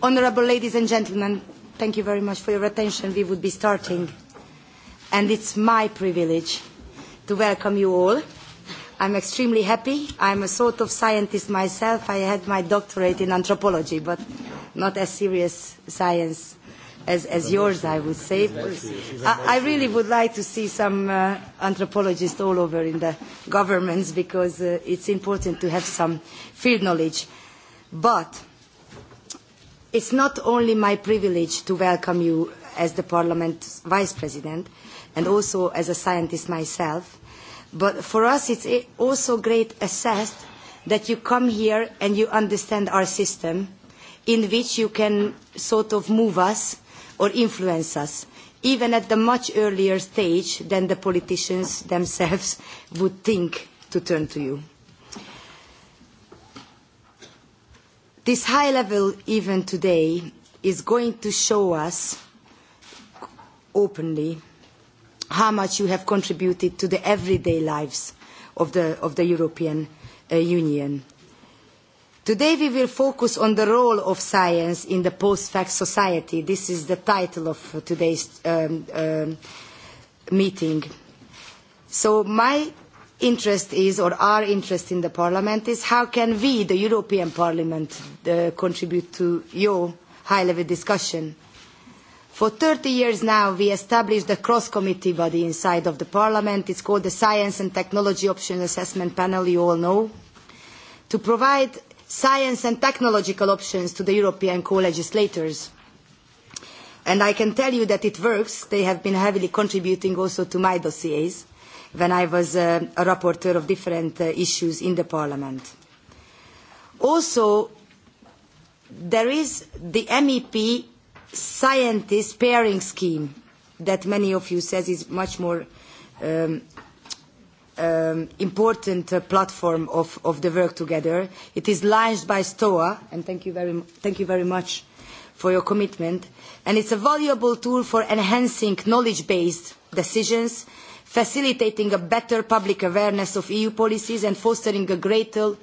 Honourable ladies and gentlemen, thank you very much for your attention. We would be starting. And it's my privilege to welcome you all. I'm extremely happy. I'm a sort of scientist myself. I had my doctorate in anthropology, but not as serious science as, as yours, I would say. I, I really would like to see some uh, anthropologists all over in the governments because uh, it's important to have some field knowledge. But It is not only my privilege to welcome you as the Parliament's Vice President and also as a scientist myself, but for us it is also great assessed that you come here and you understand our system in which you can sort of move us or influence us, even at a much earlier stage than the politicians themselves would think to turn to you. This high level event today is going to show us openly how much you have contributed to the everyday lives of the, of the European uh, Union. Today we will focus on the role of science in the post-fact society. This is the title of today's um, um, meeting. So my interest is or our interest in the parliament is how can we the european parliament uh, contribute to your high level discussion for thirty years now we established a cross committee body inside of the parliament it's called the science and technology options assessment panel you all know to provide science and technological options to the european co-legislators and i can tell you that it works they have been heavily contributing also to my dossiers when I was a rapporteur of different uh, issues in the Parliament. Also, there is the MEP scientist pairing scheme that many of you says is much more um, um, important uh, platform of, of the work together. It is launched by STOA, and thank you, very, thank you very much for your commitment. And it's a valuable tool for enhancing knowledge-based decisions facilitating a better public awareness of EU policies and fostering a greater,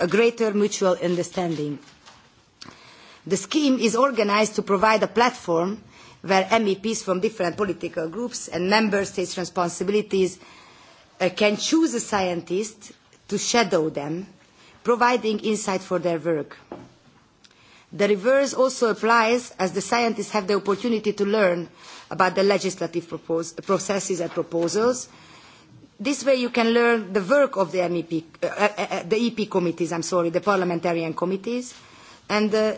a greater mutual understanding. The scheme is organised to provide a platform where MEPs from different political groups and member states' responsibilities uh, can choose a scientist to shadow them, providing insight for their work. The reverse also applies as the scientists have the opportunity to learn about the legislative propose, processes and proposals. This way you can learn the work of the, MEP, uh, uh, uh, the EP committees, I'm sorry, the parliamentarian committees. And uh,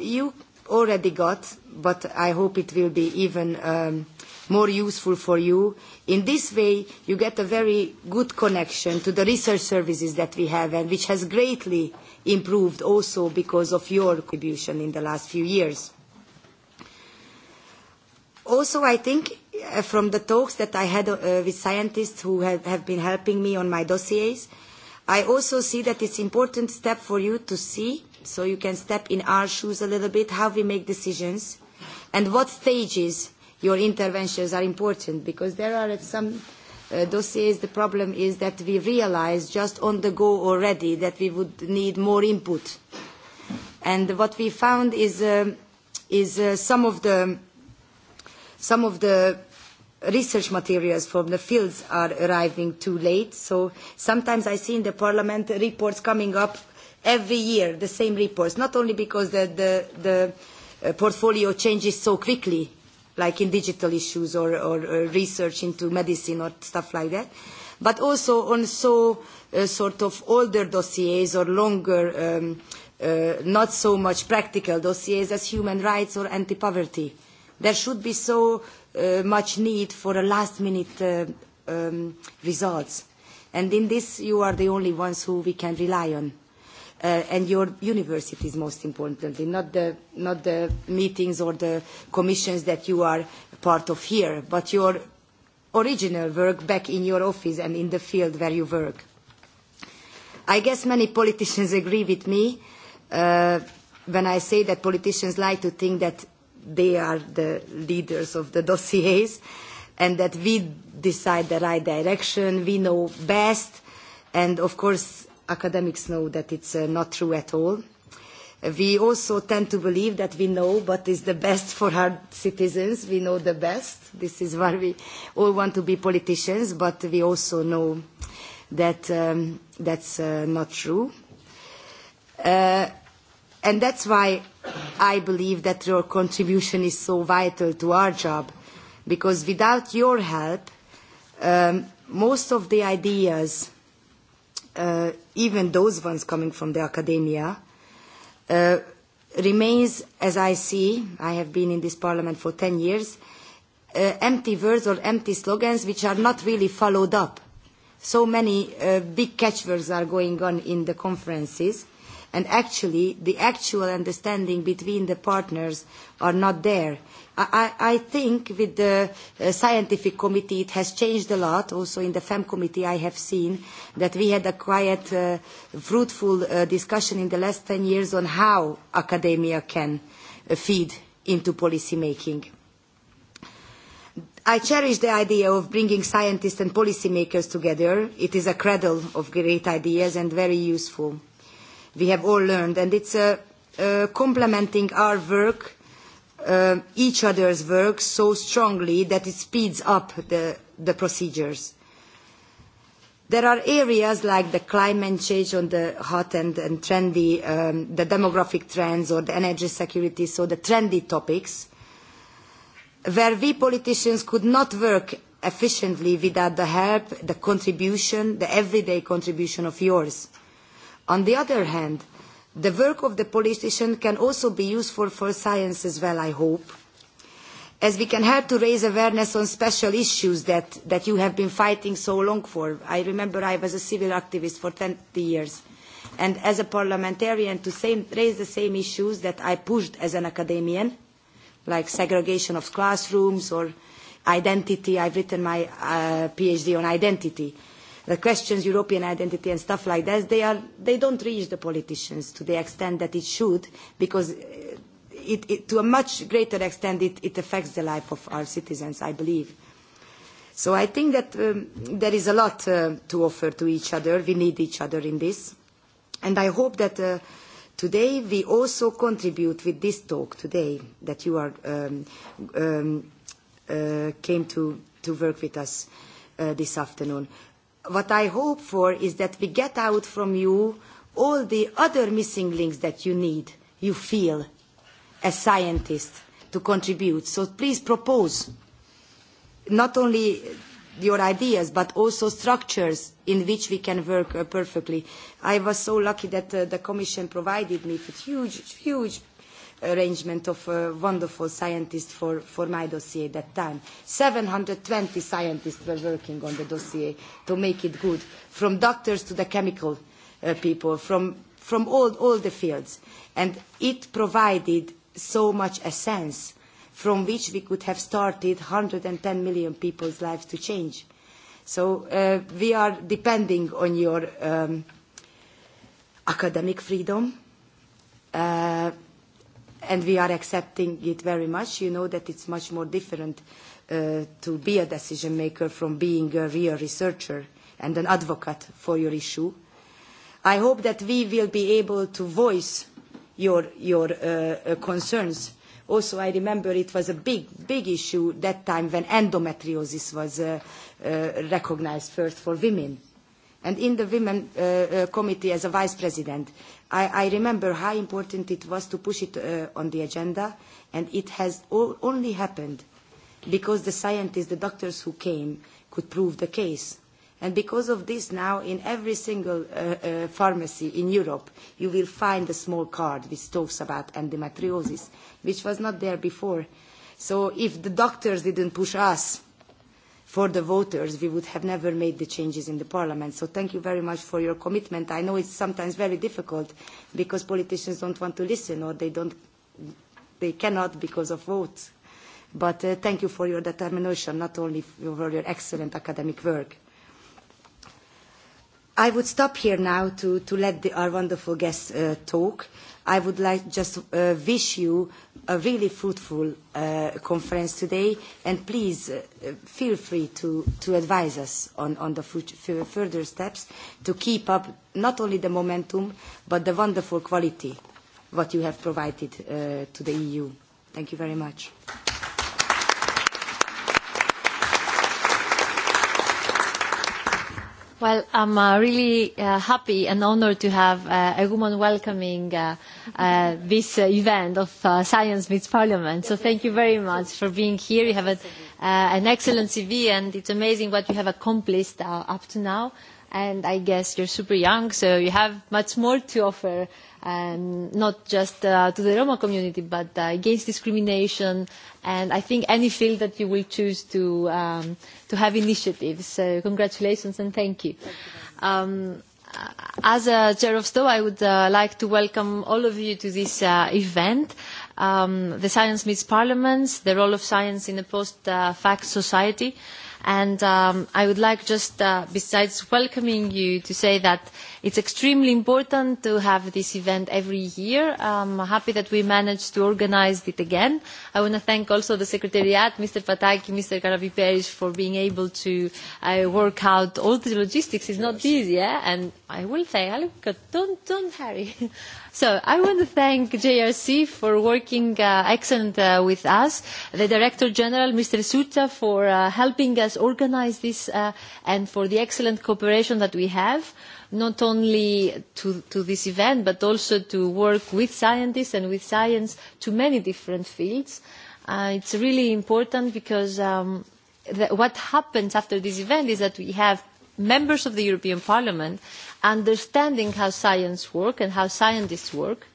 you already got, but I hope it will be even um, more useful for you. In this way, you get a very good connection to the research services that we have and which has greatly improved also because of your contribution in the last few years also, I think uh, from the talks that I had uh, with scientists who have, have been helping me on my dossiers, I also see that it's important step for you to see, so you can step in our shoes a little bit, how we make decisions and what stages your interventions are important, because there are at some uh, dossiers the problem is that we realize just on the go already that we would need more input. And what we found is, um, is uh, some of the Some of the research materials from the fields are arriving too late. So sometimes I see in the parliament reports coming up every year, the same reports, not only because the, the, the uh, portfolio changes so quickly, like in digital issues or, or, or research into medicine or stuff like that, but also on so uh, sort of older dossiers or longer, um, uh, not so much practical dossiers as human rights or anti-poverty. Uh, there should be so uh, much need for a last minute uh, um, results. And in this, you are the only ones who we can rely on. Uh, and your universities, most importantly, not the, not the meetings or the commissions that you are part of here, but your original work back in your office and in the field where you work. I guess many politicians agree with me uh, when I say that politicians like to think that they are the leaders of the dossiers and that we decide the right direction, we know best, and of course academics know that it's uh, not true at all. We also tend to believe that we know what is the best for our citizens. We know the best. This is why we all want to be politicians, but we also know that um, that's uh, not true. Uh, And that's why I believe that your contribution is so vital to our job, because without your help, um, most of the ideas, uh, even those ones coming from the academia, uh, remains, as I see, I have been in this parliament for ten years, uh, empty words or empty slogans which are not really followed up. So many uh, big catchwords are going on in the conferences and actually the actual understanding between the partners are not there. I, I think with the uh, scientific committee it has changed a lot. Also in the FEM committee I have seen that we had a quite uh, fruitful uh, discussion in the last ten years on how academia can uh, feed into policy making. I cherish the idea of bringing scientists and policymakers together. It is a cradle of great ideas and very useful we have all learned, and it's uh, uh, complementing our work, uh, each other's work, so strongly that it speeds up the, the procedures. There are areas like the climate change on the hot and, and trendy, um, the demographic trends or the energy security, so the trendy topics, where we politicians could not work efficiently without the help, the contribution, the everyday contribution of yours. On the other hand, the work of the politician can also be useful for science as well, I hope, as we can help to raise awareness on special issues that, that you have been fighting so long for. I remember I was a civil activist for 20 years. And as a parliamentarian, to same, raise the same issues that I pushed as an academician, like segregation of classrooms or identity. I've written my uh, PhD on identity the questions European identity and stuff like that, they, are, they don't reach the politicians to the extent that it should, because uh, it, it, to a much greater extent it, it affects the life of our citizens, I believe. So I think that um, there is a lot uh, to offer to each other. We need each other in this. And I hope that uh, today we also contribute with this talk today that you are, um, um, uh, came to, to work with us uh, this afternoon what I hope for is that we get out from you all the other missing links that you need, you feel, as scientists, to contribute. So please propose not only your ideas, but also structures in which we can work uh, perfectly. I was so lucky that uh, the Commission provided me with huge, huge arrangement of a wonderful scientist for, for my dossier at that time. 720 scientists were working on the dossier to make it good, from doctors to the chemical uh, people, from, from all, all the fields. And it provided so much a sense from which we could have started 110 million people's lives to change. So uh, we are depending on your um, academic freedom, uh, and we are accepting it very much. You know that it's much more different uh, to be a decision maker from being a real researcher and an advocate for your issue. I hope that we will be able to voice your, your uh, uh concerns. Also, I remember it was a big, big issue that time when endometriosis was uh, uh, recognised first for women. And in the Women uh, uh, Committee as a Vice President, i, I remember how important it was to push it uh, on the agenda, and it has all, only happened because the scientists, the doctors who came, could prove the case. And because of this now, in every single uh, uh, pharmacy in Europe, you will find a small card which talks about endometriosis, which was not there before. So if the doctors didn't push us, for the voters, we would have never made the changes in the parliament. So thank you very much for your commitment. I know it's sometimes very difficult because politicians don't want to listen or they, don't, they cannot because of votes. But uh, thank you for your determination, not only for your excellent academic work. I would stop here now to, to let the, our wonderful guests uh, talk. I would like just uh, wish you a really fruitful uh, conference today, and please uh, feel free to, to advise us on, on the future, further steps to keep up not only the momentum, but the wonderful quality what you have provided uh, to the EU. Thank you very much. Well, I'm uh, really uh, happy and honored to have uh, a woman welcoming uh, uh, this uh, event of uh, Science Meets Parliament. So thank you very much for being here. You have a, uh, an excellent CV and it's amazing what you have accomplished uh, up to now. And I guess you're super young, so you have much more to offer um, not just uh, to the Roma community, but uh, against discrimination. And I think any field that you will choose to, um, to have initiatives. So congratulations and thank you. Um, uh, as a chair of STO, I would uh, like to welcome all of you to this uh, event. Um, the Science Meets Parliaments, the role of science in a post-fact uh, society. And um, I would like just, uh, besides welcoming you, to say that It's extremely important to have this event every year. I'm happy that we managed to organize it again. I want to thank also the Secretariat, Mr. Pataki, Mr. Karaviperis for being able to uh, work out all the logistics. It's not easy, yeah? And I will say, don't, don't hurry. So I want to thank JRC for working uh, excellent uh, with us, the Director General, Mr. Suta, for uh, helping us organize this uh, and for the excellent cooperation that we have not only to, to this event, but also to work with scientists and with science to many different fields. Uh, it's really important because um, th- what happens after this event is that we have members of the European Parliament understanding how science works and how scientists work,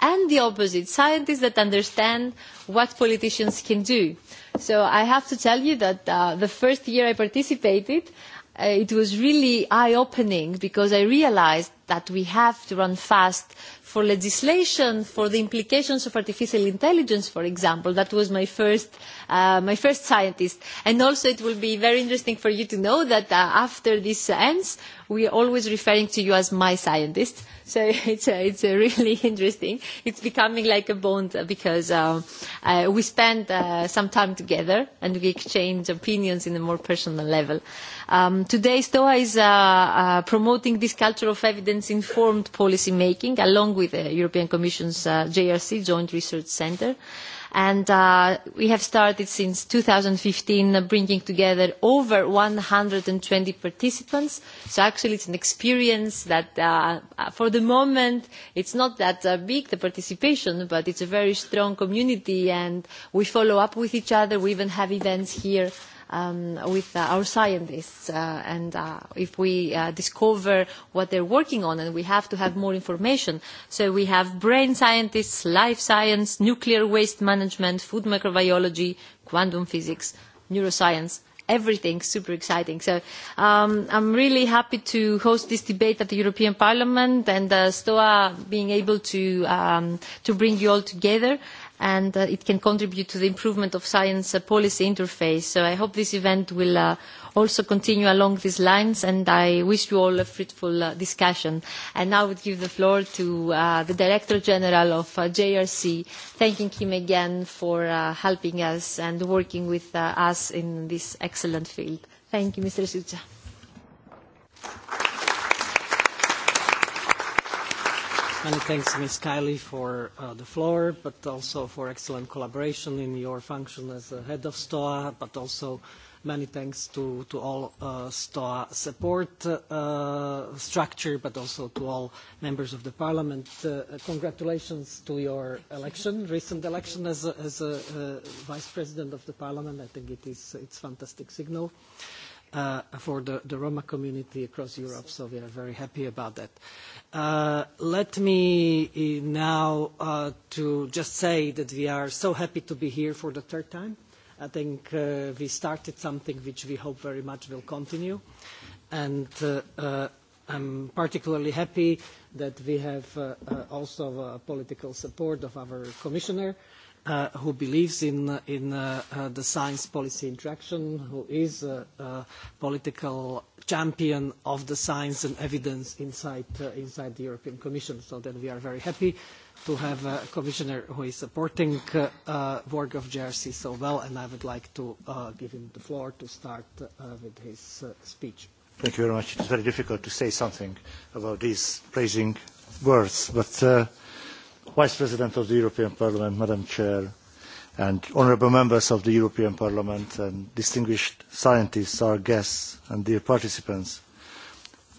and the opposite, scientists that understand what politicians can do. So I have to tell you that uh, the first year I participated, Uh, it was really eye-opening because I realised that we have to run fast for legislation, for the implications of artificial intelligence, for example. That was my first, uh, my first scientist. And also it will be very interesting for you to know that uh, after this ends, we are always referring to you as my scientist so it's uh, it's uh, really interesting. It's becoming like a bond because um, uh, we spend uh, some time together and we exchange opinions in a more personal level. Um, today, STOA is uh, uh, promoting this culture of evidence-informed policy making along with the uh, European Commission's uh, JRC, Joint Research Centre And uh, we have started since 2015 uh, bringing together over 120 participants. So actually it's an experience that uh, uh, for the moment it's not that uh, big, the participation, but it's a very strong community and we follow up with each other. We even have events here um, with uh, our scientists. Uh, and uh, if we uh, discover what they're working on, and we have to have more information. So we have brain scientists, life science, nuclear waste management, food microbiology, quantum physics, neuroscience, everything super exciting. So um, I'm really happy to host this debate at the European Parliament and uh, STOA being able to, um, to bring you all together and uh, it can contribute to the improvement of science uh, policy interface. So I hope this event will uh, also continue along these lines, and I wish you all a fruitful uh, discussion. And now I would give the floor to uh, the Director General of uh, JRC, thanking him again for uh, helping us and working with uh, us in this excellent field. Thank you, Mr. Sucha. Many thanks, Ms. Kiley, for uh, the floor, but also for excellent collaboration in your function as the head of STOA, but also many thanks to, to all uh, STOA support uh, structure, but also to all members of the parliament. Uh, congratulations to your election, recent election as a, as a uh, vice president of the parliament. I think it is it's fantastic signal. Uh, uh, for the, the Roma community across Europe, so we are very happy about that. Uh, let me now uh, to just say that we are so happy to be here for the third time. I think uh, we started something which we hope very much will continue. And uh, uh I'm particularly happy that we have uh, uh also uh, political support of our commissioner Uh, who believes in, in uh, uh, the science policy interaction, who is a, a, political champion of the science and evidence inside, uh, inside the European Commission. So that we are very happy to have a commissioner who is supporting the uh, work of JRC so well, and I would like to give him the floor to start with his speech. Thank you very much. It's very difficult to say something about these praising words, but Vice President of the European Parliament, Madam Chair, and honourable members of the European Parliament and distinguished scientists, our guests and dear participants.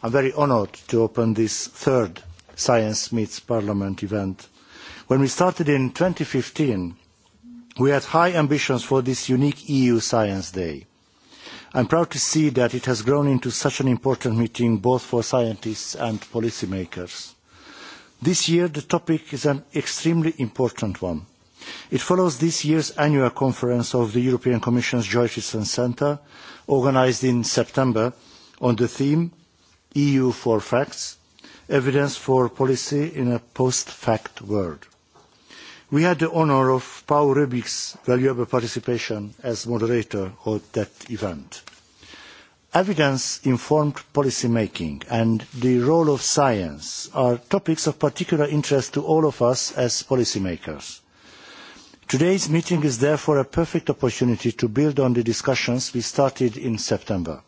I am very honoured to open this third Science Meets Parliament event. When we started in fifteen we had high ambitions for this unique EU Science Day. I am proud to see that it has grown into such an important meeting both for scientists and policymakers. This year, the topic is an extremely important one. It follows this year's annual conference of the European Commission's Georgeson Centre, organised in September, on the theme EU for Facts, Evidence for Policy in a Post-Fact World. We had the honour of Paul Rubig's valuable participation as moderator of that event. Evidence-informed policy making and the role of science are topics of particular interest to all of us as policymakers. Today's meeting is therefore a perfect opportunity to build on the discussions we started in September.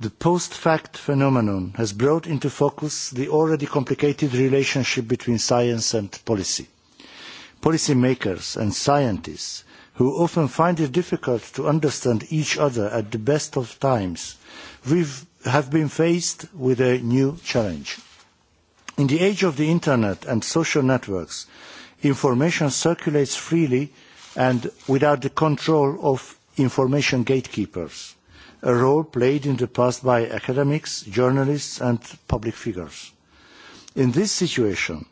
The post-fact phenomenon has brought into focus the already complicated relationship between science and policy. Policymakers and scientists who often find it difficult to understand each other at the best of times, we have been faced with a new challenge. In the age of the internet and social networks, information circulates freely and without the control of information gatekeepers, a role played in the past by academics, journalists and public figures. In this situation,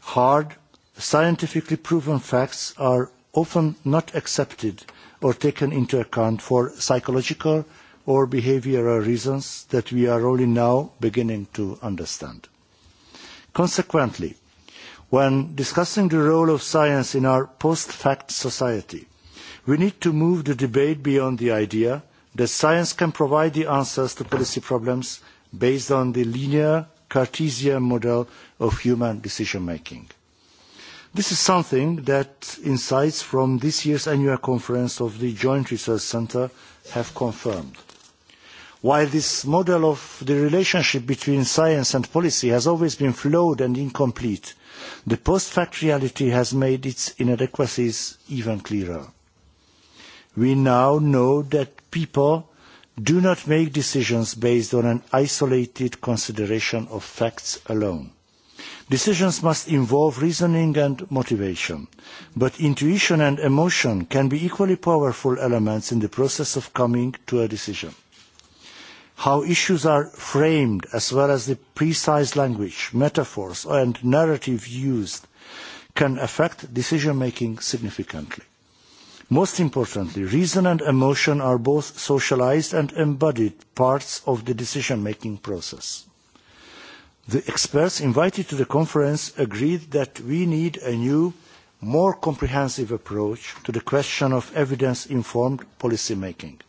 hard, scientifically proven facts are often not accepted or taken into account for psychological or behavioural reasons that we are only now beginning to understand. Consequently, when discussing the role of science in our post-fact society, we need to move the debate beyond the idea that science can provide the answers to policy problems based on the linear Cartesian model of human decision-making. This is something that insights from this year's annual conference of the Joint Research Centre have confirmed. While this model of the relationship between science and policy has always been flawed and incomplete, the post-fact reality has made its inadequacies even clearer. We now know that people do not make decisions based on an isolated consideration of facts alone Decisions must involve reasoning and motivation, but intuition and emotion can be equally powerful elements in the process of coming to a decision. How issues are framed, as well as the precise language, metaphors and narrative used, can affect decision-making significantly. Most importantly, reason and emotion are both socialised and embodied parts of the decision-making process The experts invited to the conference agreed that we need a new, more comprehensive approach to the question of evidence-informed policy making.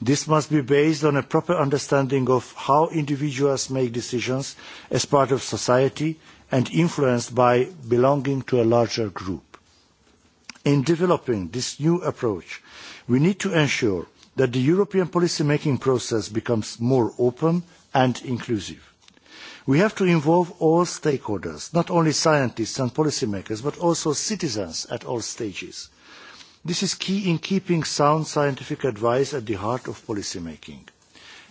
This must be based on a proper understanding of how individuals make decisions as part of society and influenced by belonging to a larger group. In developing this new approach, we need to ensure that the European policy making process becomes more open and inclusive. We have to involve all stakeholders, not only scientists and policymakers, but also citizens at all stages. This is key in keeping sound scientific advice at the heart of policymaking.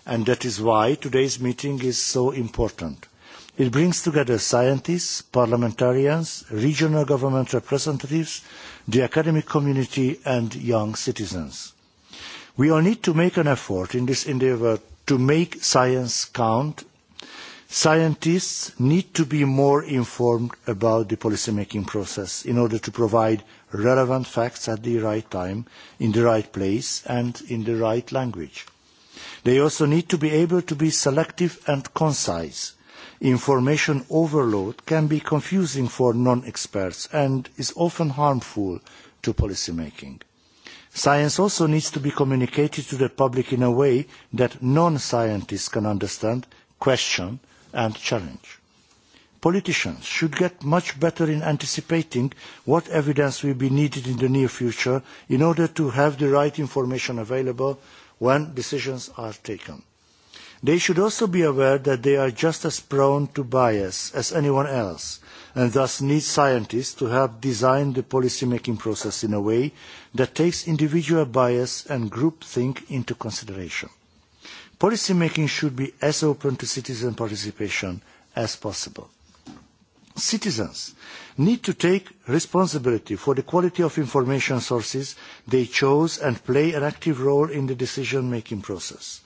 And that is why today's meeting is so important. It brings together scientists, parliamentarians, regional government representatives, the academic community and young citizens. We all need to make an effort in this endeavour to make science count Scientists need to be more informed about the policymaking process in order to provide relevant facts at the right time, in the right place, and in the right language. They also need to be able to be selective and concise. Information overload can be confusing for non-experts and is often harmful to policymaking. Science also needs to be communicated to the public in a way that non-scientists can understand, question, and challenge. Politicians should get much better in anticipating what evidence will be needed in the near future in order to have the right information available when decisions are taken. They should also be aware that they are just as prone to bias as anyone else and thus need scientists to help design the policy making process in a way that takes individual bias and group think into consideration. Policy making should be as open to citizen participation as possible. Citizens need to take responsibility for the quality of information sources they chose and play an active role in the decision-making process.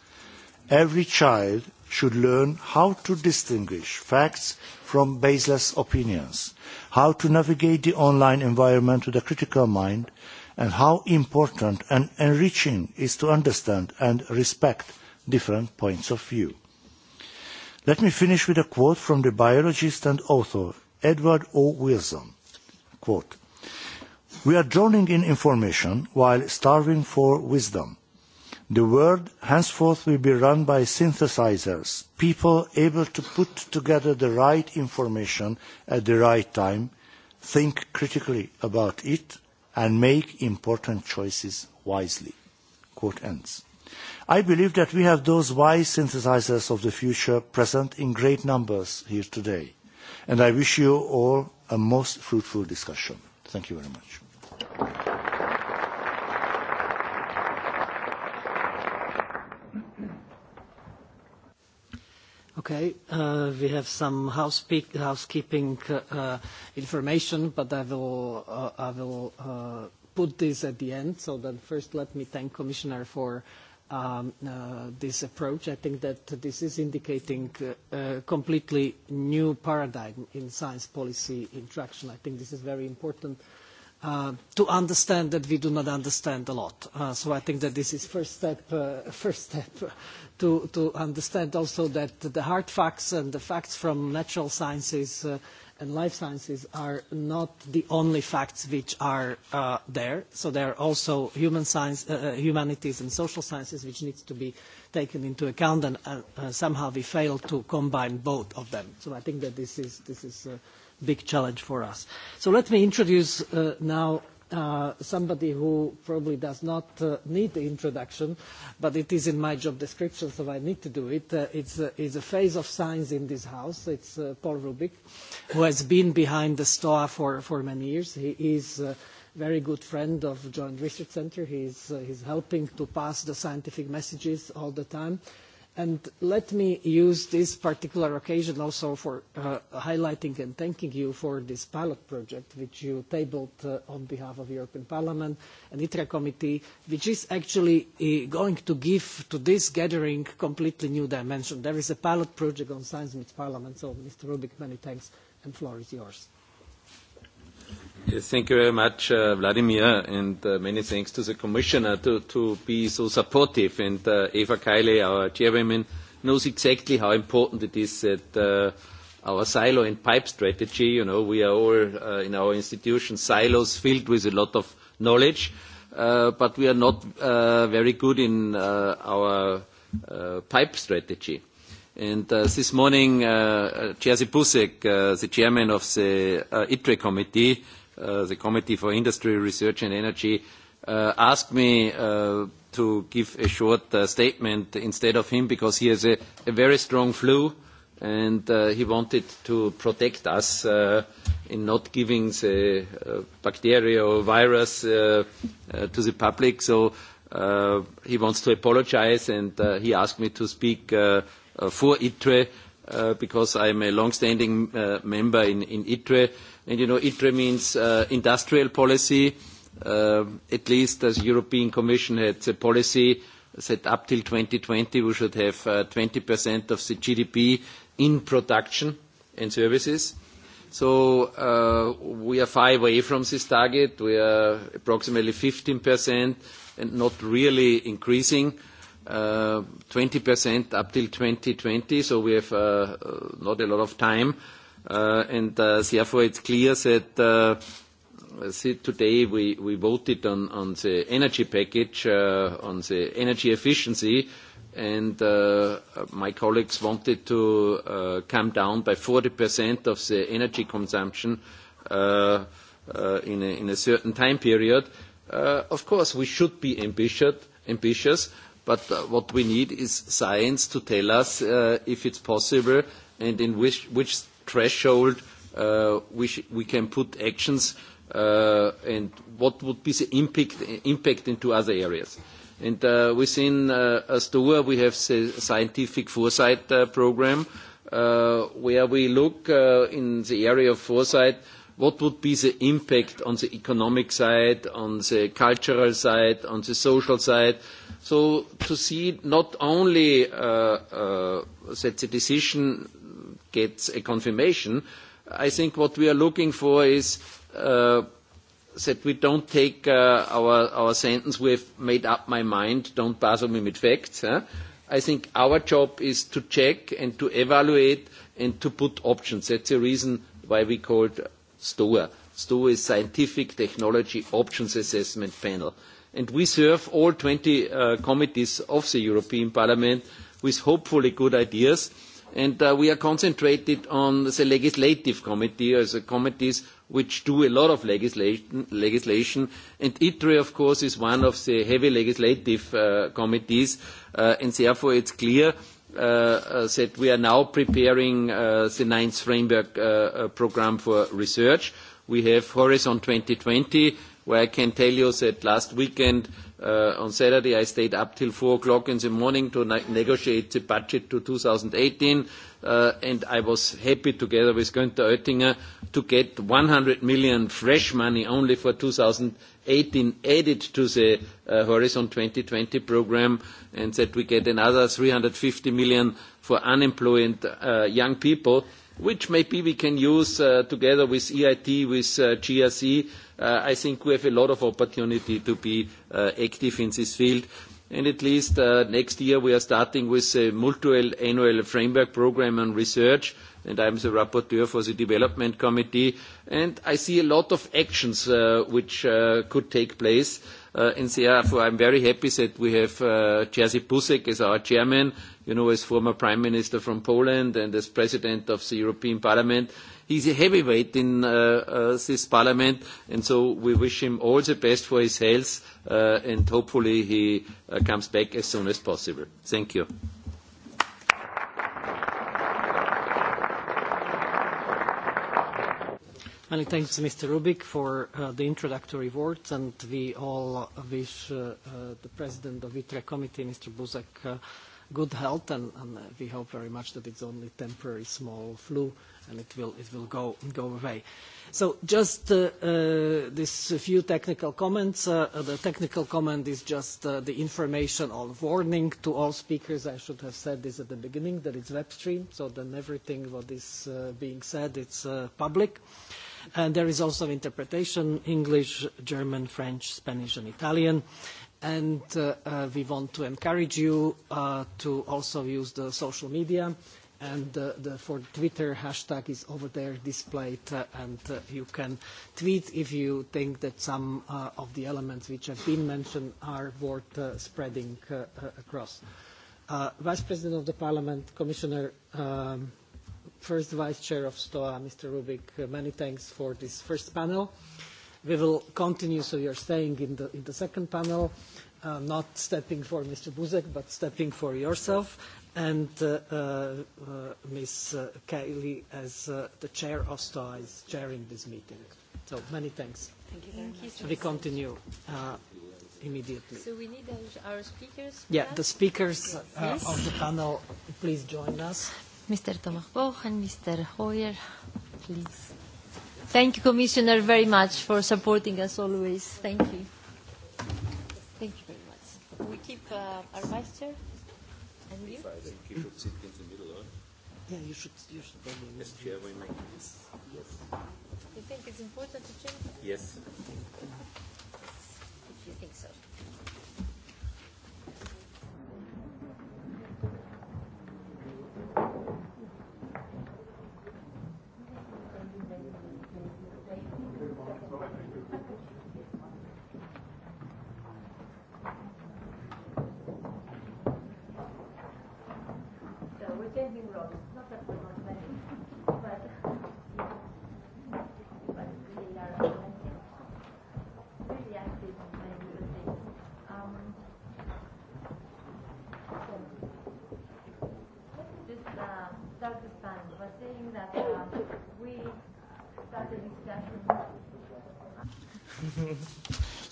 Every child should learn how to distinguish facts from baseless opinions, how to navigate the online environment with a critical mind, and how important and enriching is to understand and respect different points of view. Let me finish with a quote from the biologist and author Edward O. Wilson. Quote, we are drowning in information while starving for wisdom. The world henceforth will be run by synthesizers, people able to put together the right information at the right time, think critically about it, and make important choices wisely. Quote ends. I believe that we have those wise synthesisers of the future present in great numbers here today. And I wish you all a most fruitful discussion. Thank you very much. Okay, uh, we have some housekeeping uh, information, but I will, uh, I will uh, put this at the end. So then first let me thank Commissioner for um, uh, this approach. I think that this is indicating uh, a completely new paradigm in science policy interaction. I think this is very important uh, to understand that we do not understand a lot. Uh, so I think that this is first step, uh, first step to, to understand also that the hard facts and the facts from natural sciences and life sciences are not the only facts which are uh, there. So there are also human science, uh, uh humanities and social sciences which needs to be taken into account, and uh, uh, somehow we fail to combine both of them. So I think that this is, this is a big challenge for us. So let me introduce uh, now Uh, somebody who probably does not uh, need the introduction, but it is in my job description, so I need to do it. Uh, it's, uh, it's a phase of science in this house. It's uh, Paul Rubik, who has been behind the STOA for, for many years. He is a very good friend of Joint Research Center. He's, uh, he's helping to pass the scientific messages all the time. Uh, And let me use this particular occasion also for uh, highlighting and thanking you for this pilot project which you tabled uh, on behalf of the European Parliament and ITRA Committee, which is actually uh, going to give to this gathering a completely new dimension. There is a pilot project on science with Parliament, so Mr. Rubik, many thanks, and floor is yours thank you very much, uh, Vladimir, and uh, many thanks to the Commissioner to, to be so supportive. And uh, Eva Keiley, our chairwoman, knows exactly how important it is that our silo and pipe strategy, you know, we are all uh, in our institution silos filled with a lot of knowledge, uh, but we are not uh, very good in uh, our uh, pipe strategy. And uh, this morning, uh, Jerzy Buzek, uh, the chairman of the uh, ITRE committee, Uh, the Committee for Industry, Research and Energy, uh, asked me uh, to give a short uh, statement instead of him because he has a, a very strong flu and uh, he wanted to protect us uh, in not giving the uh, bacteria or virus uh, uh, to the public. So uh, he wants to apologize and uh, he asked me to speak uh, uh, for ITRE uh, because I'm a long-standing uh, member in, in ITRE. And you know, ITRE means uh, industrial policy. Uh, at least as European Commission had a policy that up till 2020 we should have uh, 20% of the GDP in production and services. So uh, we are far away from this target. We are approximately 15% and not really increasing. Uh, 20% up till 2020, so we have uh, uh, not a lot of time. Uh, and uh, therefore it's clear that uh, today we, we voted on, on the energy package, on the energy efficiency, and uh, my colleagues wanted to uh, come down by 40% of the energy consumption uh, in, a, in a certain time period. Of course, we should be ambitious, but what we need is science to tell us if it's possible and in which, which threshold uh, which we can put actions uh, and what would be the impact, impact into other areas. And uh, within uh, we have the scientific foresight uh, program uh, where we look uh, in the area of foresight what would be the impact on the economic side, on the cultural side, on the social side. So to see not only uh, uh that the decision gets a confirmation. I think what we are looking for is uh, that we don't take uh, our, our sentence, "We've made up my mind, don't puzzle me with facts." Huh? I think our job is to check and to evaluate and to put options. That's the reason why we call it STOA. STOA is Scientific Technology Options Assessment Panel. And we serve all twenty uh, committees of the European Parliament with hopefully good ideas and uh, we are concentrated on the legislative committee as uh, the committees which do a lot of legislation, legislation. and ITRE of course is one of the heavy legislative uh, committees uh, and therefore it's clear uh, uh, that we are now preparing the ninth framework programme for research. We have Horizon twenty where I can tell you that last weekend Uh, on Saturday, I stayed up till four o'clock in the morning to ne negotiate the budget to 2018, uh, and I was happy together with Günther Oettinger to get 100 million fresh money only for 2018 added to the uh, Horizon 2020 program, and that we get another 350 million for unemployed uh, young people, which maybe we can use uh, together with EIT, with uh, GRC, Uh, I think we have a lot of opportunity to be uh, active in this field. and At least uh, next year, we are starting with a multi-annual framework program on research, and I am the rapporteur for the development committee. and I see a lot of actions which could take place. and Therefore, I am very happy that we have Jerzy Buzek as our chairman, you know, as former prime minister from Poland and as president of the European Parliament. He is a heavyweight in uh, uh, this parliament, and so we wish him all the best for his health, uh, and hopefully he comes back as soon as possible. Thank you. Many thanks, Mr. Rubik, for uh, the introductory words, and we all wish uh, uh, the President of ITRE Committee, Mr. Buzek, uh, good health, and, and we hope very much that it's only temporary small flu and it will, it will go, go away. So just uh, uh, this few technical comments. Uh, uh, the technical comment is just uh, the information or warning to all speakers. I should have said this at the beginning, that it's web stream, so then everything what is uh, being said, it's uh, public. And there is also interpretation, English, German, French, Spanish, and Italian and uh, uh, we want to encourage you uh, to also use the social media and the, uh, the for Twitter hashtag is over there displayed, uh, and uh, you can tweet if you think that some uh, of the elements which have been mentioned are worth uh, spreading uh, uh, across. Uh, Vice President of the Parliament, Commissioner, um, First Vice Chair of STOA, Mr. Rubik, uh, many thanks for this first panel. We will continue, so you're staying in the, in the second panel. Uh, not stepping for Mr. Buzek, but stepping for yourself and uh, uh, Ms. Cayley as uh, the chair of STAR is chairing this meeting. So many thanks. Thank you very Thank much. You we continue uh, immediately. So we need our speakers? Yeah, that? the speakers yes. uh, of the panel, please join us. Mr. Thomas Boch and Mr. Hoyer, please. Thank you, Commissioner, very much for supporting us always. Thank you. Thank you very much. We keep uh, our vice chair. And you? I think you should sit in the middle, or? Yeah, you should. You should. As chair, we make this. Yes. You think it's important to change? Yes. Thank you.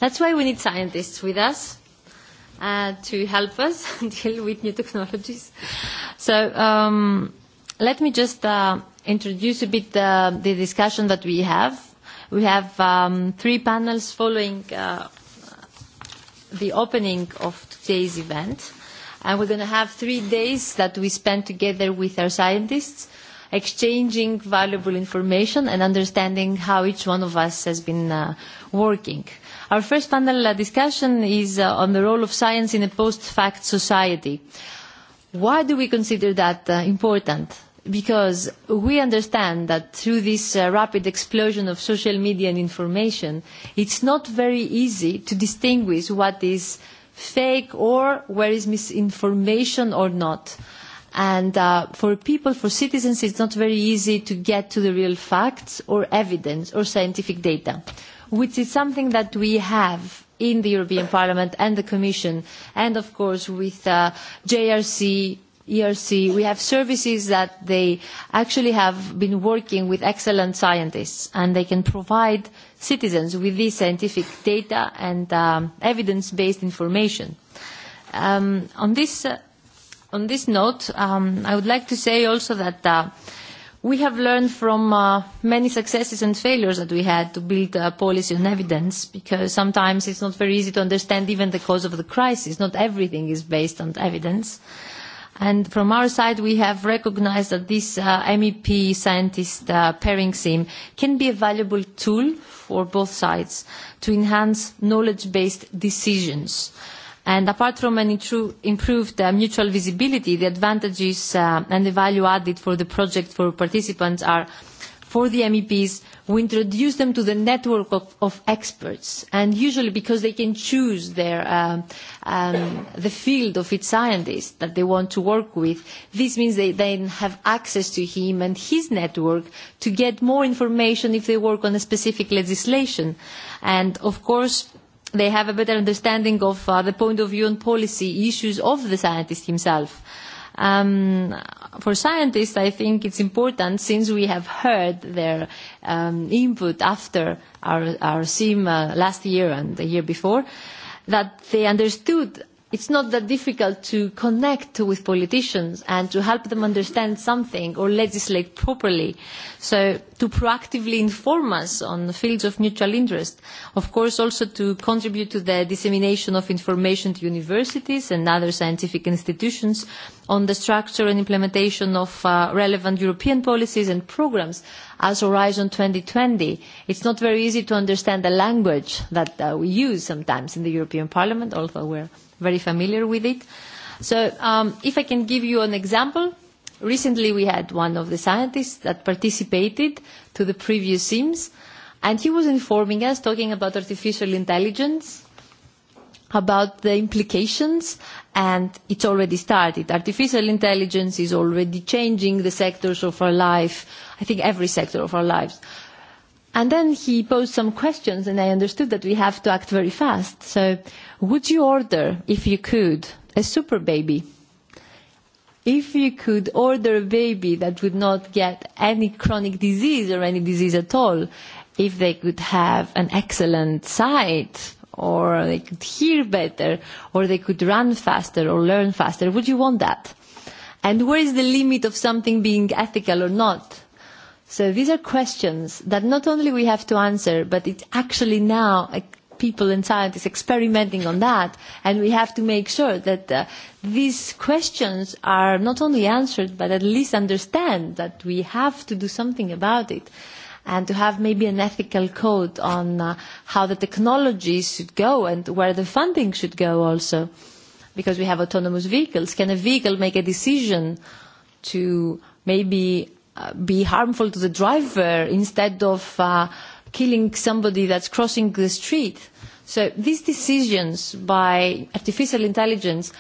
That's why we need scientists with us uh, to help us deal with new technologies. So um, let me just uh, introduce a bit uh, the discussion that we have. We have um, three panels following uh, the opening of today's event. And we're going to have three days that we spend together with our scientists exchanging valuable information and understanding how each one of us has been uh, working. Our first panel uh, discussion is uh, on the role of science in a post-fact society. Why do we consider that uh, important? Because we understand that through this rapid explosion of social media and information, it's not very easy to distinguish what is fake or where is misinformation or not. And uh, for people, for citizens, it's not very easy to get to the real facts or evidence or scientific data which is something that we have in the European Parliament and the Commission, and of course with uh, JRC, ERC, we have services that they actually have been working with excellent scientists, and they can provide citizens with this scientific data and um, evidence-based information. Um, on, this, uh, on this note, um, I would like to say also that uh, We have learned from uh, many successes and failures that we had to build a policy on evidence because sometimes it's not very easy to understand even the cause of the crisis. Not everything is based on evidence. And from our side, we have recognized that this uh, MEP scientist uh, pairing sim can be a valuable tool for both sides to enhance knowledge-based decisions. Uh, And apart from an improved uh, mutual visibility, the advantages uh, and the value added for the project for participants are for the MEPs, we introduce them to the network of, of experts. And usually because they can choose their, um, um, the field of each scientist that they want to work with, this means they then have access to him and his network to get more information if they work on a specific legislation. And of course, they have a better understanding of uh, the point of view and policy issues of the scientist himself. Um, for scientists, I think it's important since we have heard their um, input after our, our SIM uh, last year and the year before that they understood it's not that difficult to connect with politicians and to help them understand something or legislate properly. So to proactively inform us on the fields of mutual interest. Of course, also to contribute to the dissemination of information to universities and other scientific institutions on the structure and implementation of uh, relevant European policies and programmes as Horizon twenty. It's not very easy to understand the language that uh, we use sometimes in the European Parliament, although we're very familiar with it. So um, if I can give you an example, recently we had one of the scientists that participated to the previous SIMS, and he was informing us, talking about artificial intelligence, about the implications, and it's already started. Artificial intelligence is already changing the sectors of our life, I think every sector of our lives. And then he posed some questions, and I understood that we have to act very fast. So Would you order, if you could, a super baby? If you could order a baby that would not get any chronic disease or any disease at all, if they could have an excellent sight, or they could hear better, or they could run faster or learn faster, would you want that? And where is the limit of something being ethical or not? So these are questions that not only we have to answer, but it's actually now a people and scientists experimenting on that, and we have to make sure that uh, these questions are not only answered, but at least understand that we have to do something about it, and to have maybe an ethical code on uh, how the technologies should go and where the funding should go also, because we have autonomous vehicles. Can a vehicle make a decision to maybe uh, be harmful to the driver instead of uh, killing somebody that's crossing the street. So these decisions by artificial intelligence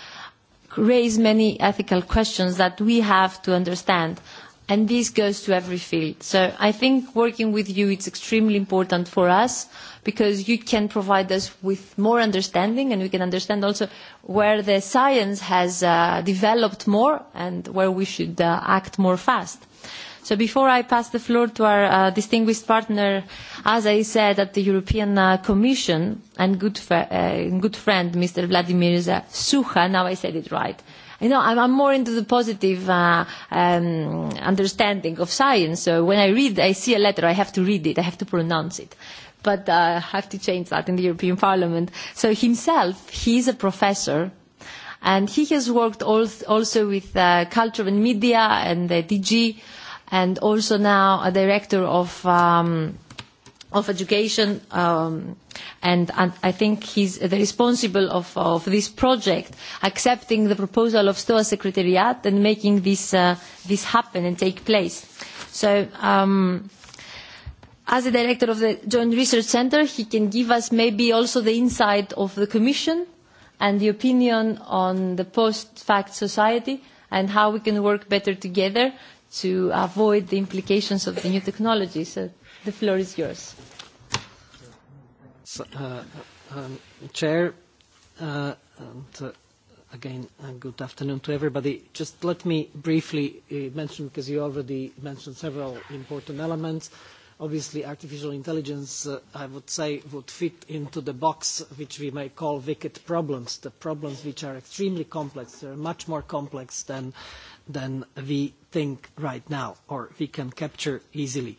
raise many ethical questions that we have to understand. And this goes to every field. So I think working with you is extremely important for us because you can provide us with more understanding and we can understand also where the science has uh, developed more and where we should uh, act more fast. So before I pass the floor to our uh, distinguished partner, as I said, at the European uh, Commission and good, uh, good friend, Mr. Vladimir Sucha, now I said it right, you know, I'm, I'm more into the positive uh, um, understanding of science. So when I read, I see a letter, I have to read it, I have to pronounce it. But uh, I have to change that in the European Parliament. So himself, he's a professor, and he has worked also with uh, culture and media and the DG and also now a director of um, of education um, and, and I think he's the responsible of, of this project accepting the proposal of STOA Secretariat and making this, uh, this happen and take place. So um, as a director of the Joint Research Centre, he can give us maybe also the insight of the Commission and the opinion on the post-fact society and how we can work better together to avoid the implications of the new technology. So the floor is yours. So, uh, um, Chair, uh, and, uh, again, uh, good afternoon to everybody. Just let me briefly uh, mention, because you already mentioned several important elements. Obviously, artificial intelligence, uh, I would say, would fit into the box which we may call wicked problems, the problems which are extremely complex. They're much more complex than uh, than we think right now or we can capture easily.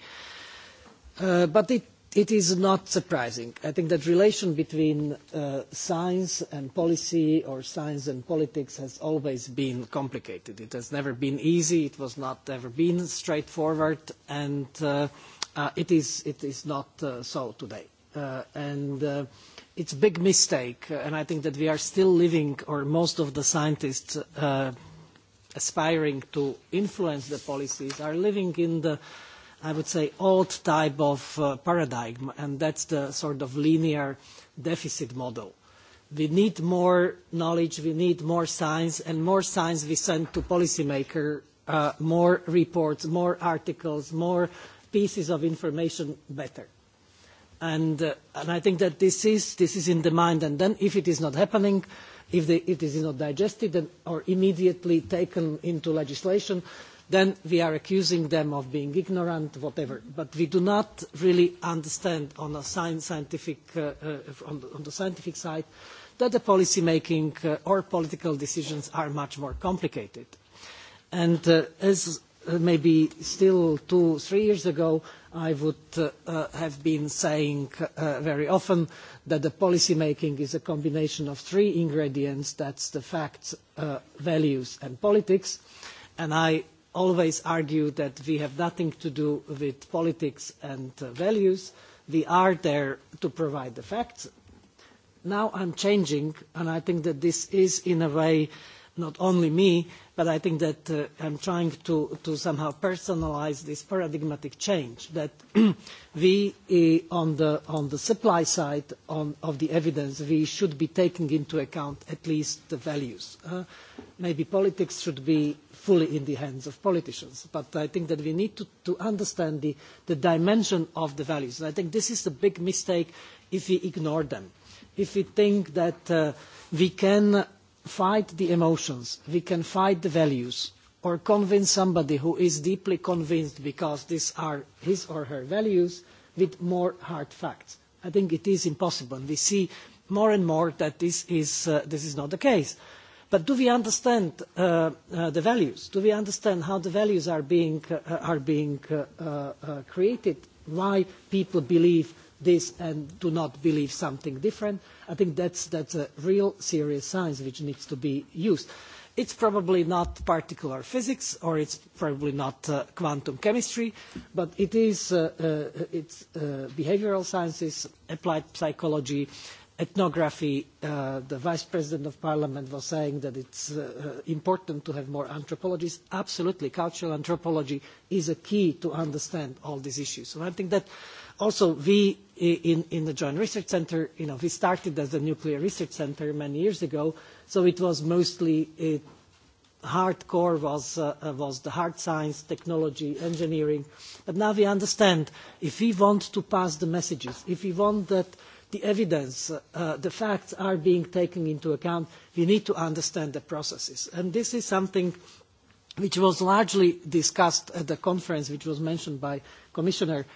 Uh, but it, it is not surprising. I think that relation between uh, science and policy or science and politics has always been complicated. It has never been easy. It was not ever been straightforward. And uh, it, is, not so today. and it's a big mistake. And I think that we are still living, or most of the scientists aspiring to influence the policies are living in the, I would say, old type of uh, paradigm, and that's the sort of linear deficit model. We need more knowledge, we need more science, and more science we send to policymakers, uh, more reports, more articles, more pieces of information, better. And, uh, and I think that this is, this is in the mind, and then if it is not happening, uh, If, they, if this is not digested and, or immediately taken into legislation, then we are accusing them of being ignorant, whatever. But we do not really understand on, a scientific, uh, uh, on, the, on the scientific side that the policy making uh, or political decisions are much more complicated. And uh, as uh, maybe still two, three years ago, I would uh, uh, have been saying uh, very often, uh, that the policy making is a combination of three ingredients that's the facts, uh, values, and politics. And I always argue that we have nothing to do with politics and uh, values. We are there to provide the facts. Now I'm changing, and I think that this is, in a way, not only me, but I think that uh, I'm trying to, to somehow personalise this paradigmatic change that we, eh, on, the, on the supply side on, of the evidence, we should be taking into account at least the values. Uh, maybe politics should be fully in the hands of politicians, but I think that we need to, to understand the, the dimension of the values. And I think this is a big mistake if we ignore them. If we think that uh, we can fight the emotions, we can fight the values, or convince somebody who is deeply convinced because these are his or her values with more hard facts. I think it is impossible. We see more and more that this is, uh, this is not the case. But do we understand uh, uh, the values? Do we understand how the values are being, uh, are being uh, uh, created? Why people believe this and do not believe something different. I think that's, that's a real serious science which needs to be used. It's probably not particular physics or it's probably not uh, quantum chemistry, but it is uh, uh, it's, uh, behavioral sciences, applied psychology, ethnography. Uh, the vice president of parliament was saying that it's uh, uh important to have more anthropologists. Absolutely, cultural anthropology is a key to understand all these issues. So I think that Also, we in, in the Joint Research Center, you know, we started as a nuclear research center many years ago, so it was mostly it, uh, hardcore was, uh, uh, was the hard science, technology, engineering. But now we understand if we want to pass the messages, if we want that the evidence, uh, uh, the facts are being taken into account, we need to understand the processes. And this is something which was largely discussed at the conference, which was mentioned by Commissioner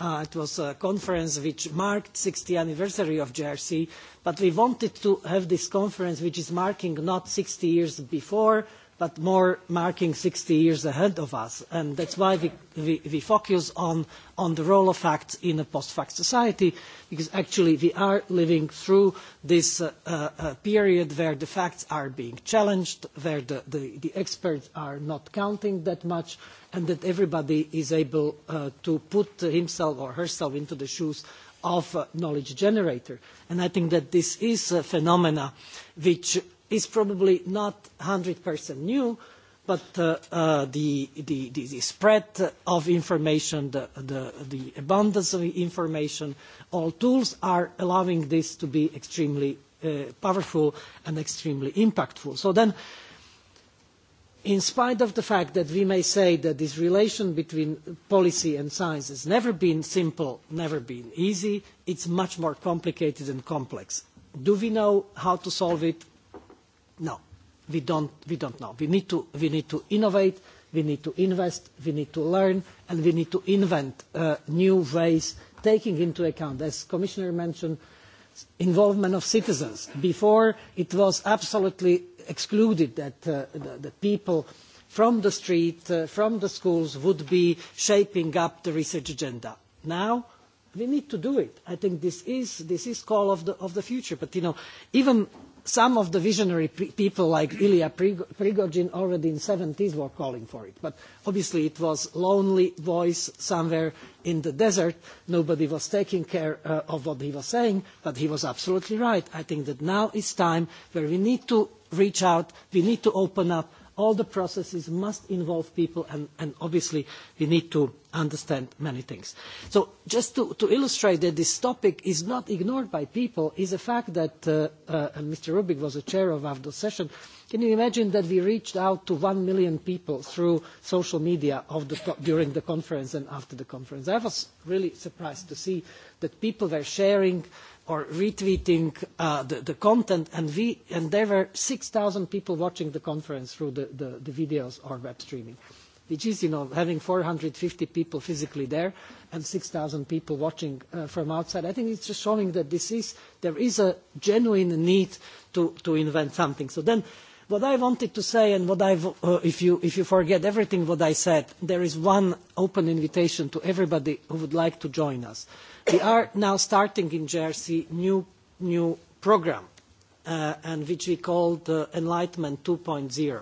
Uh, it was a conference which marked the sixtieth anniversary of JRC, but we wanted to have this conference which is marking not sixty years before, but more marking 60 years ahead of us. And that's why we, we, we focus on, on the role of facts in a post-fact society, because actually we are living through this uh, uh, uh, period where the facts are being challenged, where the, the, the experts are not counting that much, and that everybody is able uh, to put himself or herself into the shoes of a knowledge generator. And I think that this is a phenomena which is probably not 100% new, but uh, uh, the, the, the, spread of information, the, the, the abundance of information, all tools are allowing this to be extremely uh, powerful and extremely impactful. So then, in spite of the fact that we may say that this relation between policy and science has never been simple, never been easy, it's much more complicated and complex. Do we know how to solve it? No, we don't, we don't know. We need, to, we need to innovate, we need to invest, we need to learn, and we need to invent uh, new ways, taking into account, as Commissioner mentioned, involvement of citizens. Before, it was absolutely excluded that uh, the, the people from the street, uh, from the schools, would be shaping up the research agenda. Now, we need to do it. I think this is this is call of the of the future. But you know, even some of the visionary people like Ilya Prigogine already in the 70s were calling for it. But obviously it was a lonely voice somewhere in the desert. Nobody was taking care uh, of what he was saying, but he was absolutely right. I think that now is time where we need to reach out, we need to open up, all the processes must involve people, and, and obviously we need to understand many things. So just to, to illustrate that this topic is not ignored by people is the fact that uh, uh, Mr. Rubik was the chair of AFDO session. Can you imagine that we reached out to one million people through social media the, during the conference and after the conference? I was really surprised to see that people were sharing or retweeting uh, the, the content, and, we, and there were 6,000 people watching the conference through the, the, the videos or web streaming, which is, you know, having 450 people physically there and 6,000 people watching uh, from outside. I think it's just showing that this is, there is a genuine need to, to invent something. So then what I wanted to say and what I've, uh, if, you, if you forget everything what I said, there is one open invitation to everybody who would like to join us We are now starting in Jersey new new program, uh, and which we call the Enlightenment 2.0.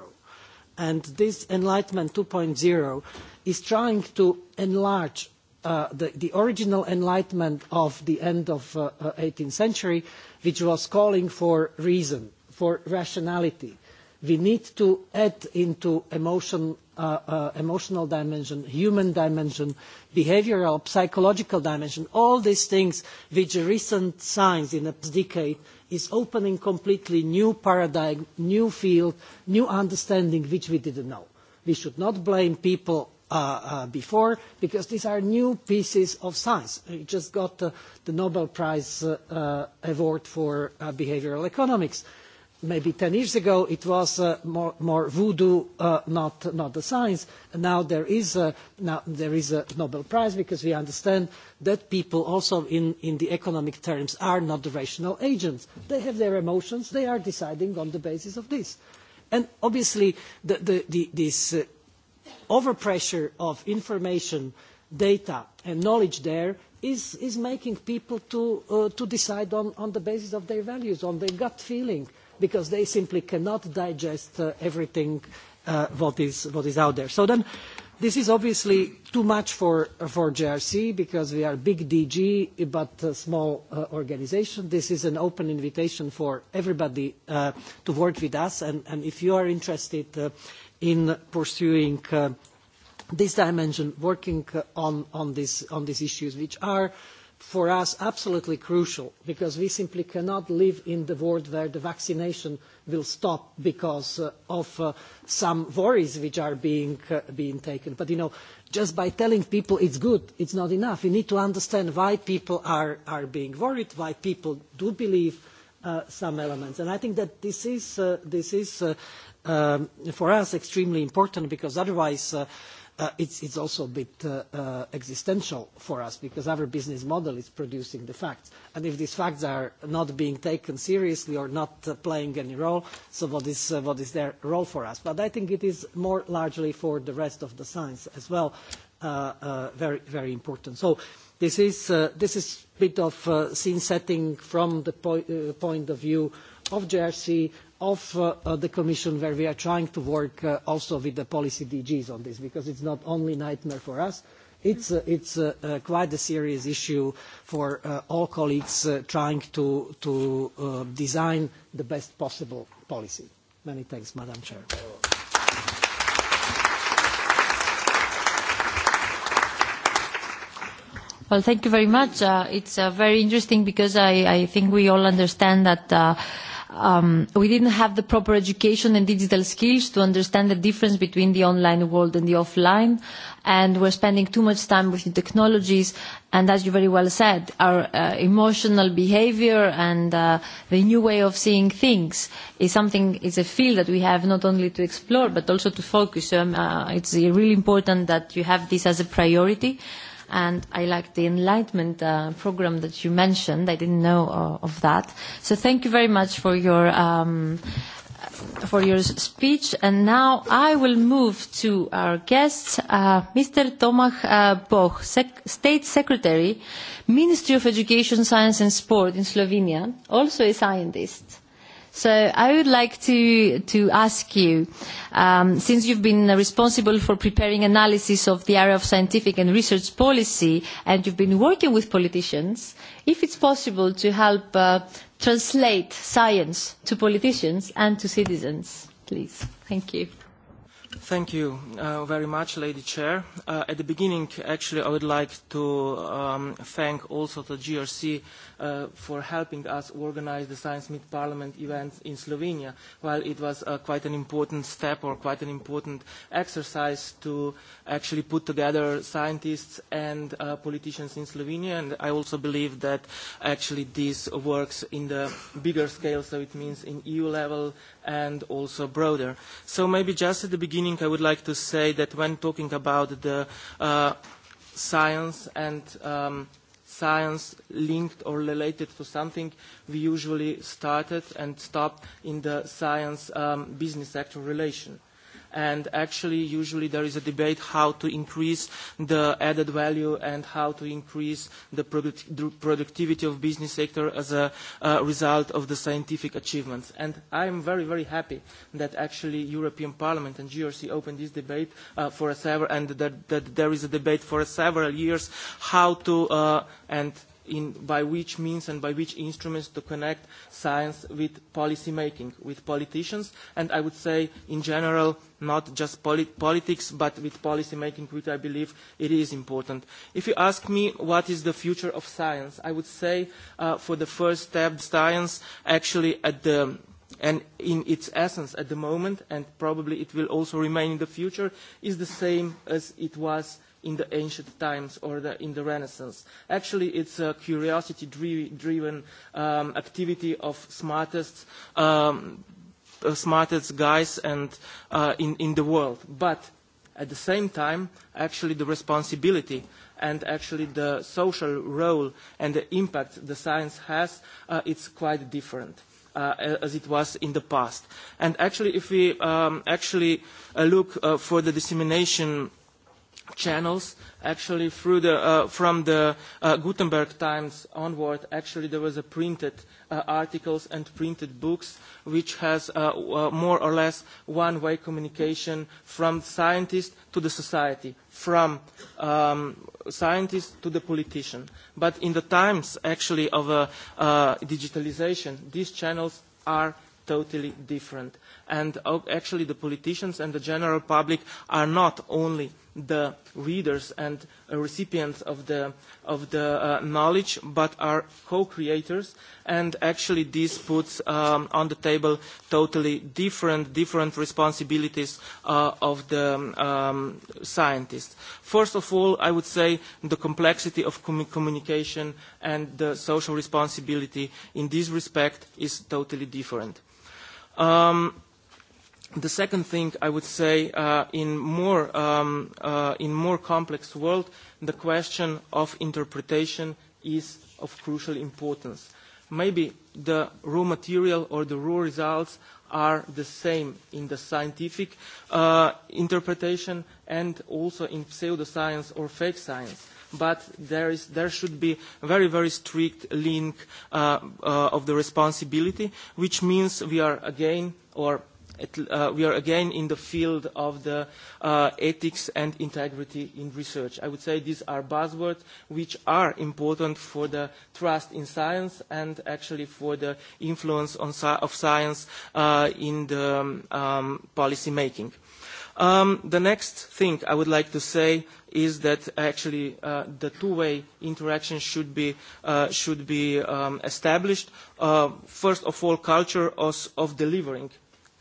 And this Enlightenment 2.0 is trying to enlarge uh, the, the original Enlightenment of the end of uh, 18th century, which was calling for reason, for rationality, we need to add into emotion, uh, uh, emotional dimension, human dimension, behavioural, psychological dimension, all these things which recent science in a decade is opening completely new paradigm, new field, new understanding which we didn't know. We should not blame people Uh, uh, before because these are new pieces of science. We just got uh, the Nobel Prize uh, uh, award for uh, behavioural economics maybe ten years ago it was uh, more, more voodoo, uh, not, not the science. And now there is a, now there is a Nobel Prize because we understand that people also in, in the economic terms are not the rational agents. They have their emotions. They are deciding on the basis of this. And obviously, the, the, the, this uh, overpressure of information, data, and knowledge there is, is making people to, uh, to decide on, on the basis of their values, on their gut feeling because they simply cannot digest uh, everything uh, what, is, what is out there. So then this is obviously too much for, uh, for JRC because we are big DG but a small uh, organisation. This is an open invitation for everybody uh, to work with us. And, and if you are interested uh, in pursuing uh, this dimension, working uh, on, on, this, on these issues, which are for us absolutely crucial because we simply cannot live in the world where the vaccination will stop because uh, of uh, some worries which are being, uh, being taken. But you know, just by telling people it's good, it's not enough. We need to understand why people are, are being worried, why people do believe uh, some elements. And I think that this is, uh, this is uh, um, for us extremely important because otherwise Uh, it's, it's also a bit uh, uh, existential for us because our business model is producing the facts. And if these facts are not being taken seriously or not uh, playing any role, so what is, what is their role for us? But I think it is more largely for the rest of the science as well, very, very important. So this is, this is a bit of scene setting from the point of view of JRC of uh, uh, the Commission where we are trying to work uh, also with the policy DGs on this because it's not only a nightmare for us, it's, it's quite a serious issue for all colleagues trying to, design the best possible policy. Many thanks, Madam Chair. Well, thank you very much. it's very interesting because I, think we all understand that um, we didn't have the proper education and digital skills to understand the difference between the online world and the offline. And we're spending too much time with the technologies. And as you very well said, our uh, emotional behavior and uh, the new way of seeing things is something, is a field that we have not only to explore, but also to focus. Um, uh, it's really important that you have this as a priority. Uh, and I like the enlightenment uh, program that you mentioned. I didn't know uh, of that. So thank you very much for your um, for your speech. And now I will move to our guest, uh, Mr. Tomach uh, Boch, Sec- State Secretary, Ministry of Education, Science and Sport in Slovenia, also a scientist. So I would like to, to ask you, um, since you've been responsible for preparing analysis of the area of scientific and research policy, and you've been working with politicians, if it's possible to help uh, translate science to politicians and to citizens, please. Thank you. Thank you uh, very much, Lady Chair. Uh, at the beginning, actually, I would like to um, thank also the GRC uh, for helping us organize the Science Meet Parliament event in Slovenia, while it was uh, quite an important step or quite an important exercise to actually put together scientists and uh, politicians in Slovenia. And I also believe that actually this works in the bigger scale, so it means in EU level and also broader. So maybe just at the beginning, I would like to say that when talking about the uh, science and um, science linked or related to something, we usually started and stopped in the science-business um, sector relation. Uh, and actually usually there is a debate how to increase the added value and how to increase the, product the productivity of business sector as a uh, result of the scientific achievements. And I am very, very happy that actually European Parliament and GRC opened this debate uh, for a several, and that, that there is a debate for several years how to, uh, and in by which means and by which instruments to connect science with policy making, with politicians, and I would say in general, not just polit politics, but with policy making, which I believe it is important. If you ask me what is the future of science, I would say uh, for the first step, science actually at the and in its essence at the moment, and probably it will also remain in the future, is the same as it was in the ancient times or the, in the Renaissance. Actually, it's a curiosity-driven um, activity of smartest, um, uh, smartest guys and, uh, in, in the world. But at the same time, actually the responsibility and actually the social role and the impact the science has, uh, it's quite different. Uh, as it was in the past. And actually, if we um, actually uh, look uh, for the dissemination channels actually through the uh, from the uh, Gutenberg times onward actually there was a printed uh, articles and printed books which has uh, uh, more or less one way communication from scientist to the society from um, scientist to the politician but in the times actually of uh, uh, digitalization these channels are totally different and uh, actually the politicians and the general public are not only the readers and uh, recipients of the, of the uh, knowledge, but are co-creators. And actually this puts um, on the table totally different, different responsibilities uh, of the um, scientists. First of all, I would say the complexity of com communication and the social responsibility in this respect is totally different. Um, The second thing I would say uh, in, more, um, uh, in more complex world, the question of interpretation is of crucial importance. Maybe the raw material or the raw results are the same in the scientific uh, interpretation and also in pseudoscience or fake science. But there, is, there should be a very, very strict link uh, uh, of the responsibility, which means we are again, or at, uh, we are again in the field of the uh, ethics and integrity in research. I would say these are buzzwords which are important for the trust in science and actually for the influence on si of science uh, in the um, um, policy making. Um, the next thing I would like to say is that actually uh, the two-way interaction should be, uh, should be um, established. Uh, first of all, culture of, of delivering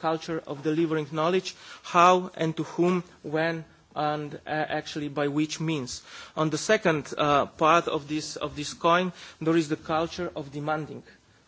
culture of delivering knowledge, how and to whom, when, and uh, actually by which means. On the second uh, part of this, of this coin, there is the culture of demanding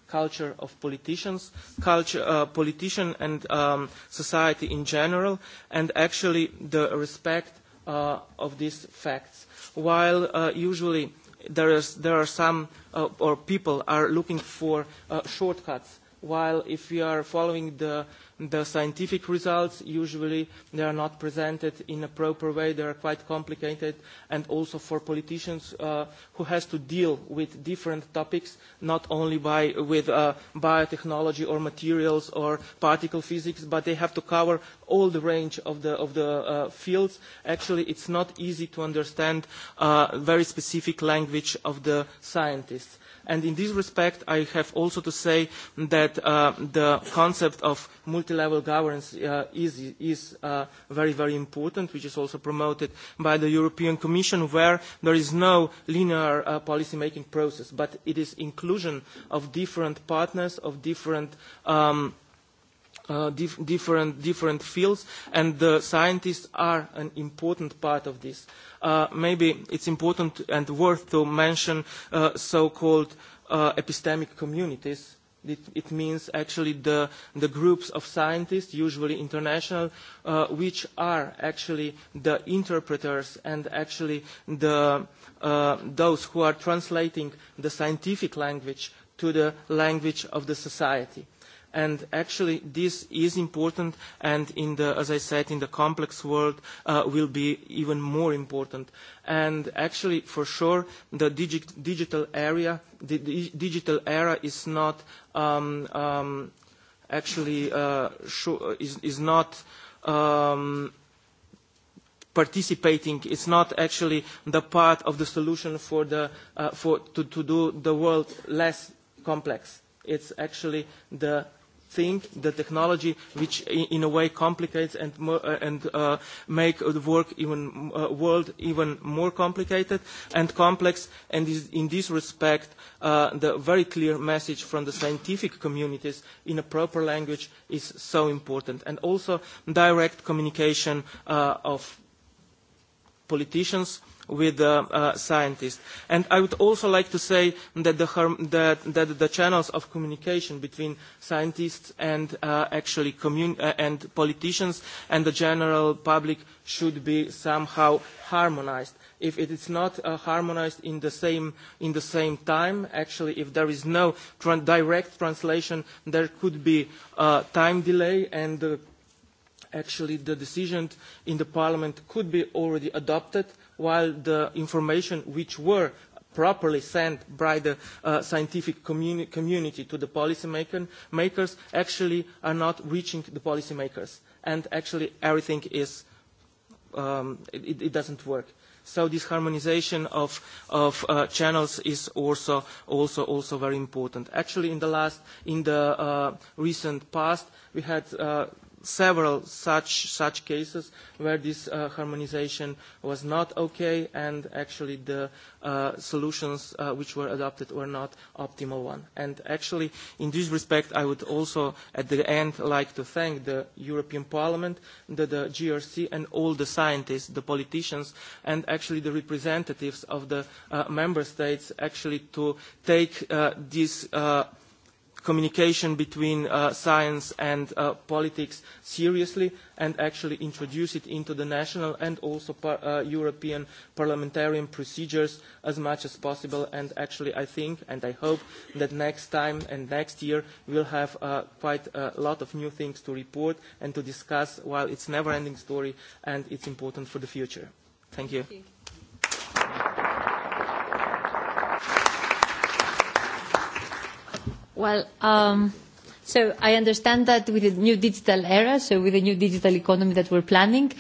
culture of politicians, culture, uh, politician and um, society in general, and actually the respect uh, of these facts. While uh, usually there, is, there are some, uh, or people are looking for uh, shortcuts, while if we are following the the scientific results usually they are not presented in a proper way they are quite complicated and also for politicians uh, who has to deal with different topics not only by with uh, biotechnology or materials or particle physics but they have to cover all the range of the of the uh, fields actually it's not easy to understand uh, very specific language of the scientists And in this respect, I have also to say that uh, the concept of multi-level governance uh, is, is uh, very, very important, which is also promoted by the European Commission, where there is no linear uh, policy-making process, but it is inclusion of different partners, of different um, uh, dif different, different fields, and the scientists are an important part of this. Uh, maybe it's important and worth to mention uh, so-called uh, epistemic communities. It, it means actually the, the groups of scientists, usually international, uh, which are actually the interpreters and actually the, uh, those who are translating the scientific language to the language of the society and actually this is important and in the, as I said, in the complex world uh, will be even more important. And actually, for sure, the digi digital area, the di digital era is not um, um, actually uh, is, is not um, participating. It's not actually the part of the solution for the, uh, for, to, to do the world less complex. It's actually the thing, the technology which in, in a way complicates and, more, uh, and uh, make the work even, uh, world even more complicated and complex. And is, in this respect, uh, the very clear message from the scientific communities in a proper language is so important. And also direct communication uh, of politicians with uh, uh, scientists. And I would also like to say that the, harm, that, that the channels of communication between scientists and uh, actually commun- uh, and politicians and the general public should be somehow harmonized. If it is not uh, harmonized in the, same, in the same time, actually, if there is no direct translation, there could be uh, time delay and uh, actually the decision in the parliament could be already adopted while the information which were properly sent by the uh, scientific communi community to the policy makers actually are not reaching the policy makers and actually everything is um, it, it doesn't work so this harmonisation of, of uh, channels is also, also, also very important. Actually, in the last, in the uh, recent past, we had uh, several such, such cases where this uh, harmonization was not okay and actually the uh, solutions uh, which were adopted were not optimal one. And actually, in this respect, I would also at the end like to thank the European Parliament, the, the GRC, and all the scientists, the politicians, and actually the representatives of the uh, member states actually to take uh, this uh, communication between uh, science and uh, politics seriously and actually introduce it into the national and also par uh, European parliamentarian procedures as much as possible. And actually, I think and I hope that next time and next year we'll have uh, quite a lot of new things to report and to discuss while it's a never-ending story and it's important for the future. Thank you. Thank you. Well, um, so I understand that with the new digital era, so with the new digital economy that we're planning,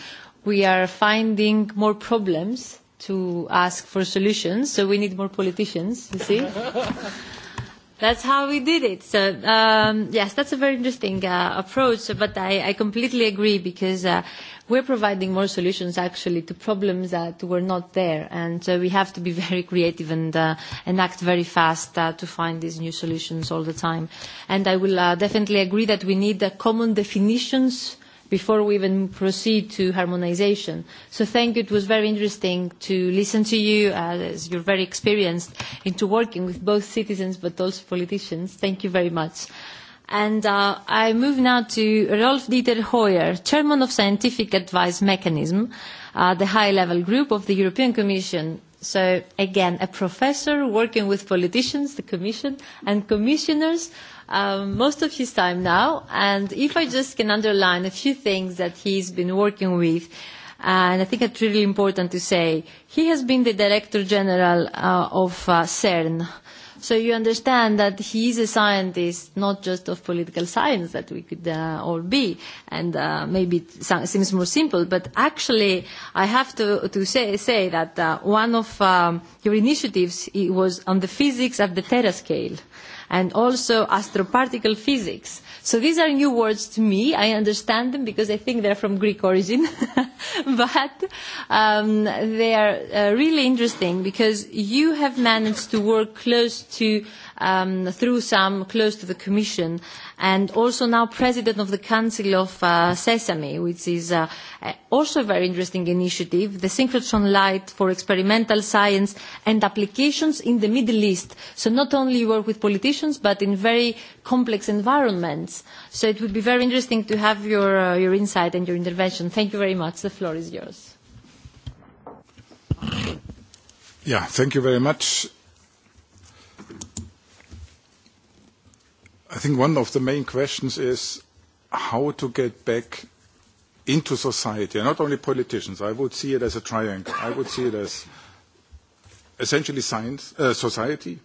we are finding more problems to ask for solutions, so we need more politicians, you see. That's how we did it. So um, yes, that's a very interesting uh, approach, but I, I completely agree because uh, we're providing more solutions actually to problems that were not there, and so we have to be very creative and, uh, and act very fast uh, to find these new solutions all the time. And I will uh, definitely agree that we need uh, common definitions before we even proceed to harmonisation. So thank you. It was very interesting to listen to you, uh, as you're very experienced into working with both citizens but also politicians. Thank you very much. And uh, I move now to Rolf Dieter Hoyer, Chairman of Scientific Advice Mechanism, uh, the high-level group of the European Commission. So again, a professor working with politicians, the Commission, and commissioners um, most of his time now. And if I just can underline a few things that he's been working with, and I think it's really important to say, he has been the Director General uh, of uh, CERN. So you understand that he is a scientist, not just of political science that we could uh, all be, and uh, maybe it seems more simple, but actually I have to, to say, say that uh, one of um, your initiatives was on the physics of the terascale. scale and also astroparticle physics. So these are new words to me. I understand them because I think they're from Greek origin. but um, they are uh, really interesting because you have managed to work close to um, through some close to the Commission, and also now President of the Council of uh, Sesame, which is uh, also a very interesting initiative, the synchrotron light for experimental science and applications in the Middle East. So not only you work with politicians, but in very complex environments. So it would be very interesting to have your, uh, your insight and your intervention. Thank you very much. The floor is yours. Yeah, thank you very much. I think one of the main questions is how to get back into society, and not only politicians. I would see it as a triangle. I would see it as essentially science, uh, society,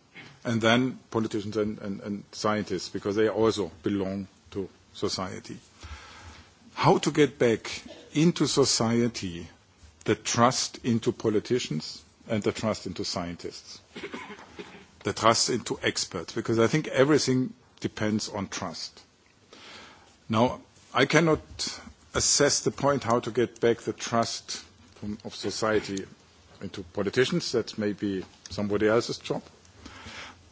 and then politicians and, and, and scientists, because they also belong to society. How to get back into society the trust into politicians and the trust into scientists, the trust into experts, because I think everything depends on trust. Now, I cannot assess the point how to get back the trust from, of society into politicians. That may be somebody else's job.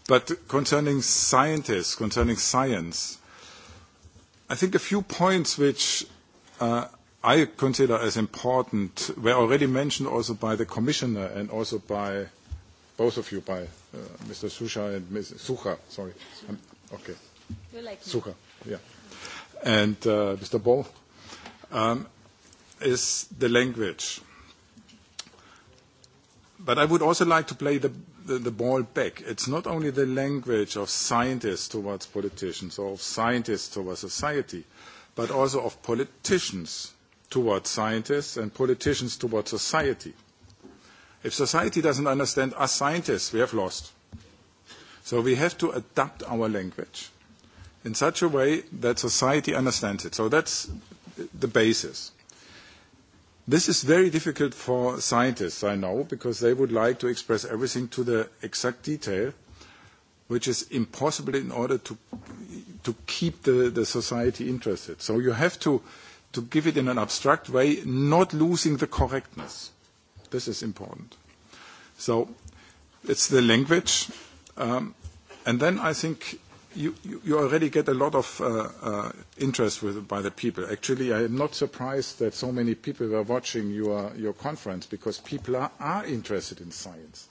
But concerning scientists, concerning science, I think a few points which uh, I consider as important were already mentioned also by the commissioner and also by both of you, by uh, Mr. Susha and Ms. Sucha, sorry. I'm um, Okay. Like Super. Yeah. And uh, Mr. Ball um, is the language. But I would also like to play the, the, the ball back. It's not only the language of scientists towards politicians or of scientists towards society, but also of politicians towards scientists and politicians towards society. If society doesn't understand us scientists, we have lost. So we have to adapt our language in such a way that society understands it. So that's the basis. This is very difficult for scientists, I know, because they would like to express everything to the exact detail, which is impossible in order to, to keep the, the society interested. So you have to, to give it in an abstract way, not losing the correctness. This is important. So it's the language. Um, And then I think you, you already get a lot of uh, uh, interest with, by the people. Actually, I am not surprised that so many people were watching your, your conference because people are, are interested in science.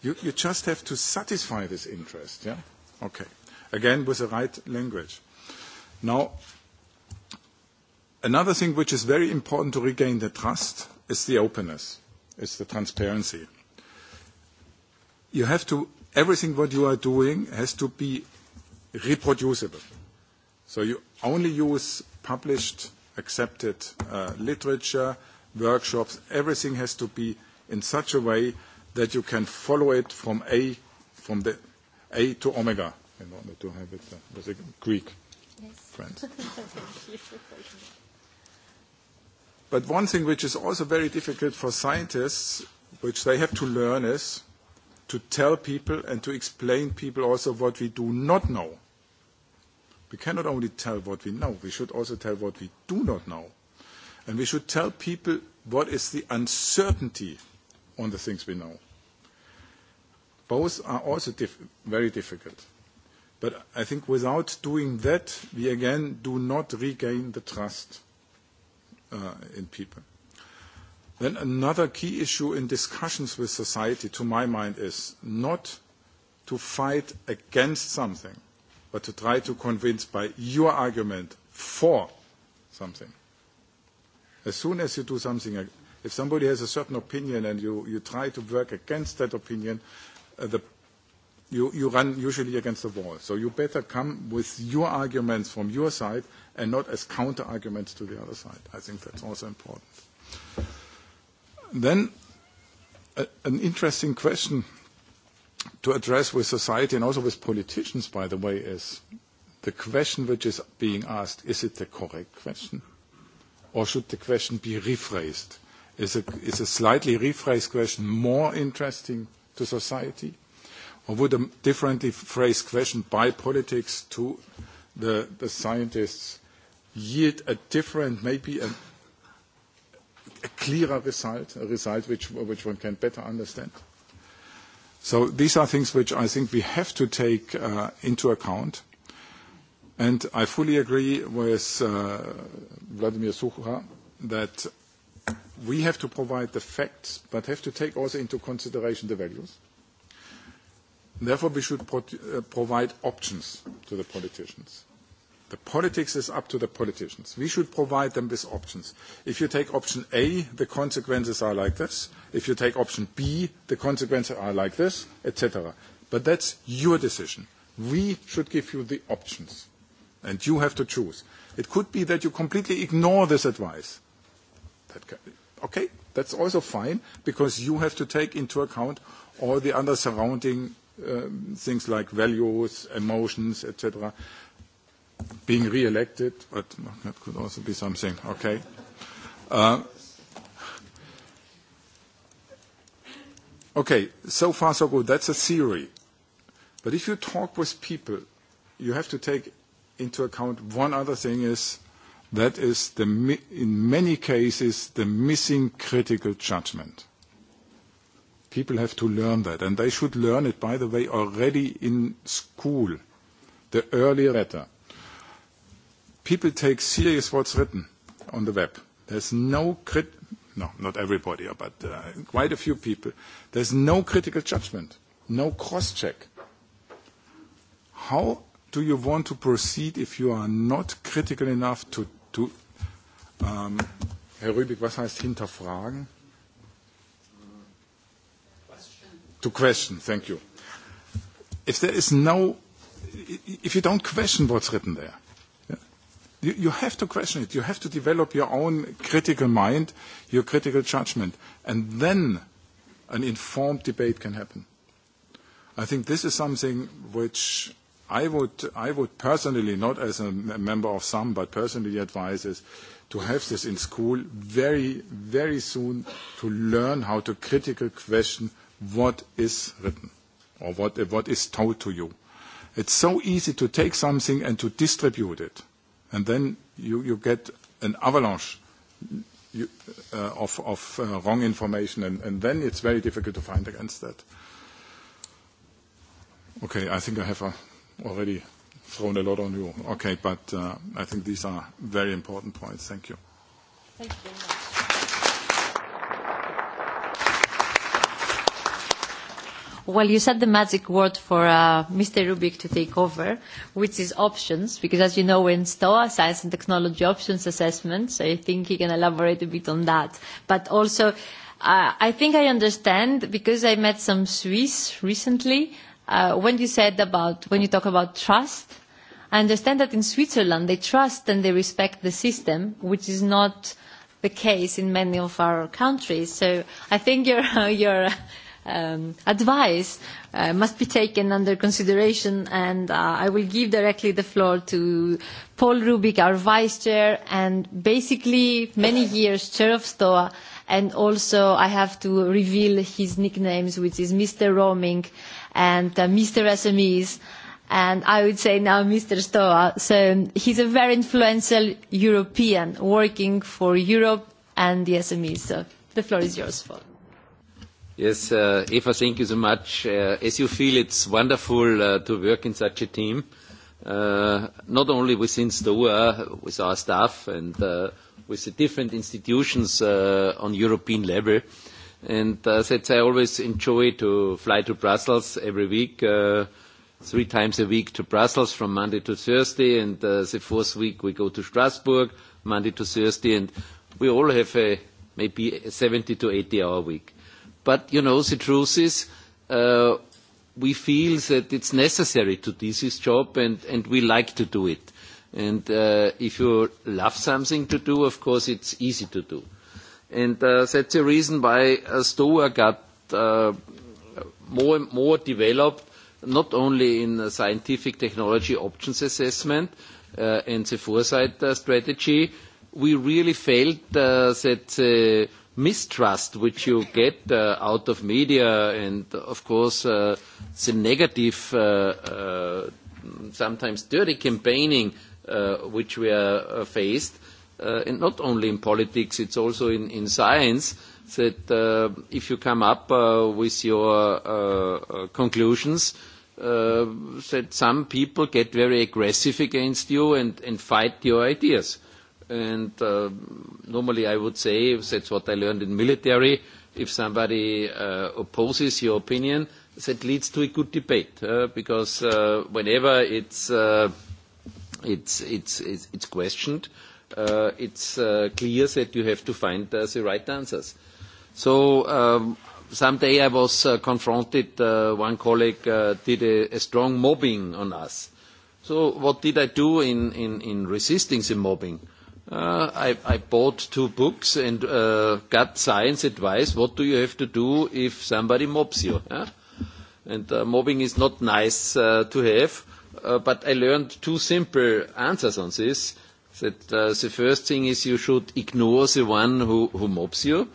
You, you just have to satisfy this interest, yeah? Okay. Again, with the right language. Now, another thing which is very important to regain the trust is the openness, is the transparency. You have to everything what you are doing has to be reproducible. So you only use published, accepted uh, literature, workshops. Everything has to be in such a way that you can follow it from A, from the A to omega. In order to have it uh, with a Greek yes. friend. but one thing which is also very difficult for scientists, which they have to learn, is to tell people and to explain people also what we do not know. We cannot only tell what we know, we should also tell what we do not know. And we should tell people what is the uncertainty on the things we know. Both are also diff very difficult. But I think without doing that, we again do not regain the trust uh, in people. Then another key issue in discussions with society, to my mind, is not to fight against something, but to try to convince by your argument for something. As soon as you do something, uh, if somebody has a certain opinion and you, you try to work against that opinion, uh, the, you, you run usually against the wall. So you better come with your arguments from your side and not as counter arguments to the other side. I think that's also important. Then a, an interesting question to address with society and also with politicians, by the way, is the question which is being asked, is it the correct question? Or should the question be rephrased? Is a, is a slightly rephrased question more interesting to society? Or would a differently phrased question by politics to the, the scientists yield a different, maybe a a clearer result, a result which, which one can better understand. So these are things which I think we have to take uh, into account. And I fully agree with uh, Vladimir Sucha that we have to provide the facts, but have to take also into consideration the values. Therefore, we should pro uh, provide options to the politicians. The politics is up to the politicians. We should provide them with options. If you take option A, the consequences are like this. If you take option B, the consequences are like this, etc. But that's your decision. We should give you the options, and you have to choose. It could be that you completely ignore this advice. That can, okay, that's also fine, because you have to take into account all the other surrounding um, things like values, emotions, etc being re-elected, but that could also be something. Okay. Uh, okay, so far so good. That's a theory. But if you talk with people, you have to take into account one other thing is that is the in many cases the missing critical judgment. People have to learn that, and they should learn it, by the way, already in school. The earlier better people take serious what's written on the web. There's no crit no, not everybody, uh, but uh, quite a few people. There's no critical judgment, no cross-check. How do you want to proceed if you are not critical enough to, to um Herr Rübig, was heißt hinterfragen? Question. To question, thank you. If there is no, if you don't question what's written there, you, you have to question it. You have to develop your own critical mind, your critical judgment. And then an informed debate can happen. I think this is something which I would, I would personally, not as a member of some, but personally advise is to have this in school very, very soon to learn how to critical question what is written or what, what is told to you. It's so easy to take something and to distribute it and then you, you get an avalanche you, uh, of, of uh, wrong information, and, and then it's very difficult to find against that. Okay, I think I have uh, already thrown a lot on you. Okay, but uh, I think these are very important points. Thank you. Thank you very much. Well, you said the magic word for uh, Mr. Rubik to take over, which is options, because as you know, in STOA, Science and Technology Options assessment, so I think he can elaborate a bit on that. But also, uh, I think I understand, because I met some Swiss recently, uh, when you said about, when you talk about trust, I understand that in Switzerland they trust and they respect the system, which is not the case in many of our countries. So I think you're uh, uh um, advice uh, must be taken under consideration and uh, I will give directly the floor to Paul Rubik, our Vice Chair and basically many years Chair of STOA and also I have to reveal his nicknames which is Mr. Roaming and uh, Mr. SMEs and I would say now Mr. Stoa. So he's a very influential European working for Europe and the SMEs. So the floor is yours, Paul. Yes, uh, Eva, thank you so much. Uh, as you feel, it's wonderful uh, to work in such a team, uh, not only within STOA, with our staff and uh, with the different institutions uh, on European level. And uh, that's I always enjoy to fly to Brussels every week, uh, three times a week to Brussels from Monday to Thursday, and uh, the fourth week we go to Strasbourg, Monday to Thursday, and we all have a, maybe a 70 to 80 hour week But you know, the truth is, uh, we feel that it's necessary to do this job, and, and we like to do it. And uh, if you love something to do, of course, it's easy to do. And uh, that's the reason why uh, STOA got uh, more and more developed, not only in uh, scientific technology options assessment uh, and the foresight uh, strategy. We really felt uh, that uh, mistrust which you get uh, out of media and of course uh, the negative uh, uh sometimes dirty campaigning uh, which we are uh, faced and not only in politics it's also in, in science that if you come up with your conclusions that some people get very aggressive against you and, and fight your ideas And uh, normally I would say, that's what I learned in military, if somebody uh, opposes your opinion, that leads to a good debate, uh, because uh, whenever it's, uh, it's, it's, it's, it's questioned, uh, it's uh, clear that you have to find uh, the right answers. So um, someday I was uh, confronted, uh, one colleague uh, did a, a strong mobbing on us. So what did I do in, in, in resisting the mobbing? Uh, I, I bought two books and uh, got science advice. What do you have to do if somebody mobs you? Huh? And uh, mobbing is not nice uh, to have, uh, but I learned two simple answers on this. That uh, the first thing is you should ignore the one who, who mobs you,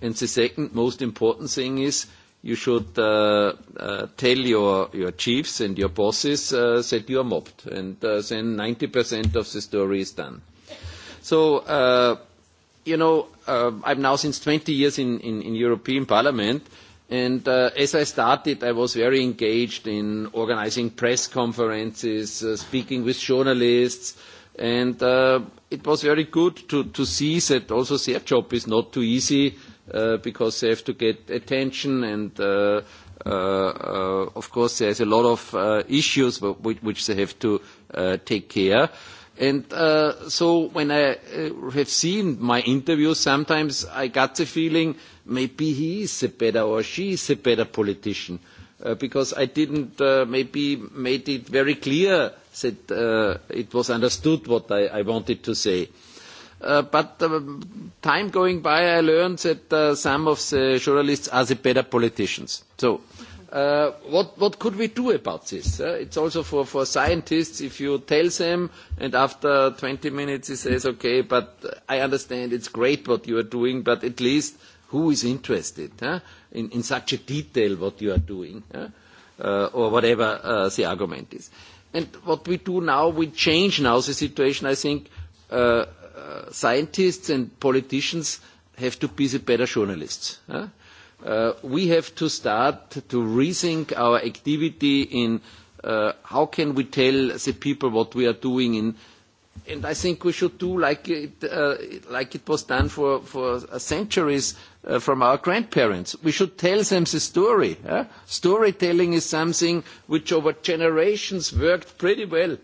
and the second most important thing is you should uh, uh, tell your, your chiefs and your bosses uh, that you are mobbed, and uh, then 90% of the story is done. So, uh, you know, uh, I'm now since 20 years in, in, in European Parliament, and uh, as I started, I was very engaged in organizing press conferences, uh, speaking with journalists, and uh, it was very good to, to see that also their job is not too easy uh, because they have to get attention and uh, uh, uh, of course there's a lot of uh, issues which, which they have to uh, take care of. And uh, so when I uh, have seen my interviews, sometimes I got the feeling maybe he is a better or she is a better politician. Uh, because I didn't uh, maybe made it very clear that uh, it was understood what I, I wanted to say. Uh, but uh, time going by, I learned that uh, some of the journalists are the better politicians. So Uh, what, what could we do about this? Uh, it's also for, for scientists, if you tell them, and after 20 minutes he says, okay, but I understand it's great what you are doing, but at least who is interested eh? in, in such a detail what you are doing, eh? uh, or whatever uh, the argument is. And what we do now, we change now the situation. I think uh, uh, scientists and politicians have to be the better journalists. Huh? Uh, we have to start to rethink our activity in uh, how can we tell the people what we are doing in and I think we should do like it, uh, like it was done for, for centuries uh, from our grandparents. We should tell them the story. Huh? Storytelling is something which over generations worked pretty well.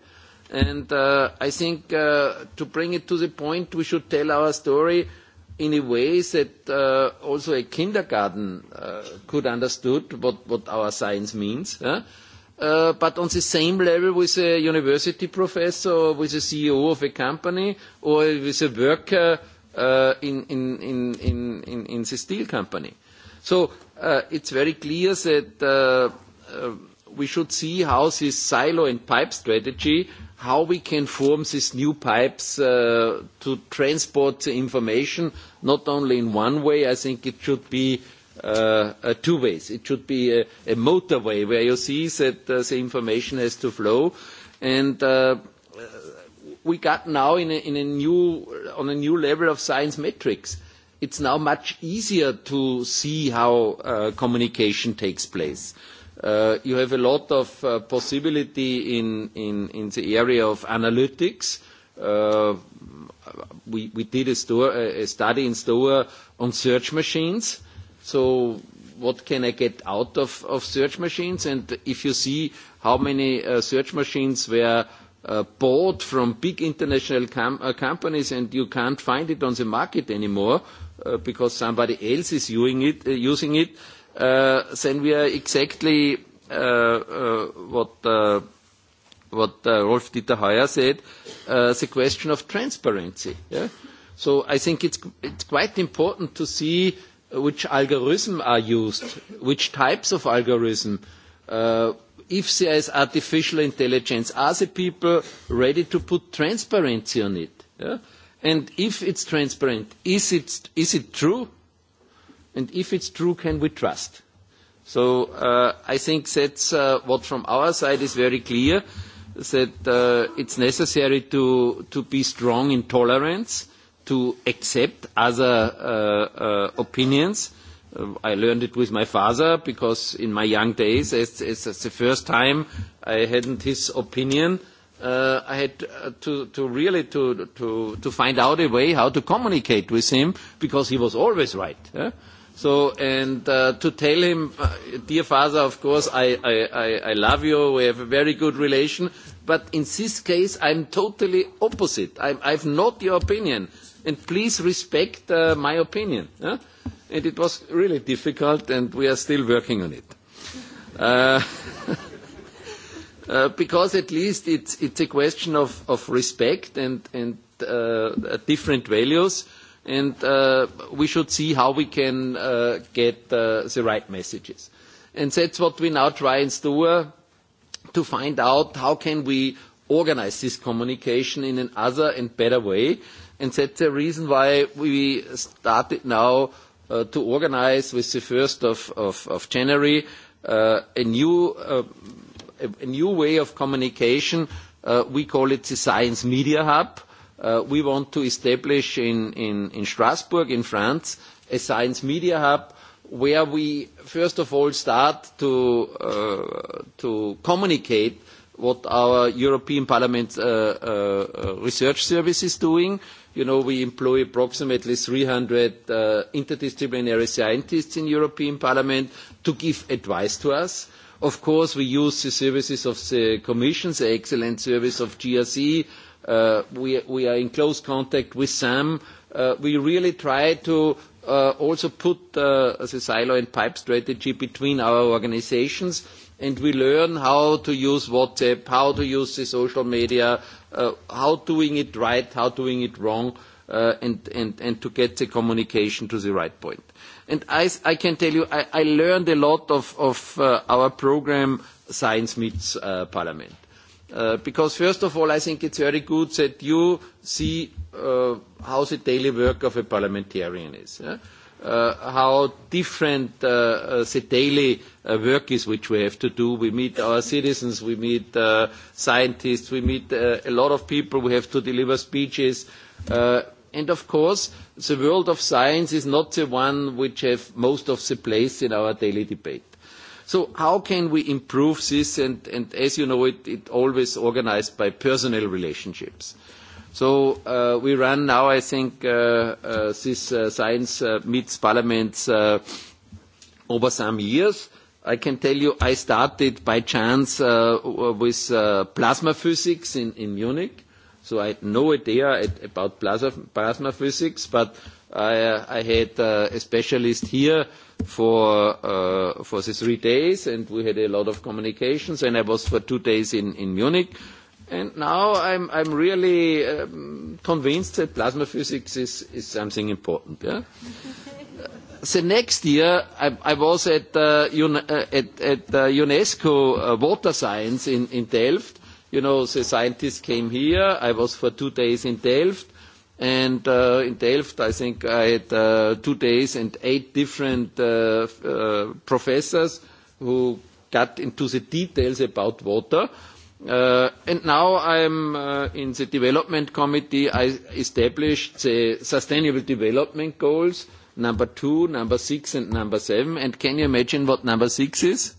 And uh, I think uh, to bring it to the point, we should tell our story in a way that uh, also a kindergarten uh, could understood what, what our science means. Uh, but on the same level with a university professor, with a CEO of a company, or with a worker uh, in, in, in, in, in, in the steel company. So uh, it's very clear that uh, uh, we should see how this silo and pipe strategy how we can form these new pipes uh, to transport the information, not only in one way, I think it should be uh, uh, two ways. It should be a, a motorway where you see that uh, the information has to flow. And uh, we got now in a, in a new, on a new level of science metrics. It's now much easier to see how uh, communication takes place. Uh, Uh, you have a lot of uh, possibility in, in, in the area of analytics. Uh, we, did a, store, a study in Stoa on search machines. So what can I get out of, of search machines? And if you see how many search machines were bought from big international companies and you can't find it on the market anymore because somebody else is using it uh, then we are exactly äh, äh, what äh, Rolf Dieter Heuer said, the question of transparency. Yeah? So I think it's, it's quite important to see which algorithms are used, which types of algorithm, if there is artificial intelligence, are the people ready to put transparency on it? Yeah? And if it's transparent, is is it true and if it's true, can we trust? So uh, I think that's uh, what from our side is very clear, that uh, it's necessary to, to be strong in tolerance, to accept other opinions. I learned it with my father because in my young days, as, the first time I hadn't his opinion, uh, I had to, to really to, to, to find out a way how to communicate with him because he was always right. So, and uh, to tell him, uh, dear father, of course, I, I, I, I love you, we have a very good relation, but in this case, I'm totally opposite. I'm, I've not your opinion, and please respect uh, my opinion. And it was really difficult, and we are still working on it. Uh, uh, because at least it's, it's a question of, of respect and, and uh, different values. Uh, and uh, we should see how we can uh, get uh, the right messages. And that's what we now try and do uh, to find out how can we organize this communication in another and better way. And that's the reason why we started now uh, to organize with the 1st of, of, of January uh, a, new, uh, a, a new way of communication. Uh, we call it the Science Media Hub Uh, we want to establish in, in, in Strasbourg, in France, a science media hub where we first of all start to, uh, to communicate what our European Parliament uh, uh, uh research service is doing. You know, we employ approximately three hundred uh, interdisciplinary scientists in the European Parliament to give advice to us. Of course, we use the services of the Commission, the excellent service of GRC, Uh, we, we are in close contact with them. Uh, we really try to uh, also put the uh, silo and pipe strategy between our organisations, and we learn how to use WhatsApp, how to use the social media, how doing it right, how doing it wrong, and, and, and to get the communication to the right point. And I, I can tell you, I, I learned a lot of, of our programme Science Meets Parliament Uh, because first of all, I think it's very good that you see uh, how the daily work of a parliamentarian is. Yeah? Uh, how different uh, uh, the daily uh, work is which we have to do. We meet our citizens, we meet uh, scientists, we meet uh, a lot of people, we have to deliver speeches. Uh, and of course, the world of science is not the one which has most of the place in our daily debate. So How can we improve this? And, and As you know, it, it always organised by personal relationships. So uh, We run now, I think, uh, uh, this uh, science uh, meets parliaments uh, over some years. I can tell you, I started by chance with plasma physics in, in Munich, so I had no idea about plasma physics, but i, uh, I had uh, a specialist here for, uh, for the three days, and we had a lot of communications, and I was for two days in, in Munich. And now I'm, I'm really um, convinced that plasma physics is, is something important. the next year, I, I was at, uh, uh at, uh, UNESCO Water Science in, in Delft. You know, the scientists came here. I was for two days in Delft And uh, in Delft, I think I had uh, two days and eight different uh, uh, professors who got into the details about water. Uh, and now I'm uh, in the development committee. I established the sustainable development goals, number two, number six, and number seven. And can you imagine what number six is?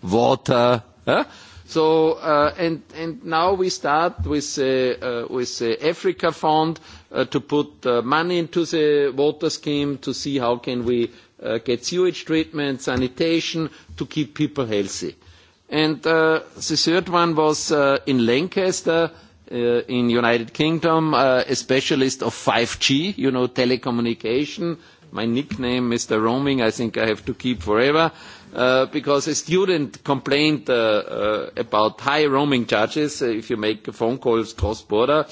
Water. Huh? So, uh, and, and now we start with, uh, uh, with the Africa Fund Uh, to put uh, money into the water scheme to see how can we uh, get sewage treatment, sanitation to keep people healthy. And uh, the third one was uh, in Lancaster, uh, in United Kingdom, uh, a specialist of 5G, you know, telecommunication. My nickname, Mr. Roaming, I think I have to keep forever. Uh, because a student complained uh, uh, about high roaming charges uh, if you make phone calls cross border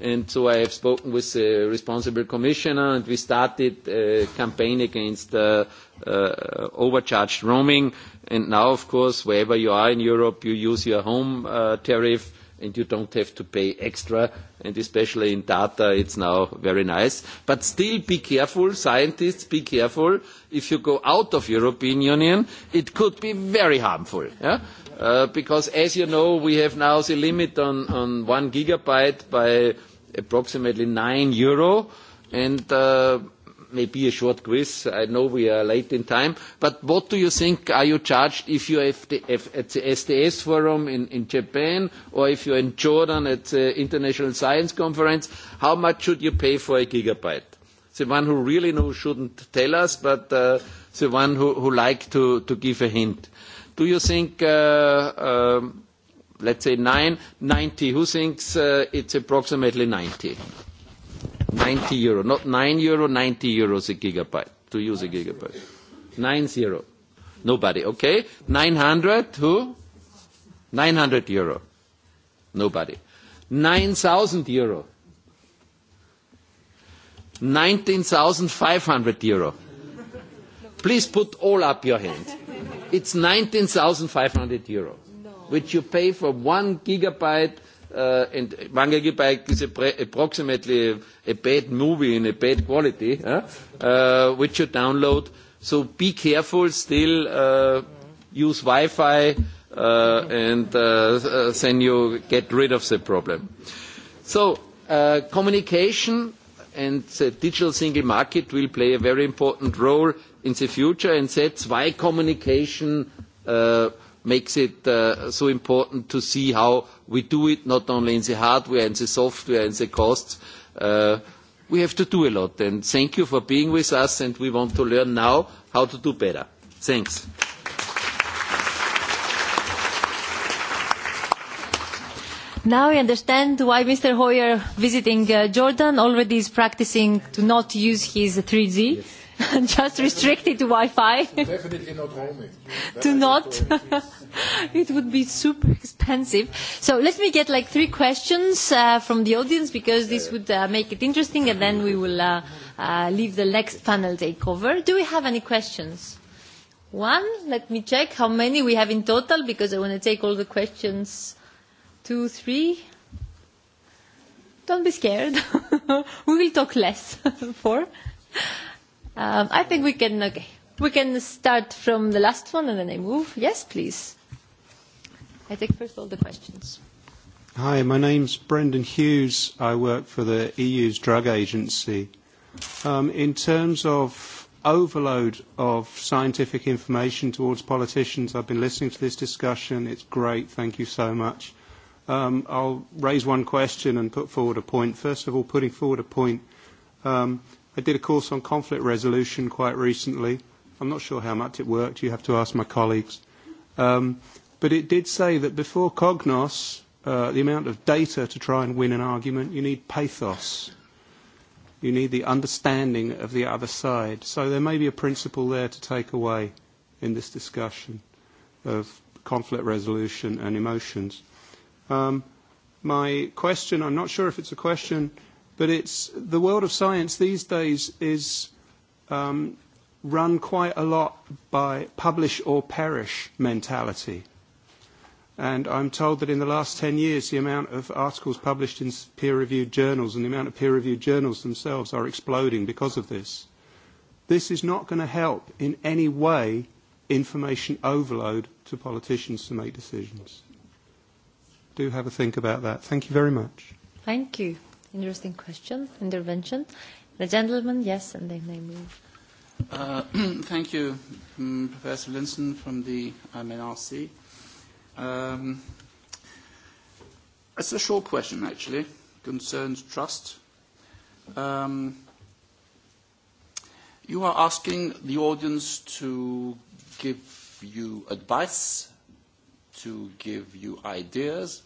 And so I have spoken with the uh, responsible commissioner, and we started a campaign against uh, uh, overcharged roaming. And now, of course, wherever you are in Europe, you use your home uh, tariff, and you don't have to pay extra. And especially in data, it's now very nice. But still be careful, scientists, be careful. If you go out of European Union, it could be very harmful. because as you know, we have now the limit on, on one gigabyte by approximately 9 euro. And uh, maybe a short quiz. I know we are late in time, but what do you think are you charged if you're at the STS forum in, in Japan or if you're in Jordan at the International Science Conference? How much should you pay for a gigabyte? The one who really knows shouldn't tell us, but uh, the one who, who like to, to give a hint. Do you think uh, um, let's say nine, ninety. Who thinks uh, it's approximately ninety? Ninety euro, not nine euro, ninety euros a gigabyte, to use a gigabyte. Nine zero. Nobody, okay? Nine hundred, who? Nine hundred euro. Nobody. Nine thousand euro. Nineteen thousand five hundred euro. Please put all up your hands. It's nineteen thousand five hundred euro which you pay for one gigabyte uh, and one gigabyte is approximately a, a bad movie in a bad quality, uh, uh, which you download. So be careful still, uh, use Wi-Fi, uh, and uh, uh, then you get rid of the problem. So uh, communication and the digital single market will play a very important role in the future, and that's why communication uh, makes it uh, so important to see how we do it, not only in the hardware and the software and the costs. Uh, we have to do a lot. And thank you for being with us, and we want to learn now how to do better. Thanks. Now I understand why Mr. Hoyer, visiting uh, Jordan, already is practicing to not use his 3G. just restricted to Wi-Fi. Definitely not roaming. to not. it would be super expensive. So let me get like three questions uh, from the audience because this would uh, make it interesting, and then we will uh, uh, leave the next panel take over. Do we have any questions? One. Let me check how many we have in total because I want to take all the questions. Two, three don't be scared. we will talk less. Four. Um, I think we can, okay, we can start from the last one and then I move. Yes, please. I take first all the questions. Hi, my name's Brendan Hughes. I work for the EU's drug agency. Um, in terms of overload of scientific information towards politicians, I've been listening to this discussion. It's great. Thank you so much. Um, I'll raise one question and put forward a point. First of all, putting forward a point. Um, i did a course on conflict resolution quite recently. I'm not sure how much it worked. You have to ask my colleagues. Um, but it did say that before Cognos, uh, the amount of data to try and win an argument, you need pathos. You need the understanding of the other side. So there may be a principle there to take away in this discussion of conflict resolution and emotions. Um, my question, I'm not sure if it's a question, But it's, the world of science these days is um, run quite a lot by publish or perish mentality. And I'm told that in the last 10 years, the amount of articles published in peer-reviewed journals and the amount of peer-reviewed journals themselves are exploding because of this. This is not going to help in any way information overload to politicians to make decisions. Do have a think about that. Thank you very much. Thank you. Interesting question, intervention. The gentleman, yes, and then they move. Uh, thank you, um, Professor Linson from the MNRC. Um, um, it's a short question, actually, concerns trust. Um, you are asking the audience to give you advice, to give you ideas,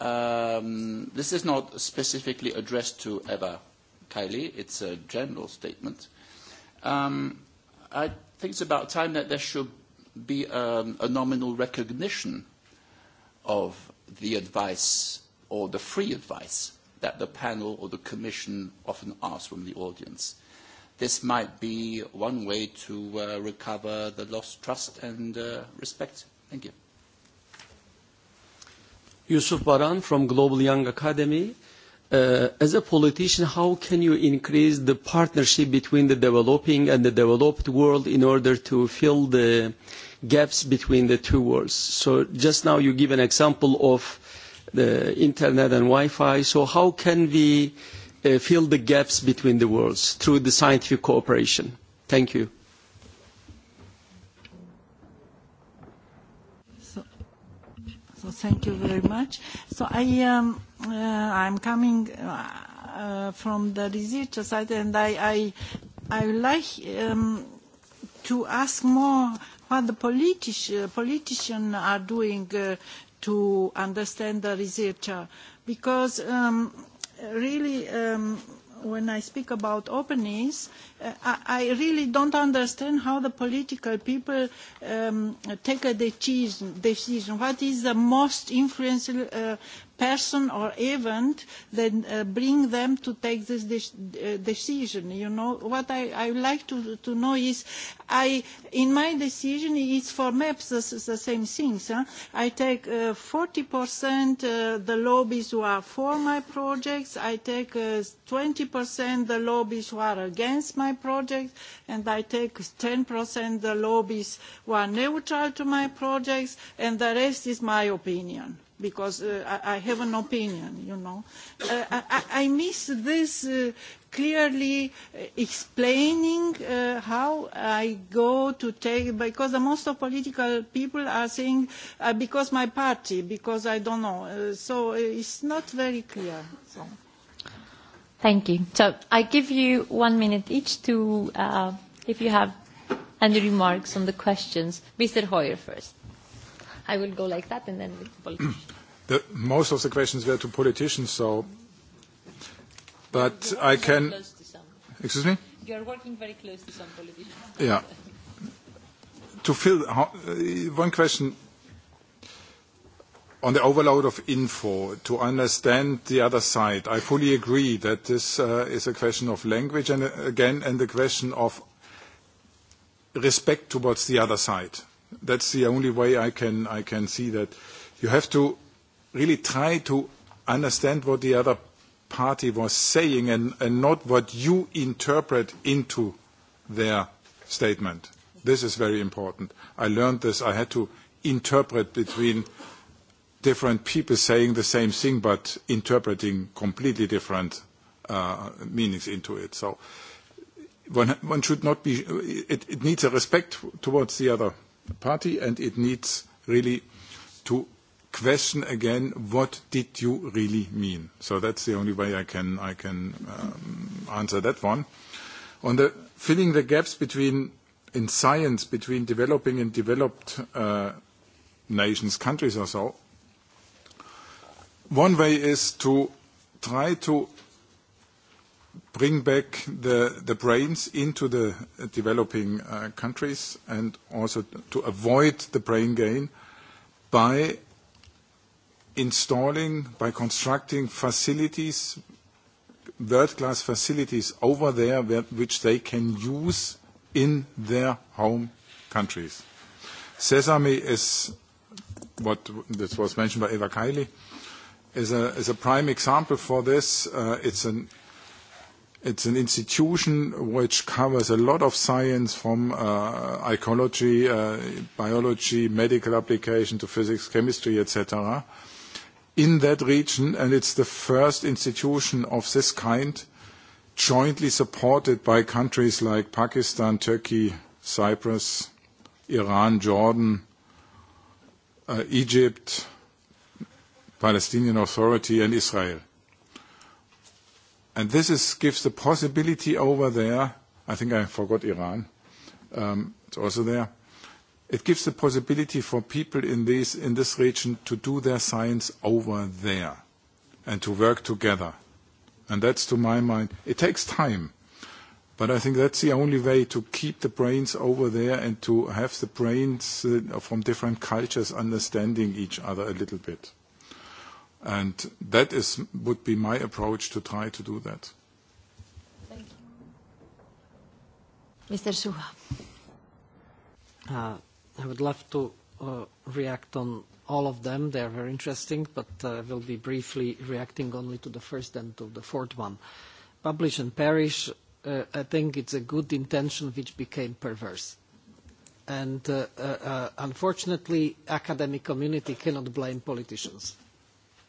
Um, this is not specifically addressed to Eva Kaili. It's a general statement. Um, I think it's about time that there should be um, a nominal recognition of the advice or the free advice that the panel or the commission often asks from the audience. This might be one way to uh, recover the lost trust and uh, respect. Thank you. Yusuf Baran from Global Young Academy. Uh, as a politician, how can you increase the partnership between the developing and the developed world in order to fill the gaps between the two worlds? So just now you give an example of the internet and Wi-Fi. So how can we uh, fill the gaps between the worlds through the scientific cooperation? Thank you. Thank you very much. So I, um, uh, I'm coming uh, uh from the research side, and I, I, I would like um, to ask more what the politici politicians are doing uh, to understand the researcher, because um, really um, when I speak about openness, uh, I, I really don't understand how the political people um, take a decision, decision. What is the most influential uh, person or event that uh, bring them to take this de- uh, decision. You know, what I, I would like to, to know is, I, in my decision, it's for maps the, the same things. Huh? I take uh, 40% uh, the lobbies who are for my projects, I take uh, 20% the lobbies who are against my project, and I take 10% the lobbies who are neutral to my projects, and the rest is my opinion because uh, I, I have an opinion, you know. Uh, I, I miss this uh, clearly uh, explaining uh, how I go to take, because the most of political people are saying, uh, because my party, because I don't know. Uh, so uh, it's not very clear. So. Thank you. So I give you one minute each to, uh, if you have any remarks on the questions. Mr. Hoyer first. I will go like that and then with the politicians. The, most of the questions were to politicians, so. But I can. Excuse me? You are working very close to some politicians. Yeah. to fill uh, one question on the overload of info, to understand the other side, I fully agree that this uh, is a question of language and uh, again, and the question of respect towards the other side. That's the only way I can, I can see that. You have to really try to understand what the other party was saying and, and not what you interpret into their statement. This is very important. I learned this. I had to interpret between different people saying the same thing but interpreting completely different uh, meanings into it. So one, one should not be, it, it needs a respect towards the other party, and it needs really to question again, what did you really mean? So that's the only way I can, I can um, answer that one. On the filling the gaps between, in science, between developing and developed uh, nations, countries or so, one way is to try to bring back the, the brains into the developing uh, countries and also to avoid the brain gain by installing, by constructing facilities, world-class facilities over there which they can use in their home countries. Sesame is what this was mentioned by Eva Kaili, is a, is a prime example for this. Uh, it's an It's an institution which covers a lot of science from uh, ecology, uh, biology, medical application to physics, chemistry, etc. in that region, and it's the first institution of this kind jointly supported by countries like Pakistan, Turkey, Cyprus, Iran, Jordan, uh, Egypt, Palestinian Authority, and Israel. And this is, gives the possibility over there, I think I forgot Iran, um, it's also there. It gives the possibility for people in, these, in this region to do their science over there and to work together. And that's to my mind, it takes time. But I think that's the only way to keep the brains over there and to have the brains uh, from different cultures understanding each other a little bit. And that is, would be my approach to try to do that. Thank you. Mr. Suha. Uh, I would love to uh, react on all of them. They are very interesting, but I uh, will be briefly reacting only to the first and to the fourth one. Publish and perish, I think it's a good intention which became perverse. And Unfortunately, academic community cannot blame politicians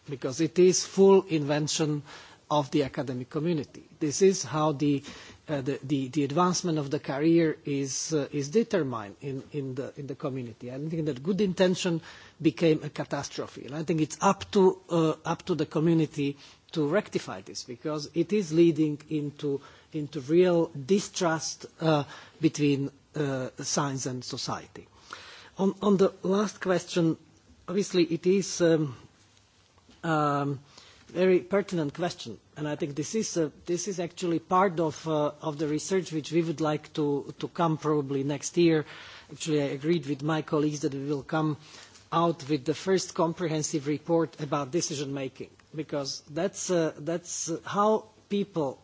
because it is full invention of the academic community. This is how the, uh, the, the, the advancement of the career is, uh, is determined in, in, the, in the community. I think that good intention became a catastrophe. And I think it's up to, uh, up to the community to rectify this because it is leading into, into real distrust uh, between uh, science and society. On, on the last question, obviously it is um, um, very pertinent question, and I think this is, a this is actually part of, uh, of the research which we would like to, to come probably next year. Actually, I agreed with my colleagues that we will come out with the first comprehensive report about decision-making, because that's, uh, that's how people,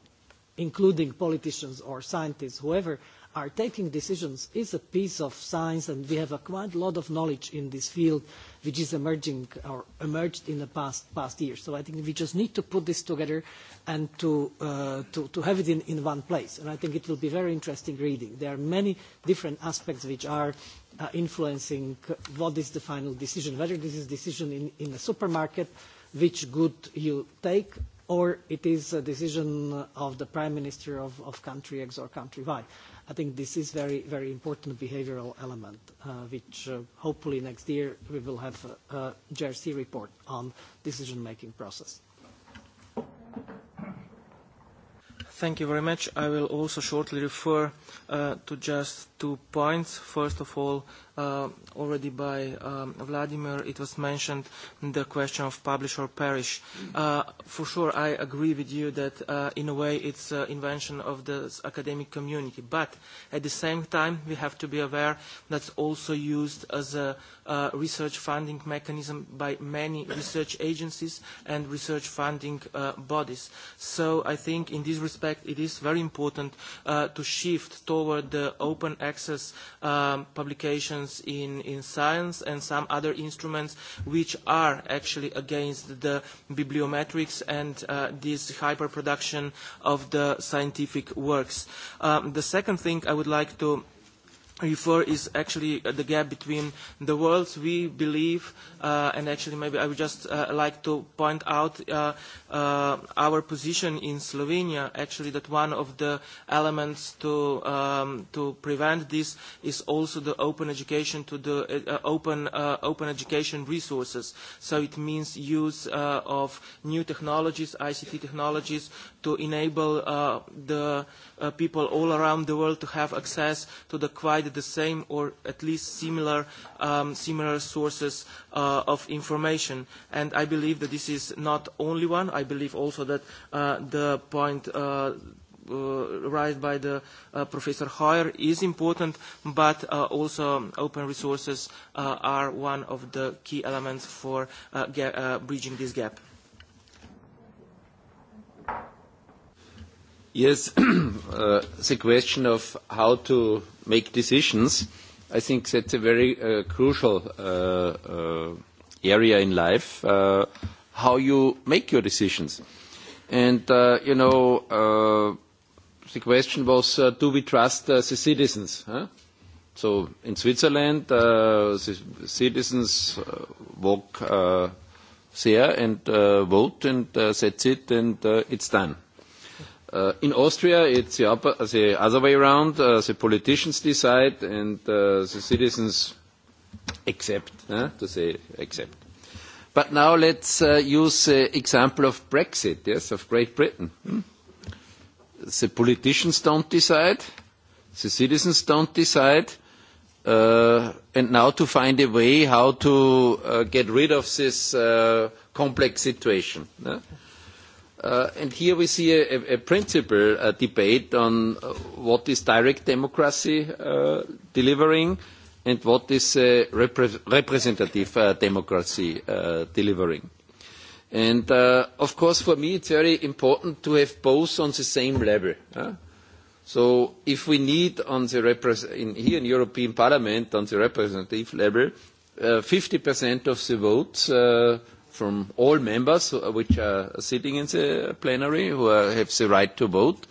including politicians or scientists, whoever, are taking decisions is a piece of science, and we have a quite a lot of knowledge in this field, which is emerging or emerged in the past, past years. So I think we just need to put this together and to, uh, to, to have it in, in one place. And I think it will be very interesting reading. There are many different aspects which are uh, influencing what is the final decision, whether this is a decision in, in a supermarket, which good you take, or it is a decision of the prime minister of, of country X or country Y. I think this is very, very important behavioral element, uh, which uh, hopefully next year we will have a, Jersey JRC report on decision-making process. Thank you very much. I will also shortly refer uh, to just two points. First of all, uh, already by um, Vladimir, it was mentioned the question of publish or perish. Uh, for sure, I agree with you that uh, in a way it's an uh, invention of the academic community. But at the same time, we have to be aware that's also used as a uh, research funding mechanism by many research agencies and research funding uh, bodies. So I think in this respect, it is very important uh, to shift toward the open access um, publications in, in science and some other instruments which are actually against the bibliometrics and uh, this hyperproduction of the scientific works. Um, the second thing I would like to refer is actually uh, the gap between the worlds we believe uh, and actually maybe I would just uh, like to point out uh, uh, our position in Slovenia actually that one of the elements to um, to prevent this is also the open education to the uh, uh open uh, open education resources so it means use uh, of new technologies ICT technologies to enable uh, the uh, uh, people all around the world to have access to the quite the same or at least similar, um, similar sources uh, of information. And I believe that this is not only one. I believe also that uh, the point uh, uh, raised by the uh, Professor Hoyer is important, but uh, also open resources uh, are one of the key elements for uh, uh, bridging this gap. Yes, uh, the question of how to make decisions, I think that's a very uh, crucial uh, uh, area in life, uh, how you make your decisions. And, uh, you know, uh, the question was, uh, do we trust uh, the citizens? Huh? So in Switzerland, uh, the citizens uh, walk uh, there and uh, vote, and uh, that's it, and uh, it's done. Uh, in Austria, it's the, upper, the other way around. Uh, the politicians decide and uh, the citizens accept, to say accept. But now let's uh, use the example of Brexit, yes, of Great Britain. Hmm? The politicians don't decide, the citizens don't decide, uh, and now to find a way how to uh, get rid of this uh, complex situation. Eh? Uh, and here we see a, a principal uh, debate on uh, what is direct democracy uh, delivering and what is repre representative uh, democracy delivering. And of course, for me, it's very important to have both on the same level. So if we need on the repre- in, here in European Parliament on the representative level, uh, 50% of the votes. Uh, from all members uh, which are sitting in the plenary who are, uh, have the right to vote.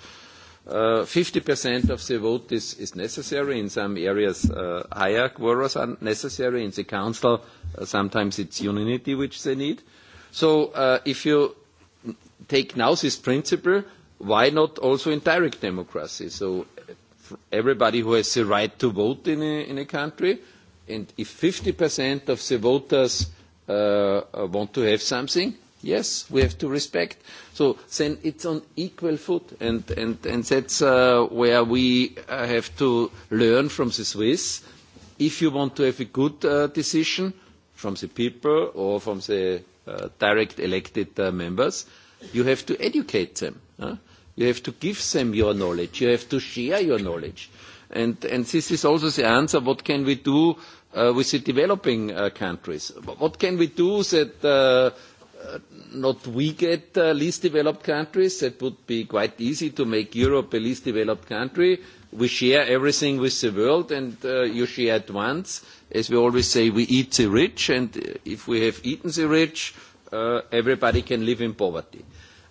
Uh, fifty uh, 50% of the vote is, is necessary. In some areas, uh, higher quorums are necessary. In the council, uh, sometimes it's unanimity which they need. So uh, if you take now this principle, why not also in direct democracy? So everybody who has the right to vote in a, in a country, and if 50% of the voters uh, want to have something, yes, we have to respect. So then it's on equal foot, and, and, and that's uh, where we uh, have to learn from the Swiss. If you want to have a good uh, decision from the people or from the uh, direct elected uh, members, you have to educate them. Huh? You have to give them your knowledge. You have to share your knowledge. And, and this is also the answer, what can we do uh, with the developing uh, countries? What can we do that uh, uh, not we get uh, least developed countries? That would be quite easy to make Europe a least developed country. We share everything with the world and uh, you share at once. As we always say, we eat the rich and uh, if we have eaten the rich, uh, everybody can live in poverty.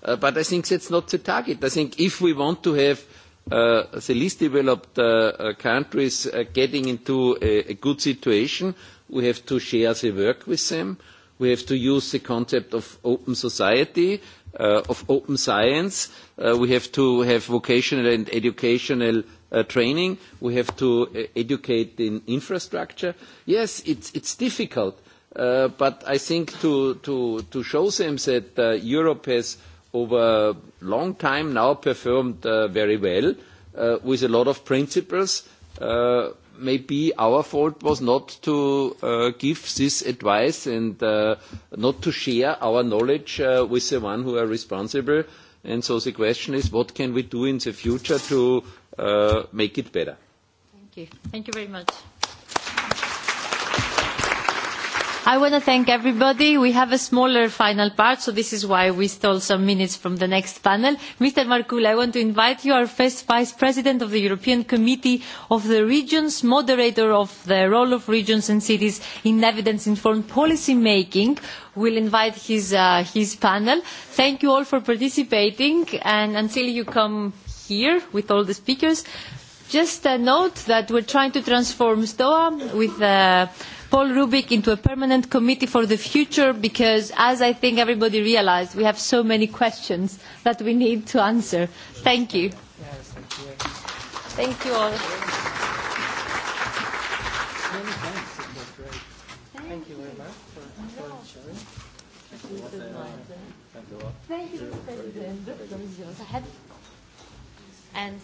Uh, but I think that's not the target. I think if we want to have uh, the least developed uh, uh countries uh, getting into a, a good situation. We have to share the work with them. We have to use the concept of open society, uh, of open science. Uh, we have to have vocational and educational uh, training. We have to uh, educate in infrastructure. Yes, it's, it's difficult, but I think to, to, to show them that Europe has over a long time now performed uh, very well uh, with a lot of principles. Uh, maybe our fault was not to uh, give this advice and uh, not to share our knowledge uh, with the one who are responsible. And so the question is, what can we do in the future to make it better? Thank you. Thank you very much. I want to thank everybody. We have a smaller final part, so this is why we stole some minutes from the next panel. Mr. Markula, I want to invite you, our first Vice President of the European Committee of the Regions, moderator of the role of regions and cities in evidence-informed policy making. We'll invite his, uh, his panel. Thank you all for participating, and until you come here with all the speakers, just a note that we're trying to transform STOA with... Uh, Paul Rubik into a permanent committee for the future because, as I think everybody realised, we have so many questions that we need to answer. Thank you. thank, you. all. Thank, you very much for, for sharing. Thank you, President. And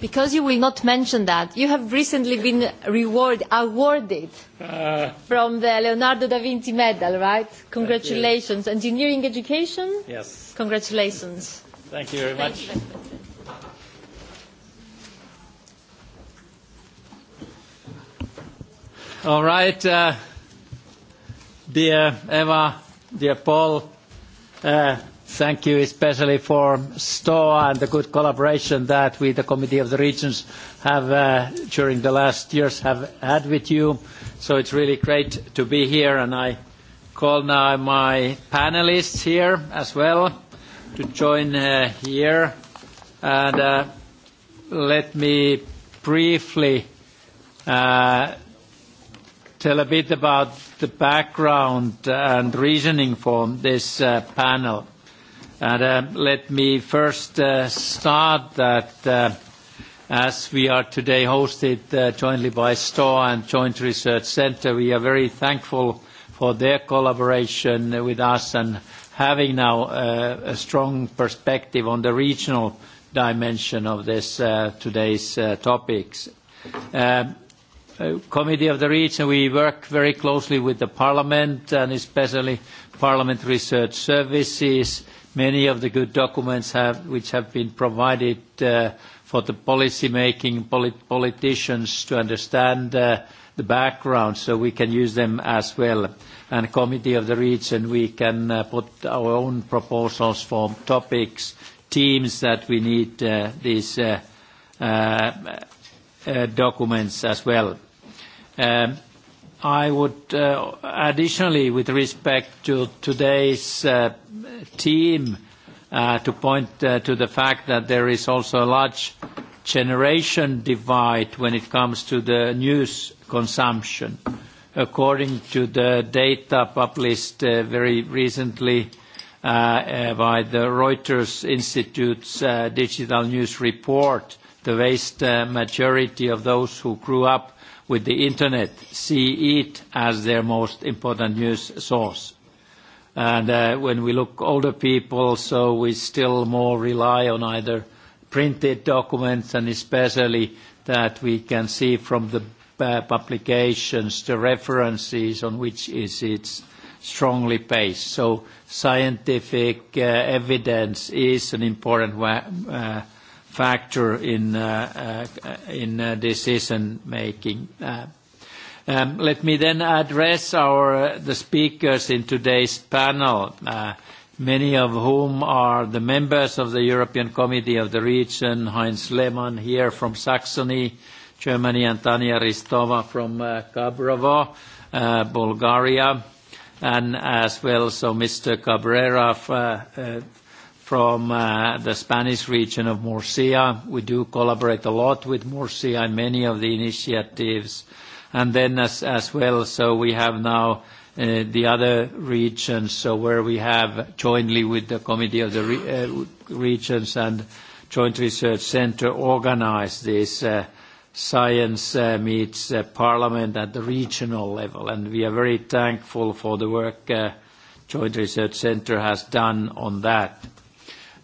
because you will not mention that, you have recently been reward, awarded uh, from the Leonardo da Vinci Medal, right? Congratulations. Engineering education? Yes. Congratulations. Thank you very much. All right, uh, dear Eva, dear Paul, uh, Thank you especially for STOA and the good collaboration that we, the Committee of the Regions, have uh, during the last years have had with you. So It's really great to be here, and I call now my panelists here as well to join uh, here. and uh, Let me briefly uh, tell a bit about the background and reasoning for this uh, panel. And uh, Let me first uh, start that uh, as we are today hosted jointly by STAR and Joint Research Centre, we are very thankful for their collaboration with us and having now a strong perspective on the regional dimension of this today's topics. Um, Committee of the Region, we work very closely with the Parliament and especially Parliament Research Services, many of the good documents have, which have been provided uh, for the policy-making polit politicians to understand uh, the background, so we can use them as well. And Committee of the Region, we can uh, put our own proposals for topics, teams that we need these documents as well. Um, i would uh, additionally, with respect to today's uh, team, uh, to point to the fact that there is also a large generation divide when it comes to the news consumption. According to the data published very recently by the Reuters Institute's digital news report, the vast majority of those who grew up with the internet see it as their most important news source. And uh, When we look older people, so we still more rely on either printed documents and especially that we can see from the uh, publications the references on which is it's strongly based. So Scientific uh, evidence is an important uh factor in, uh, uh, in uh, decision-making. Um, let me then address our, the speakers in today's panel, many of whom are the members of the European Committee of the Region, Heinz Lehmann here from Saxony, Germany, and Tanya Ristova from uh, Kabrovo, Bulgaria, and as well, so Mr. Cabrera from uh, the Spanish region of Murcia. We do collaborate a lot with Murcia in many of the initiatives. and Then as, as well, so we have now uh, the other regions, so where we have jointly with the Committee of the Re uh, Regions and Joint Research Centre organized this uh, science uh, meets parliament at the regional level. and We are very thankful for the work Joint Research Centre has done on that.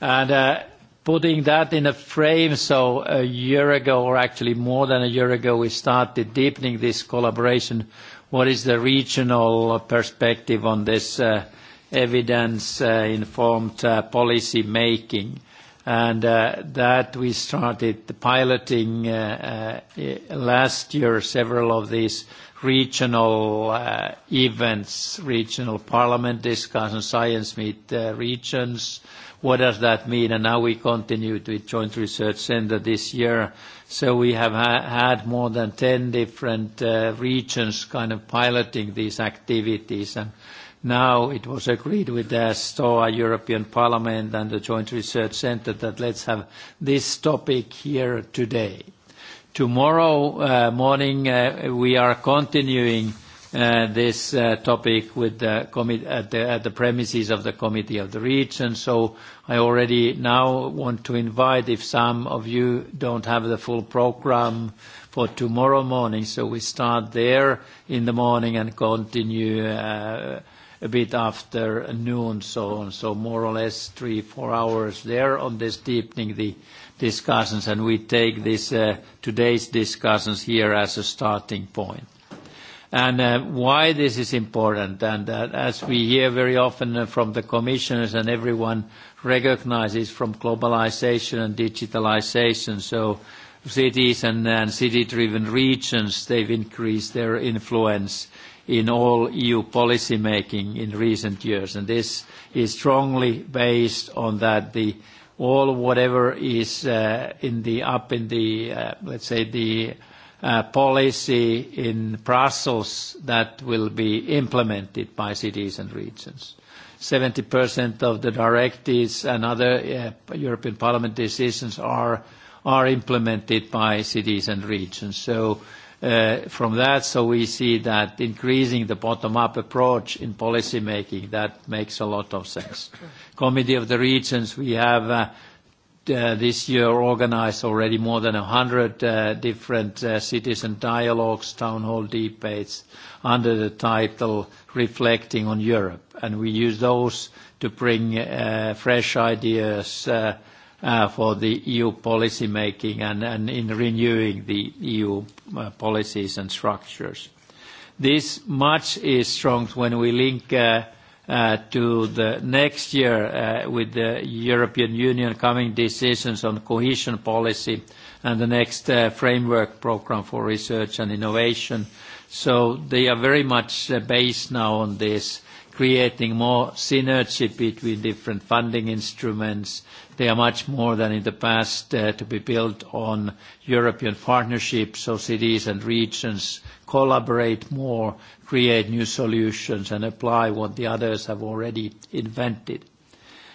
And uh, putting that in a frame, so a year ago, or actually more than a year ago, we started deepening this collaboration. What is the regional perspective on this uh, evidence-informed uh, uh, policy making? And uh, That we started piloting uh, uh, last year, several of these regional events, regional parliament discussions, science meet regions, What does that mean? And Now we continued with Joint Research Center this year. So We have ha had more than 10 different uh, regions kind of piloting these activities. and Now it was agreed with the STOA, European Parliament, and the Joint Research Center that let's have this topic here today. Tomorrow uh, morning, uh, we are continuing Uh, this uh, topic with the at the at the premises of the Committee of the Region. So I already now want to invite, if some of you don't have the full program for tomorrow morning, so we start there in the morning and continue uh, a bit after noon, so on. So more or less three, four hours there on this deepening the discussions, and we take this uh, today's discussions here as a starting point. And uh, Why this is important, and uh, as we hear very often uh, from the commissioners and everyone recognizes from globalization and digitalization, so cities and, and city-driven regions, they've increased their influence in all EU policy making in recent years. and This is strongly based on that the all whatever is uh, in the up in the, uh, let's say, the Uh, policy in Brussels that will be implemented by cities and regions. 70% of the directives and other uh, European Parliament decisions are are implemented by cities and regions. So uh, From that, so we see that increasing the bottom-up approach in policy making that makes a lot of sense. Committee of the Regions, we have uh, Uh, this year organized already more than 100 uh, different uh, citizen dialogues, town hall debates under the title Reflecting on Europe. and We use those to bring uh, fresh ideas uh, uh, for the EU policy making and, and in renewing the EU policies and structures. This much is strong when we link Uh, to the next year uh, with the European Union coming decisions on cohesion policy and the next uh, framework program for research and innovation. So They are very much uh, based now on this, creating more synergy between different funding instruments. They are much more than in the past uh, to be built on European partnerships, so cities and regions collaborate more create new solutions and apply what the others have already invented.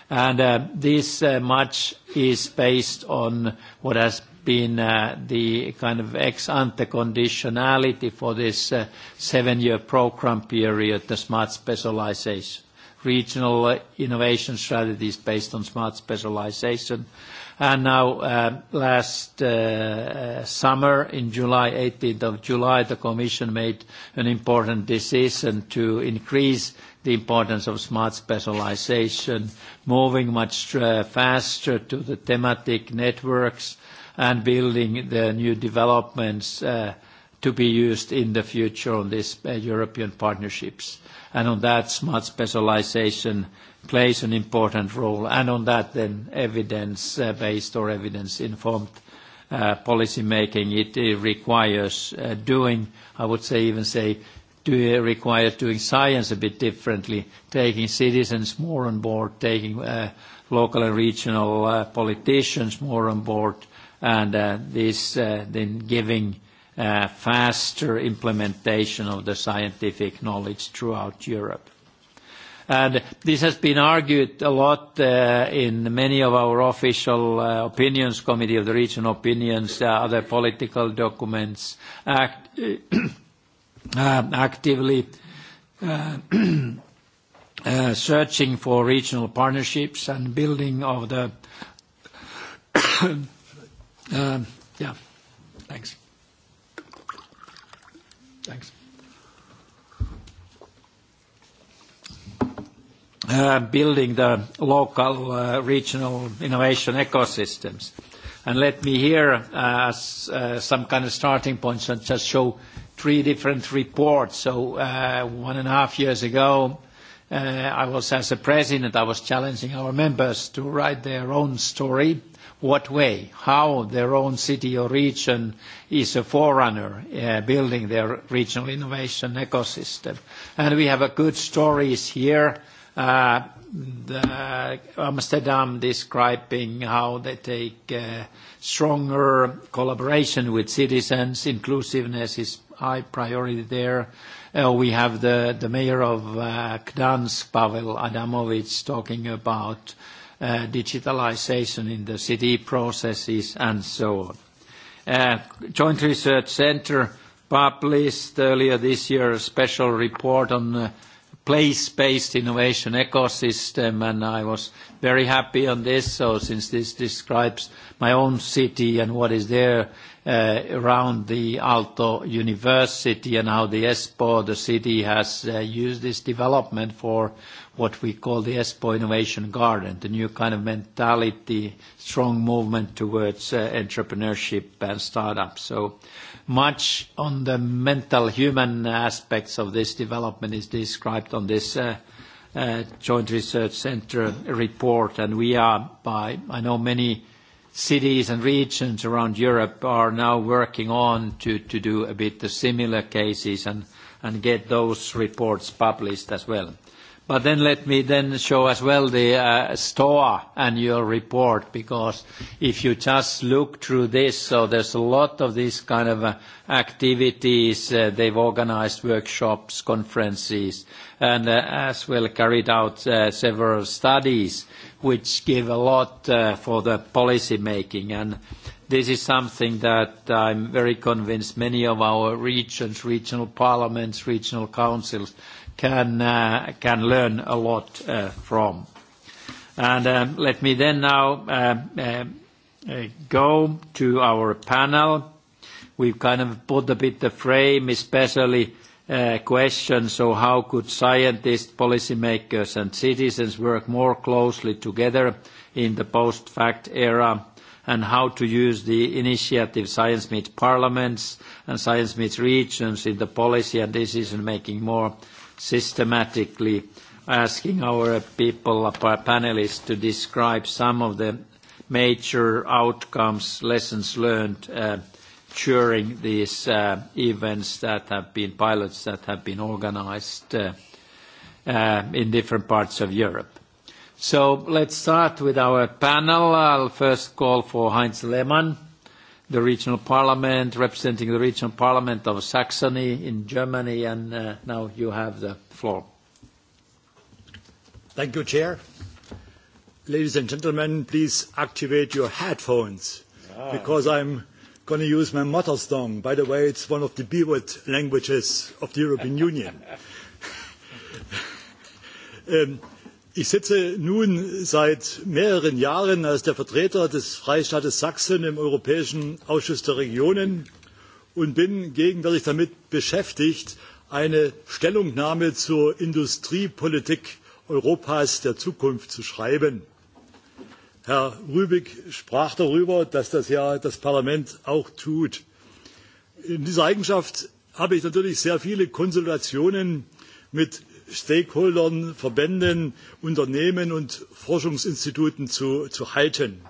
And uh, This uh, much is based on what has been uh, the kind of ex ante conditionality for this seven-year program period, the smart specialization. Regional innovation strategies based on smart specialization And Now, um, last uh, uh, summer, in July, 18th of July, the Commission made an important decision to increase the importance of smart specialization, moving much uh, faster to the thematic networks and building the new developments uh, to be used in the future on these uh, European partnerships. and On that, smart specialization plays an important role, and on that then evidence-based uh, or evidence-informed uh, policymaking, it, it uh, requires uh, doing, I would say even say, uh, require doing science a bit differently, taking citizens more on board, taking local and regional politicians more on board, and this then giving faster implementation of the scientific knowledge throughout Europe. And this has been argued a lot uh, in many of our official uh, opinions, Committee of the Region opinions, uh, other political documents, act, uh, uh, actively uh, searching for regional partnerships and building of the. yeah, thanks. Thanks. Uh, building the local uh, regional innovation ecosystems. and Let me here, uh, as uh, some kind of starting points, and just show three different reports. So uh One and a half years ago, uh I was, as a president, I was challenging our members to write their own story what way, how their own city or region is a forerunner uh, building their regional innovation ecosystem. And we have a good stories here. Uh, the uh, Amsterdam describing how they take uh, stronger collaboration with citizens. Inclusiveness is high priority there. Uh, we have the, the mayor of uh Gdansk, Pavel Adamovich, talking about uh, digitalization in the city processes, and so on. Uh, Joint Research Centre published earlier this year a special report on uh, place-based innovation ecosystem, and I was very happy on this. So since this describes my own city and what is there uh, around the Aalto University and how the Espoo, the city, has uh, used this development for what we call the Espoo Innovation Garden, the new kind of mentality, strong movement towards uh, entrepreneurship and startups. So much on the mental human aspects of this development is described on this uh, uh, Joint Research Centre report, and we are by, I know many cities and regions around Europe are now working on to, to do a bit the similar cases and, and get those reports published as well. But then let me then show as well the uh, STOA annual report, because if you just look through this, so there's a lot of these kind of uh, activities. Uh, they've organized workshops, conferences, and uh, as well carried out uh, several studies, which give a lot uh, for the policy making. And this is something that I'm very convinced many of our regions, regional parliaments, regional councils, can, uh, can learn a lot uh, from. And um, Let me then now um, uh, uh, go to our panel. We've kind of put a bit the frame, especially uh, questions, so how could scientists, policymakers, and citizens work more closely together in the post-fact era, and how to use the initiative Science Meets Parliaments and Science Meets Regions in the policy and decision-making more systematically asking our people, our panelists, to describe some of the major outcomes, lessons learned uh, during these uh, events that have been pilots that have been organized uh, uh, in different parts of Europe. So Let's start with our panel. I'll first call for Heinz Lehmann, the regional parliament, representing the regional parliament of Saxony in Germany, and uh, now you have the floor. Thank you, Chair. Ladies and gentlemen, please activate your headphones ah. because I'm going to use my mother tongue. By the way, it's one of the B-word languages of the European Union. um, ich sitze nun seit mehreren Jahren als der Vertreter des Freistaates Sachsen im Europäischen Ausschuss der Regionen und bin gegenwärtig damit beschäftigt, eine Stellungnahme zur Industriepolitik Europas der Zukunft zu schreiben. Herr Rübig sprach darüber, dass das ja das Parlament auch tut. In dieser Eigenschaft habe ich natürlich sehr viele Konsultationen mit Stakeholdern, Verbänden, Unternehmen und Forschungsinstituten zu, zu halten.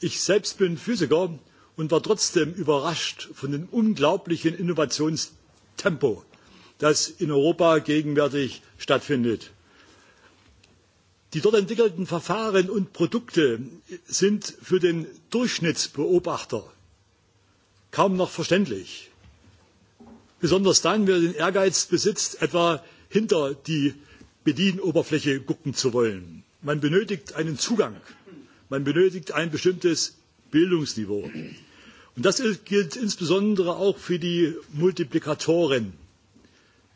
Ich selbst bin Physiker und war trotzdem überrascht von dem unglaublichen Innovationstempo, das in Europa gegenwärtig stattfindet. Die dort entwickelten Verfahren und Produkte sind für den Durchschnittsbeobachter kaum noch verständlich. Besonders dann, wer den Ehrgeiz besitzt, etwa hinter die Bedienoberfläche gucken zu wollen. Man benötigt einen Zugang. Man benötigt ein bestimmtes Bildungsniveau. Und das gilt insbesondere auch für die Multiplikatoren,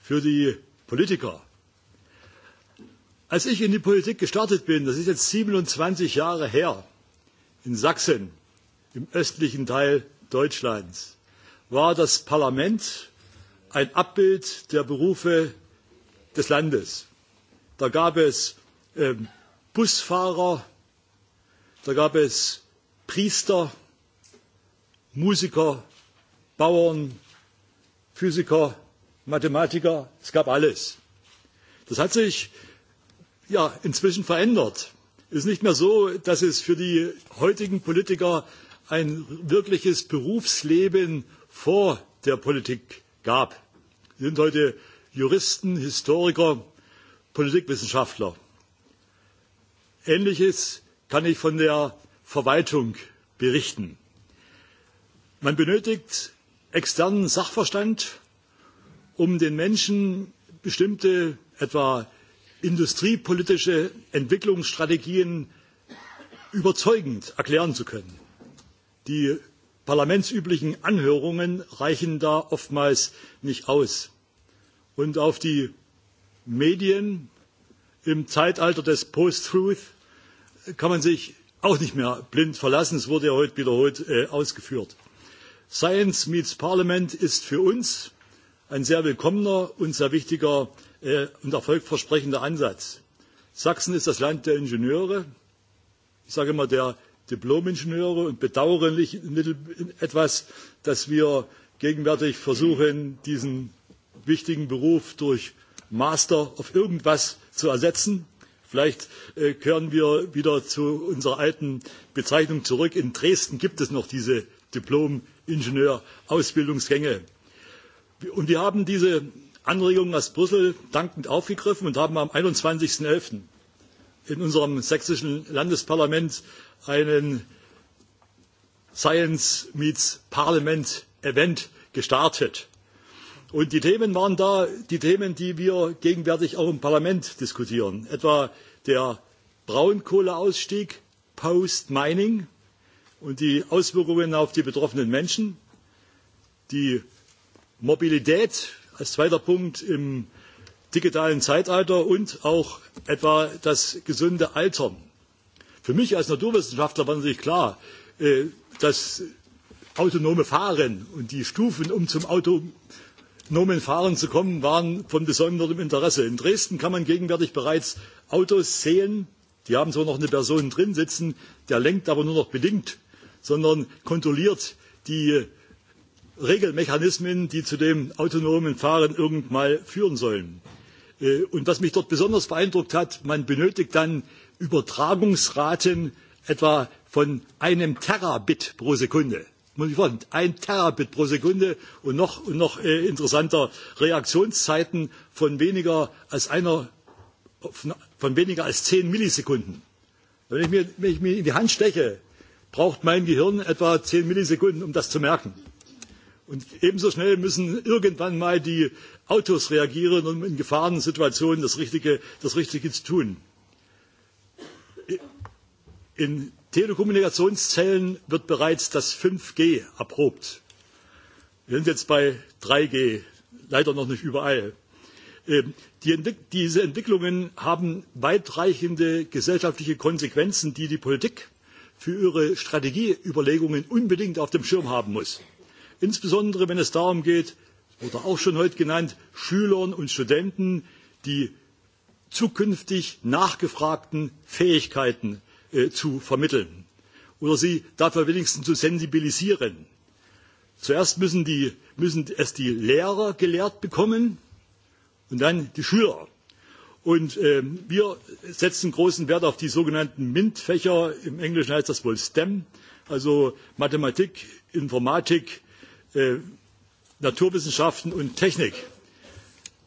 für die Politiker. Als ich in die Politik gestartet bin, das ist jetzt 27 Jahre her, in Sachsen, im östlichen Teil Deutschlands, war das Parlament ein Abbild der Berufe des Landes. Da gab es ähm, Busfahrer, da gab es Priester, Musiker, Bauern, Physiker, Mathematiker, es gab alles. Das hat sich ja, inzwischen verändert. Es ist nicht mehr so, dass es für die heutigen Politiker ein wirkliches Berufsleben vor der Politik gab. Sie sind heute Juristen, Historiker, Politikwissenschaftler. Ähnliches kann ich von der Verwaltung berichten. Man benötigt externen Sachverstand, um den Menschen bestimmte, etwa industriepolitische Entwicklungsstrategien überzeugend erklären zu können. Die parlamentsüblichen Anhörungen reichen da oftmals nicht aus und auf die Medien im Zeitalter des Post-Truth kann man sich auch nicht mehr blind verlassen. Es wurde ja heute wiederholt äh, ausgeführt. Science meets Parliament ist für uns ein sehr willkommener und sehr wichtiger äh, und erfolgversprechender Ansatz. Sachsen ist das Land der Ingenieure, ich sage immer der Diplomingenieure und bedauere etwas, dass wir gegenwärtig versuchen, diesen wichtigen Beruf durch Master auf irgendwas zu ersetzen. Vielleicht äh, kehren wir wieder zu unserer alten Bezeichnung zurück. In Dresden gibt es noch diese Diplom-Ingenieur-Ausbildungsgänge. Und wir haben diese Anregungen aus Brüssel dankend aufgegriffen und haben am 21.11. in unserem sächsischen Landesparlament einen Science Meets Parliament Event gestartet. Und die Themen waren da die Themen, die wir gegenwärtig auch im Parlament diskutieren. Etwa der Braunkohleausstieg post-Mining und die Auswirkungen auf die betroffenen Menschen, die Mobilität als zweiter Punkt im digitalen Zeitalter und auch etwa das gesunde Altern. Für mich als Naturwissenschaftler war natürlich klar, äh, dass autonome Fahren und die Stufen, um zum Auto Fahren zu kommen, waren von besonderem Interesse. In Dresden kann man gegenwärtig bereits Autos sehen, die haben zwar noch eine Person drin sitzen, der lenkt aber nur noch bedingt, sondern kontrolliert die Regelmechanismen, die zu dem autonomen Fahren irgendwann mal führen sollen. Äh, und was mich dort besonders beeindruckt hat, man benötigt dann Übertragungsraten etwa von einem Terabit pro Sekunde ein Terabit pro Sekunde und noch, und noch äh, interessanter Reaktionszeiten von weniger als einer, von weniger als zehn Millisekunden. Wenn ich, mir, wenn ich mir in die Hand steche, braucht mein Gehirn etwa zehn Millisekunden, um das zu merken. Und ebenso schnell müssen irgendwann mal die Autos reagieren, um in Gefahrensituationen das Richtige, das Richtige zu tun. In Telekommunikationszellen wird bereits das fünf g erprobt. Wir sind jetzt bei drei g leider noch nicht überall. Ähm, die Entwick diese Entwicklungen haben weitreichende gesellschaftliche Konsequenzen, die die Politik für ihre Strategieüberlegungen unbedingt auf dem Schirm haben muss. Insbesondere wenn es darum geht, wurde auch schon heute genannt, Schülern und Studenten die zukünftig nachgefragten Fähigkeiten Äh, zu vermitteln oder sie dafür wenigstens zu sensibilisieren. Zuerst müssen, die, müssen es die Lehrer gelehrt bekommen und dann die Schüler. Und äh, wir setzen großen Wert auf die sogenannten MINT-Fächer. Im Englischen heißt das wohl STEM, also Mathematik, Informatik, äh, Naturwissenschaften und Technik.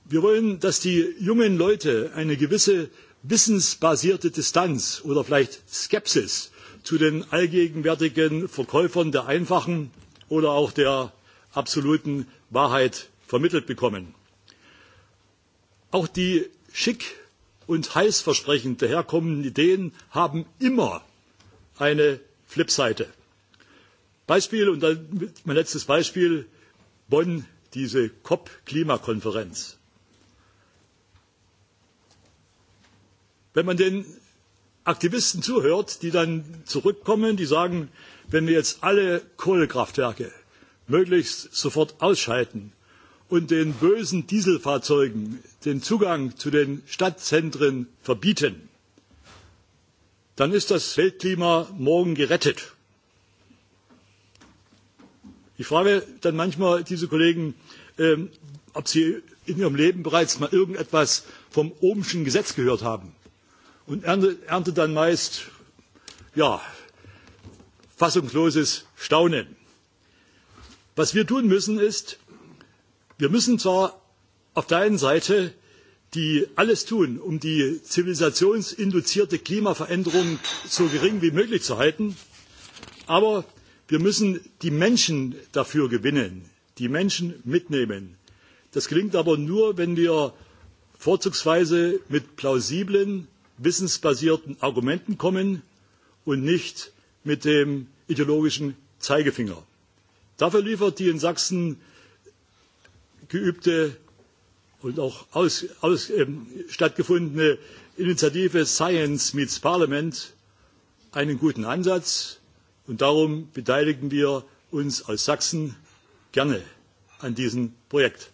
Wir wollen, dass die jungen Leute eine gewisse wissensbasierte Distanz oder vielleicht Skepsis zu den allgegenwärtigen Verkäufern der einfachen oder auch der absoluten Wahrheit vermittelt bekommen. Auch die schick und heißversprechend daherkommenden Ideen haben immer eine Flipseite. Beispiel und dann mein letztes Beispiel Bonn, diese COP Klimakonferenz. Wenn man den Aktivisten zuhört, die dann zurückkommen, die sagen, wenn wir jetzt alle Kohlekraftwerke möglichst sofort ausschalten und den bösen Dieselfahrzeugen den Zugang zu den Stadtzentren verbieten, dann ist das Weltklima morgen gerettet. Ich frage dann manchmal diese Kollegen, ähm, ob sie in ihrem Leben bereits mal irgendetwas vom Ohmschen Gesetz gehört haben und Ernte dann meist ja, fassungsloses Staunen. Was wir tun müssen ist, wir müssen zwar auf der einen Seite die alles tun, um die zivilisationsinduzierte Klimaveränderung so gering wie möglich zu halten, aber wir müssen die Menschen dafür gewinnen, die Menschen mitnehmen. Das gelingt aber nur, wenn wir vorzugsweise mit plausiblen wissensbasierten Argumenten kommen und nicht mit dem ideologischen Zeigefinger. Dafür liefert die in Sachsen geübte und auch aus, aus, ähm, stattgefundene Initiative Science meets Parliament einen guten Ansatz und darum beteiligen wir uns aus Sachsen gerne an diesem Projekt.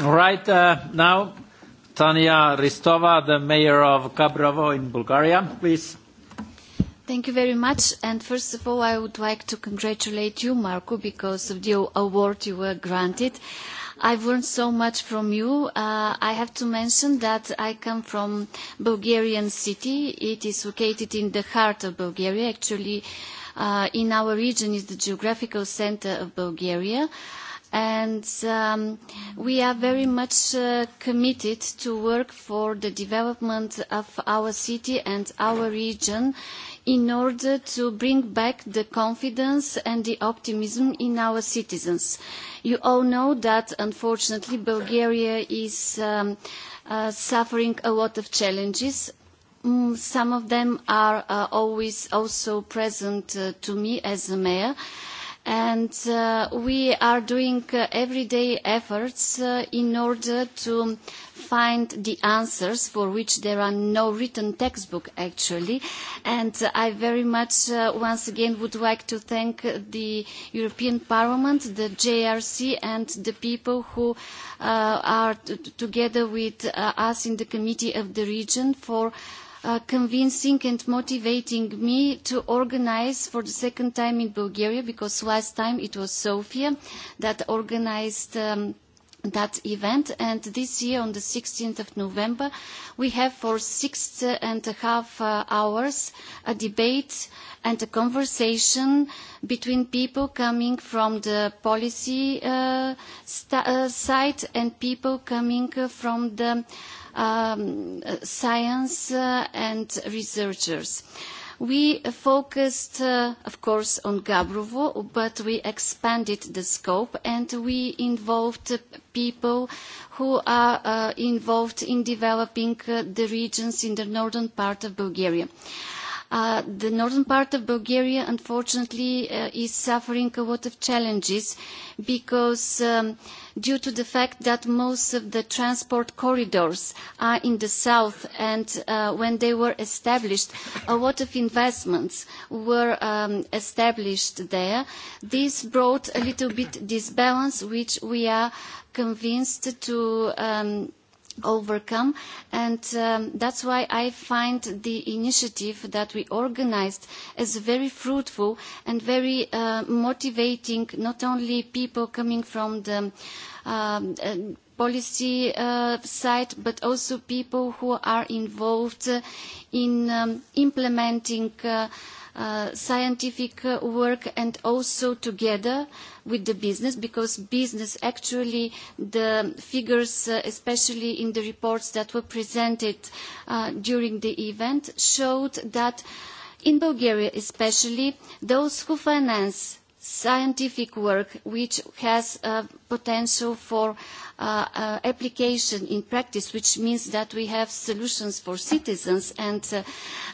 right uh, now, Tanya Ristova, the mayor of Kabrovo in Bulgaria, please. Thank you very much. And first of all, I would like to congratulate you, Marco, because of the award you were granted. I've learned so much from you. Uh, I have to mention that I come from Bulgarian city. It is located in the heart of Bulgaria. Actually, uh, in our region is the geographical center of Bulgaria. Uh, and um, we are very much uh, committed to work for the development of our city and our region in order to bring back the confidence and the optimism in our citizens. You all know that, unfortunately, Bulgaria is um, uh, suffering a lot of challenges. Mm, some of them are uh, always also present uh, to me as a mayor and uh, we are doing uh, everyday efforts uh, in order to find the answers for which there are no written textbook actually and uh, I very much uh, once again would like to thank the European Parliament, the JRC and the people who uh, are together with uh, us in the Committee of the Region for uh, Uh, convincing and motivating me to organise for the second time in Bulgaria, because last time it was Sofia that organised um, that event. And this year, on the 16th of November, we have for six and a half uh, hours a debate and a conversation between people coming from the policy uh, st- uh, side and people coming uh, from the uh, Um, science uh, and researchers. We focused, uh, of course, on Gabrovo, but we expanded the scope and we involved people who are uh, involved in developing uh, the regions in the northern part of Bulgaria. Uh, the northern part of Bulgaria, unfortunately, uh, is suffering a lot of challenges because um, due to the fact that most of the transport corridors are in the south and uh, when they were established, a lot of investments were um, established there. This brought a little bit disbalance, which we are convinced to um, overcome and um, that's why I find the initiative that we organised as very fruitful and very uh, motivating not only people coming from the um, um policy uh, side but also people who are involved in um, implementing uh, uh, scientific work and also together with the business because business actually the figures uh, especially in the reports that were presented uh, during the event showed that in Bulgaria especially those who finance scientific work which has uh, potential for Uh, uh, application in practice, which means that we have solutions for citizens and uh,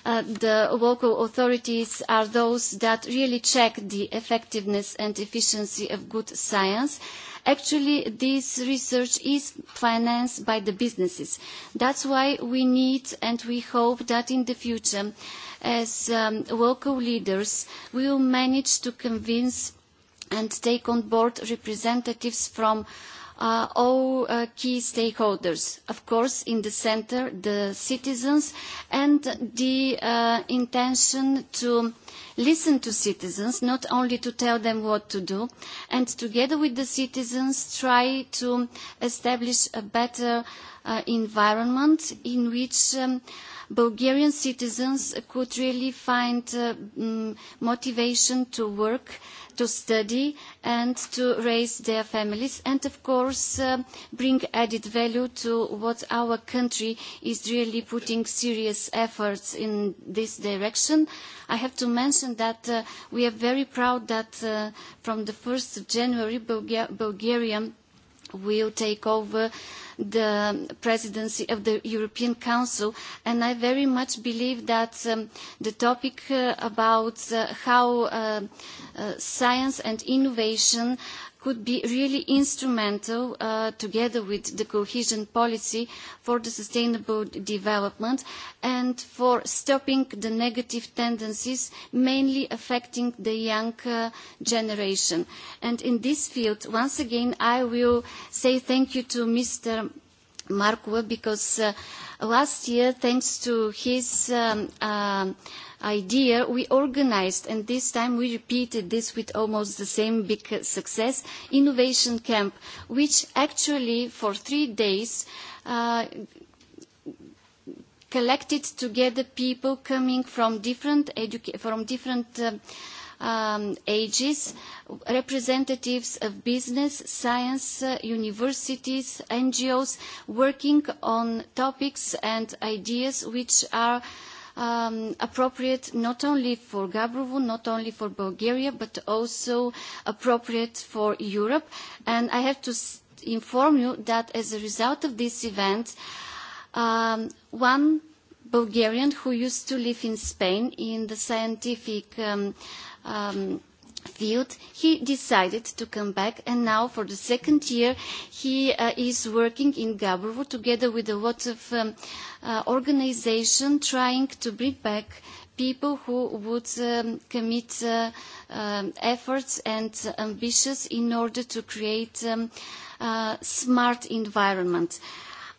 uh, the local authorities are those that really check the effectiveness and efficiency of good science actually this research is financed by the businesses. That's why we need and we hope that in the future, as um, local leaders, we will manage to convince and take on board representatives from uh, uh, all uh, key stakeholders. Of course, in the center, the citizens and the uh, intention to listen to citizens, not only to tell them what to do, and together with the citizens try to establish a better uh, environment in which um, Bulgarian citizens could really find uh, motivation to work to study and to raise their families and of course uh, bring added value to what our country is really putting serious efforts in this direction. I have to mention that uh, we are very proud that uh, from the 1st of January Bulga will take over the presidency of the European Council. And I very much believe that um, the topic uh, about uh, how uh, uh science and innovation could be really instrumental uh, together with the cohesion policy for the sustainable development and for stopping the negative tendencies mainly affecting the young uh, generation. And in this field, once again, I will say thank you to Mr. Markwa because uh, last year, thanks to his um, uh, idea, we organised, and this time we repeated this with almost the same big success, Innovation Camp, which actually for three days uh, collected together people coming from different, from different uh, um, ages, representatives of business, science, uh, universities, NGOs, working on topics and ideas which are uh, um, appropriate not only for Gabrovo, not only for Bulgaria, but also appropriate for Europe. And I have to inform you that as a result of this event, um, one Bulgarian who used to live in Spain in the scientific um, um, field, he decided to come back and now for the second year he uh, is working in Gabrovo together with a lot of um, uh, organization trying to bring back people who would um, commit uh, um, efforts and ambitions in order to create um, smart environment.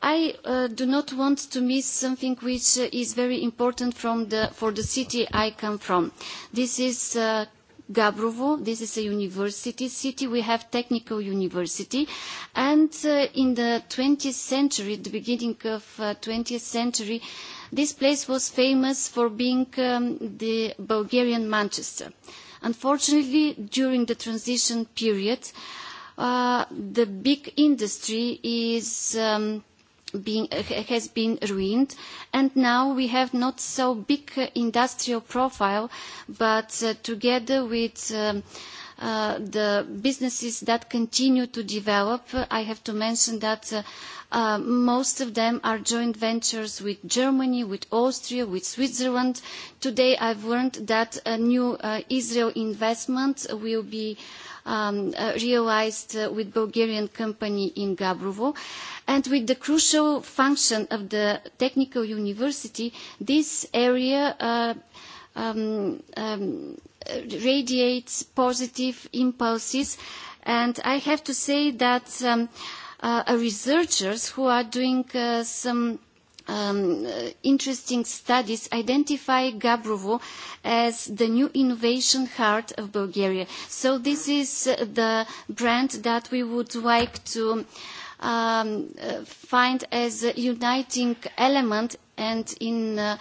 I uh, do not want to miss something which uh, is very important from the, for the city I come from. This is uh, Gabrovo. This is a university city. We have technical university. And uh, in the 20th century, the beginning of uh, 20th century, this place was famous for being um, the Bulgarian Manchester. Unfortunately, during the transition period, uh, the big industry is um, – being, has been ruined. And now we have not so big industrial profile, but uh, together with um, uh, the businesses that continue to develop, I have to mention that uh, uh, most of them are joint ventures with Germany, with Austria, with Switzerland. Today I've learned that a new uh, Israel investment will be uh, um, uh, realized uh, with Bulgarian company in Gabrovo. And with the crucial function of the technical university, this area uh, um, um, radiates positive impulses. And I have to say that um, uh, researchers who are doing uh, some um, uh, interesting studies identify Gabrovo as the new innovation heart of Bulgaria. So this is uh, the brand that we would like to um, uh, find as a uniting element and in uh,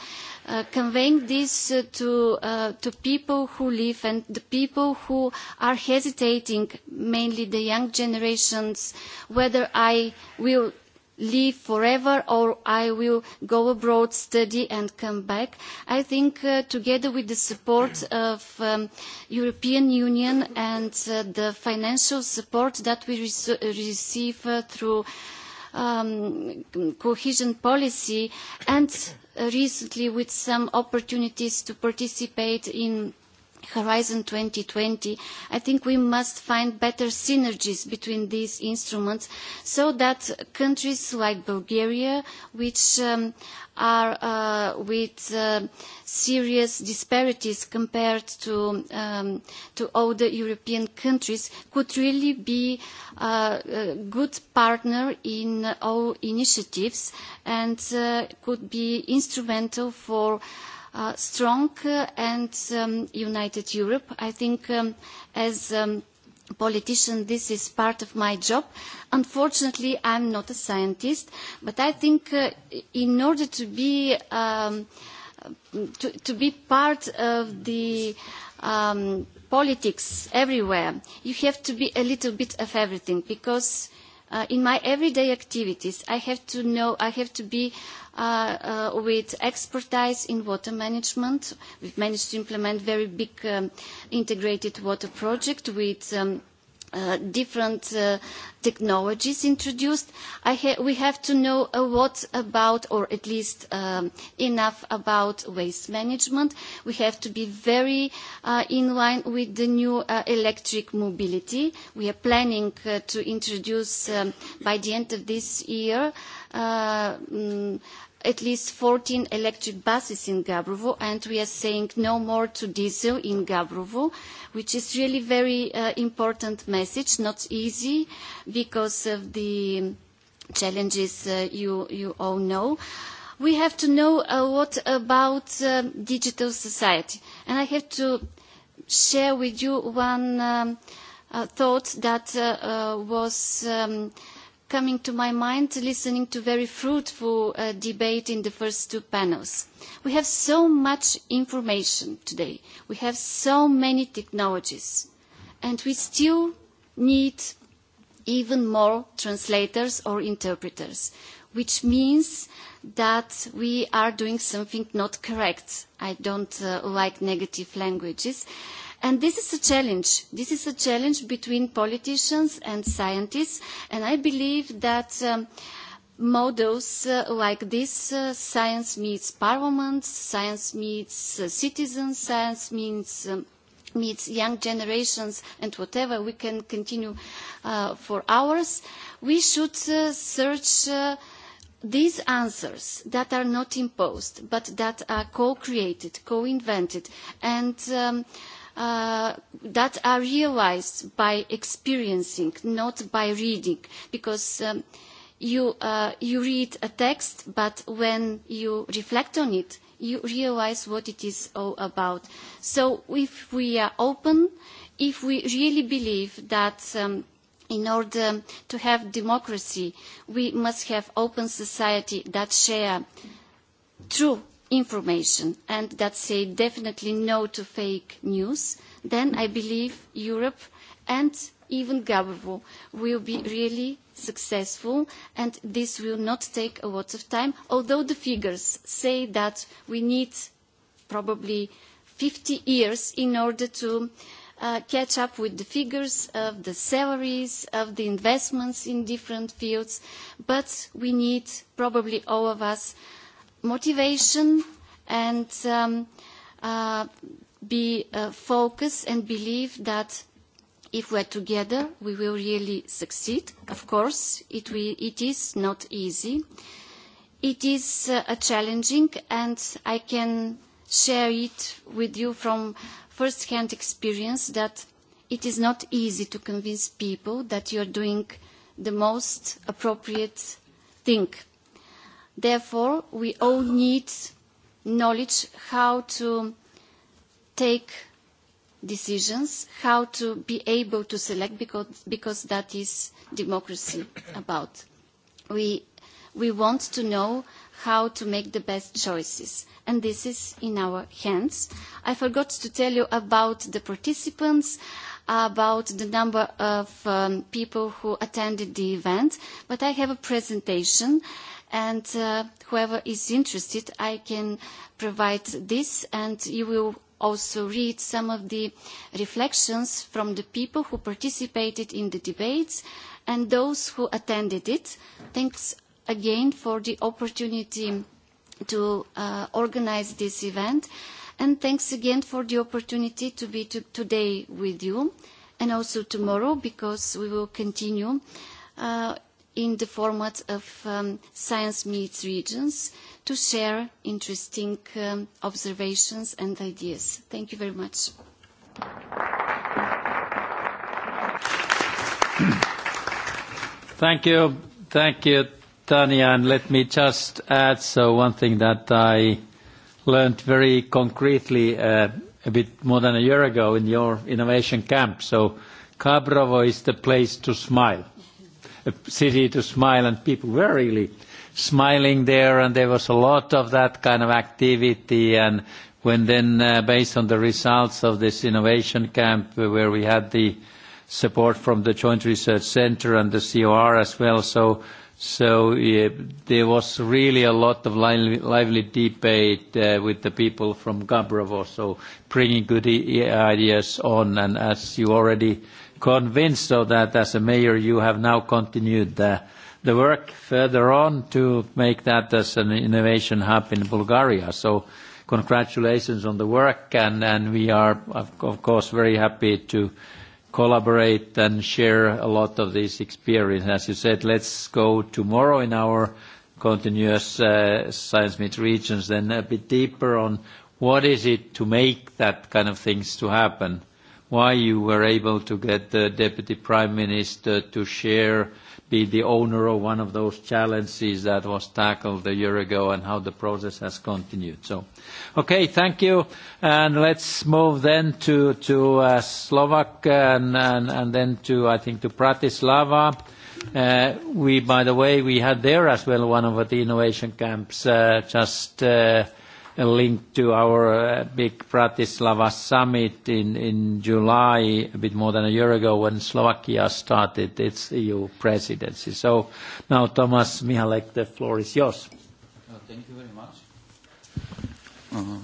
uh, conveying this uh, to, to people who live and the people who are hesitating, mainly the young generations, whether I will leave forever or I will go abroad, study and come back. I think uh, together with the support of the um, European Union and uh, the financial support that we re uh, receive uh, through um, cohesion policy and uh, recently with some opportunities to participate in Horizon 2020, I think we must find better synergies between these instruments so that countries like Bulgaria, which um, are uh, with uh, serious disparities compared to, um, to European countries, could really be uh, a good partner in all initiatives and uh, could be instrumental for Uh, strong and um, united Europe. I think um, as a um, politician this is part of my job. Unfortunately, I am not a scientist, but I think uh, in order to be, um, to, to, be part of the um, politics everywhere, you have to be a little bit of everything because uh, in my everyday activities, I have to know, I have to be uh, uh, with expertise in water management. We've managed to implement very big um, integrated water project with um, Uh, different uh, technologies introduced, ha we have to know a lot about, or at least um, enough about waste management. We have to be very uh, in line with the new uh, electric mobility. We are planning uh, to introduce um, by the end of this year um, at least 14 electric buses in Gabrovo, and we are saying no more to diesel in Gabrovo, which is really very uh, important message, not easy because of the challenges uh, you, you all know. We have to know uh, a lot about uh, digital society, and I have to share with you one um, uh, thought that uh, uh, was um, – coming to my mind listening to very fruitful uh, debate in the first two panels. We have so much information today. We have so many technologies. And we still need even more translators or interpreters, which means that we are doing something not correct. I don't uh, like negative languages. Uh, And this is a challenge. This is a challenge between politicians and scientists. And I believe that um, models uh, like this, uh, science meets parliament, science meets uh, citizens, science meets um, meets young generations and whatever, we can continue uh, for hours, we should uh, search uh, these answers that are not imposed, but that are co-created, co-invented. And um, uh, that are realized by experiencing, not by reading, because um, you, uh, you read a text, but when you reflect on it, you realize what it is all about. So if we are open, if we really believe that um, in order to have democracy, we must have open society that share true information and that say definitely no to fake news, then I believe Europe and even Gabavo will be really successful and this will not take a lot of time, although the figures say that we need probably fifty years in order to uh, catch up with the figures of the salaries, of the investments in different fields, but we need probably all of us motivation and um, uh, be uh, focused and believe that if we are together, we will really succeed. Of course, it, we, it is not easy. It is uh, challenging, and I can share it with you from first-hand experience that it is not easy to convince people that you are doing the most appropriate thing Therefore, we all need knowledge how to take decisions, how to be able to select, because, because that is democracy about. We, we want to know how to make the best choices, and this is in our hands. I forgot to tell you about the participants, about the number of um, people who attended the event, but I have a presentation uh, and uh, whoever is interested, I can provide this, and you will also read some of the reflections from the people who participated in the debates and those who attended it. Thanks again for the opportunity to uh, organize this event. And thanks again for the opportunity to be to today with you and also tomorrow because we will continue uh, in the format of um, Science Meets Regions to share interesting um, observations and ideas. Thank you very much. Thank you. Thank you, Tania. And let me just add so one thing that I learned very concretely uh, a bit more than a year ago in your innovation camp. So Kabrovo is the place to smile a city to smile, and people were really smiling there, and there was a lot of that kind of activity. And when then, uh, based on the results of this innovation camp, uh, where we had the support from the Joint Research Center and the COR as well, so so yeah there was really a lot of lively, lively debate uh, with the people from Gabrovo, so bringing good ideas on. And as you already convinced of that as a mayor you have now continued the, the work further on to make that as an innovation hub in Bulgaria. So congratulations on the work and, and we are of course very happy to collaborate and share a lot of this experience. As you said, let's go tomorrow in our continuous uh, science meet regions then a bit deeper on what is it to make that kind of things to happen why you were able to get the Deputy Prime Minister to share, be the owner of one of those challenges that was tackled a year ago and how the process has continued. So, okay, thank you. And let's move then to, to uh, Slovak and, and, and then to, I think, to Bratislava. Uh, we, by the way, we had there as well one of the innovation camps uh, just uh, linked to our uh, big Bratislava summit in, in July, a bit more than a year ago, when Slovakia started its EU presidency. So now, Thomas Michalek the floor is yours. Uh, thank you very much. Uh,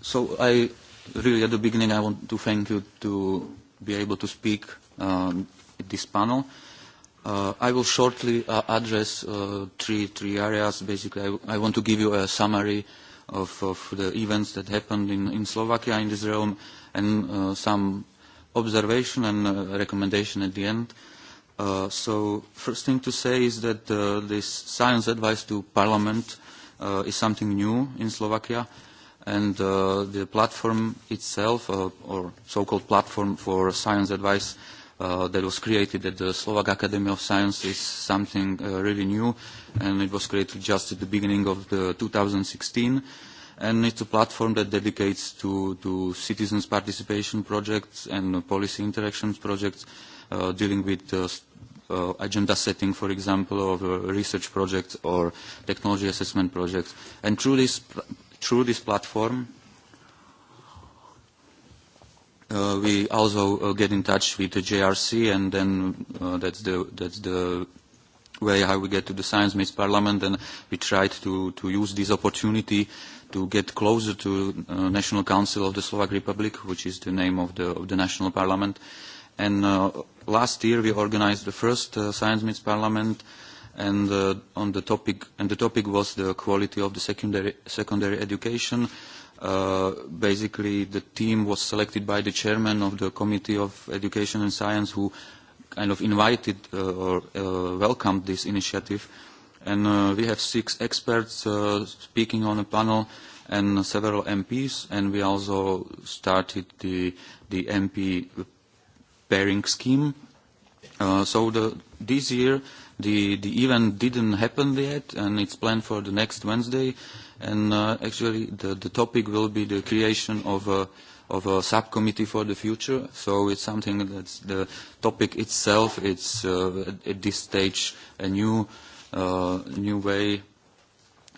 so I really, at the beginning, I want to thank you to be able to speak um, at this panel. Uh, I will shortly uh, address uh, three, three areas. Basically, I, I want to give you a summary of, of the events that happened in, in Slovakia in this realm and uh, some observation and uh, recommendation at the end. Uh, so first thing to say is that uh, this science advice to parliament uh, is something new in Slovakia and uh, the platform itself uh, or so-called platform for science advice uh, that was created at the Slovak Academy of Science is something uh, really new, and it was created just at the beginning of the 2016. And it's a platform that dedicates to, to citizens' participation projects and policy interactions projects uh, dealing with uh, uh, agenda setting, for example, of a uh, research projects or technology assessment projects. And through this, through this platform, uh, we also uh, get in touch with the JRC, and then uh, that's the that's the way how we get to the Science Meets Parliament, and we tried to to use this opportunity to get closer to uh, National Council of the Slovak Republic, which is the name of the of the national parliament. And uh, last year we organized the first uh, Science Meets Parliament. And uh, on the topic, and the topic was the quality of the secondary, secondary education Uh, basically, the team was selected by the chairman of the Committee of Education and Science who kind of invited uh, or uh, welcomed this initiative. And uh, we have six experts uh, speaking on a panel and several MPs, and we also started the, the MP pairing scheme. Uh, so the, this year, The, the event didn't happen yet, and it's planned for the next Wednesday. And uh, actually, the, the topic will be the creation of a, of a subcommittee for the future. So it's something that's the topic itself. It's uh, at this stage a new, uh, new way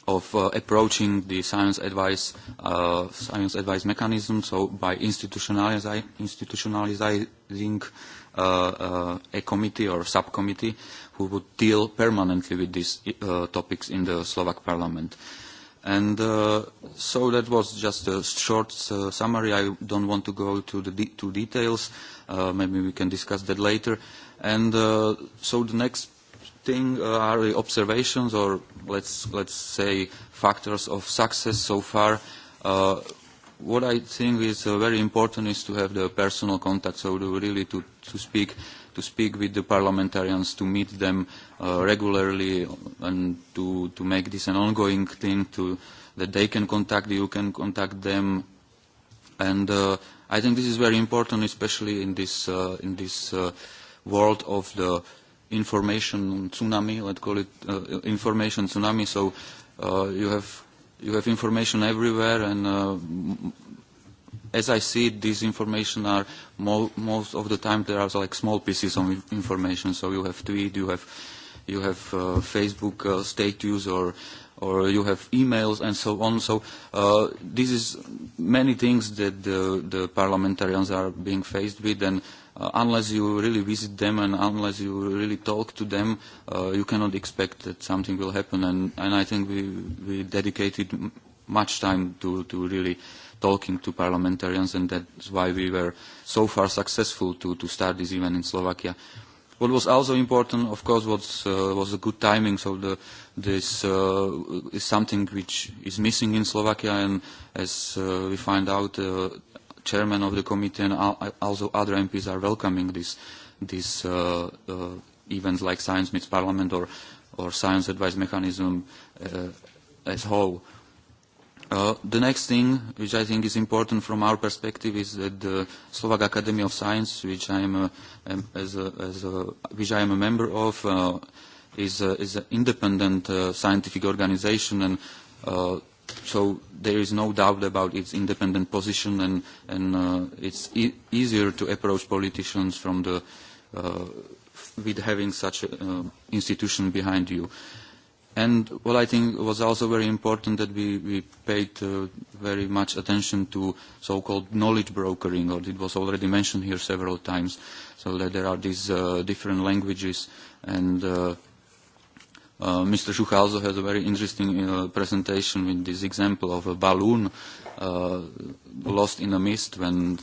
of uh, approaching the science advice, uh, science advice mechanism, so by institutionalizing, institutionalizing uh, uh, a committee or subcommittee who would deal permanently with these uh, topics in the Slovak parliament. And uh, so that was just a short uh, summary. I don't want to go to the de to details. Uh, maybe we can discuss that later. And uh, so the next thing uh, are the observations or let's, let's say factors of success so far. Uh, what I think is uh, very important is to have the personal contact, so to really to, to speak to speak with the parliamentarians, to meet them uh, regularly, and to, to make this an ongoing thing, to, that they can contact you, can contact them. And uh, I think this is very important, especially in this, uh, in this uh, world of the information tsunami, let's call it uh, information tsunami. So uh, you, have, you have information everywhere, and uh, as I see it, this information are mo most of the time there are like small pieces of information. So you have tweet, you have you have uh, Facebook uh, status, or or you have emails and so on. So uh, this is many things that the, the parliamentarians are being faced with, and uh, unless you really visit them and unless you really talk to them, uh, you cannot expect that something will happen. And, and I think we, we dedicated much time to, to really uh, talking to parliamentarians, and that's why we were so far successful to, to start this event in Slovakia. What was also important, of course, was, uh, was a good timing. So the, this uh, is something which is missing in Slovakia, and as uh, we find out, uh, chairman of the committee and uh, also other MPs are welcoming this, this uh, uh, events like Science Meets Parliament or, or Science Advice Mechanism uh, as whole. Uh, the next thing, which I think is important from our perspective, is that the Slovak Academy of Science, which I am, a, as a, as a, which I am a member of, uh, is, a, is an independent uh, scientific organization, and uh, so there is no doubt about its independent position, and, and uh, it's e easier to approach politicians from the, uh, with having such an uh, institution behind you. Uh, And what I think was also very important that we, we paid uh, very much attention to so-called knowledge brokering, or it was already mentioned here several times, so that there are these uh, different languages. And uh, uh, Mr. Schuch also has a very interesting uh, presentation with this example of a balloon uh, lost in the mist when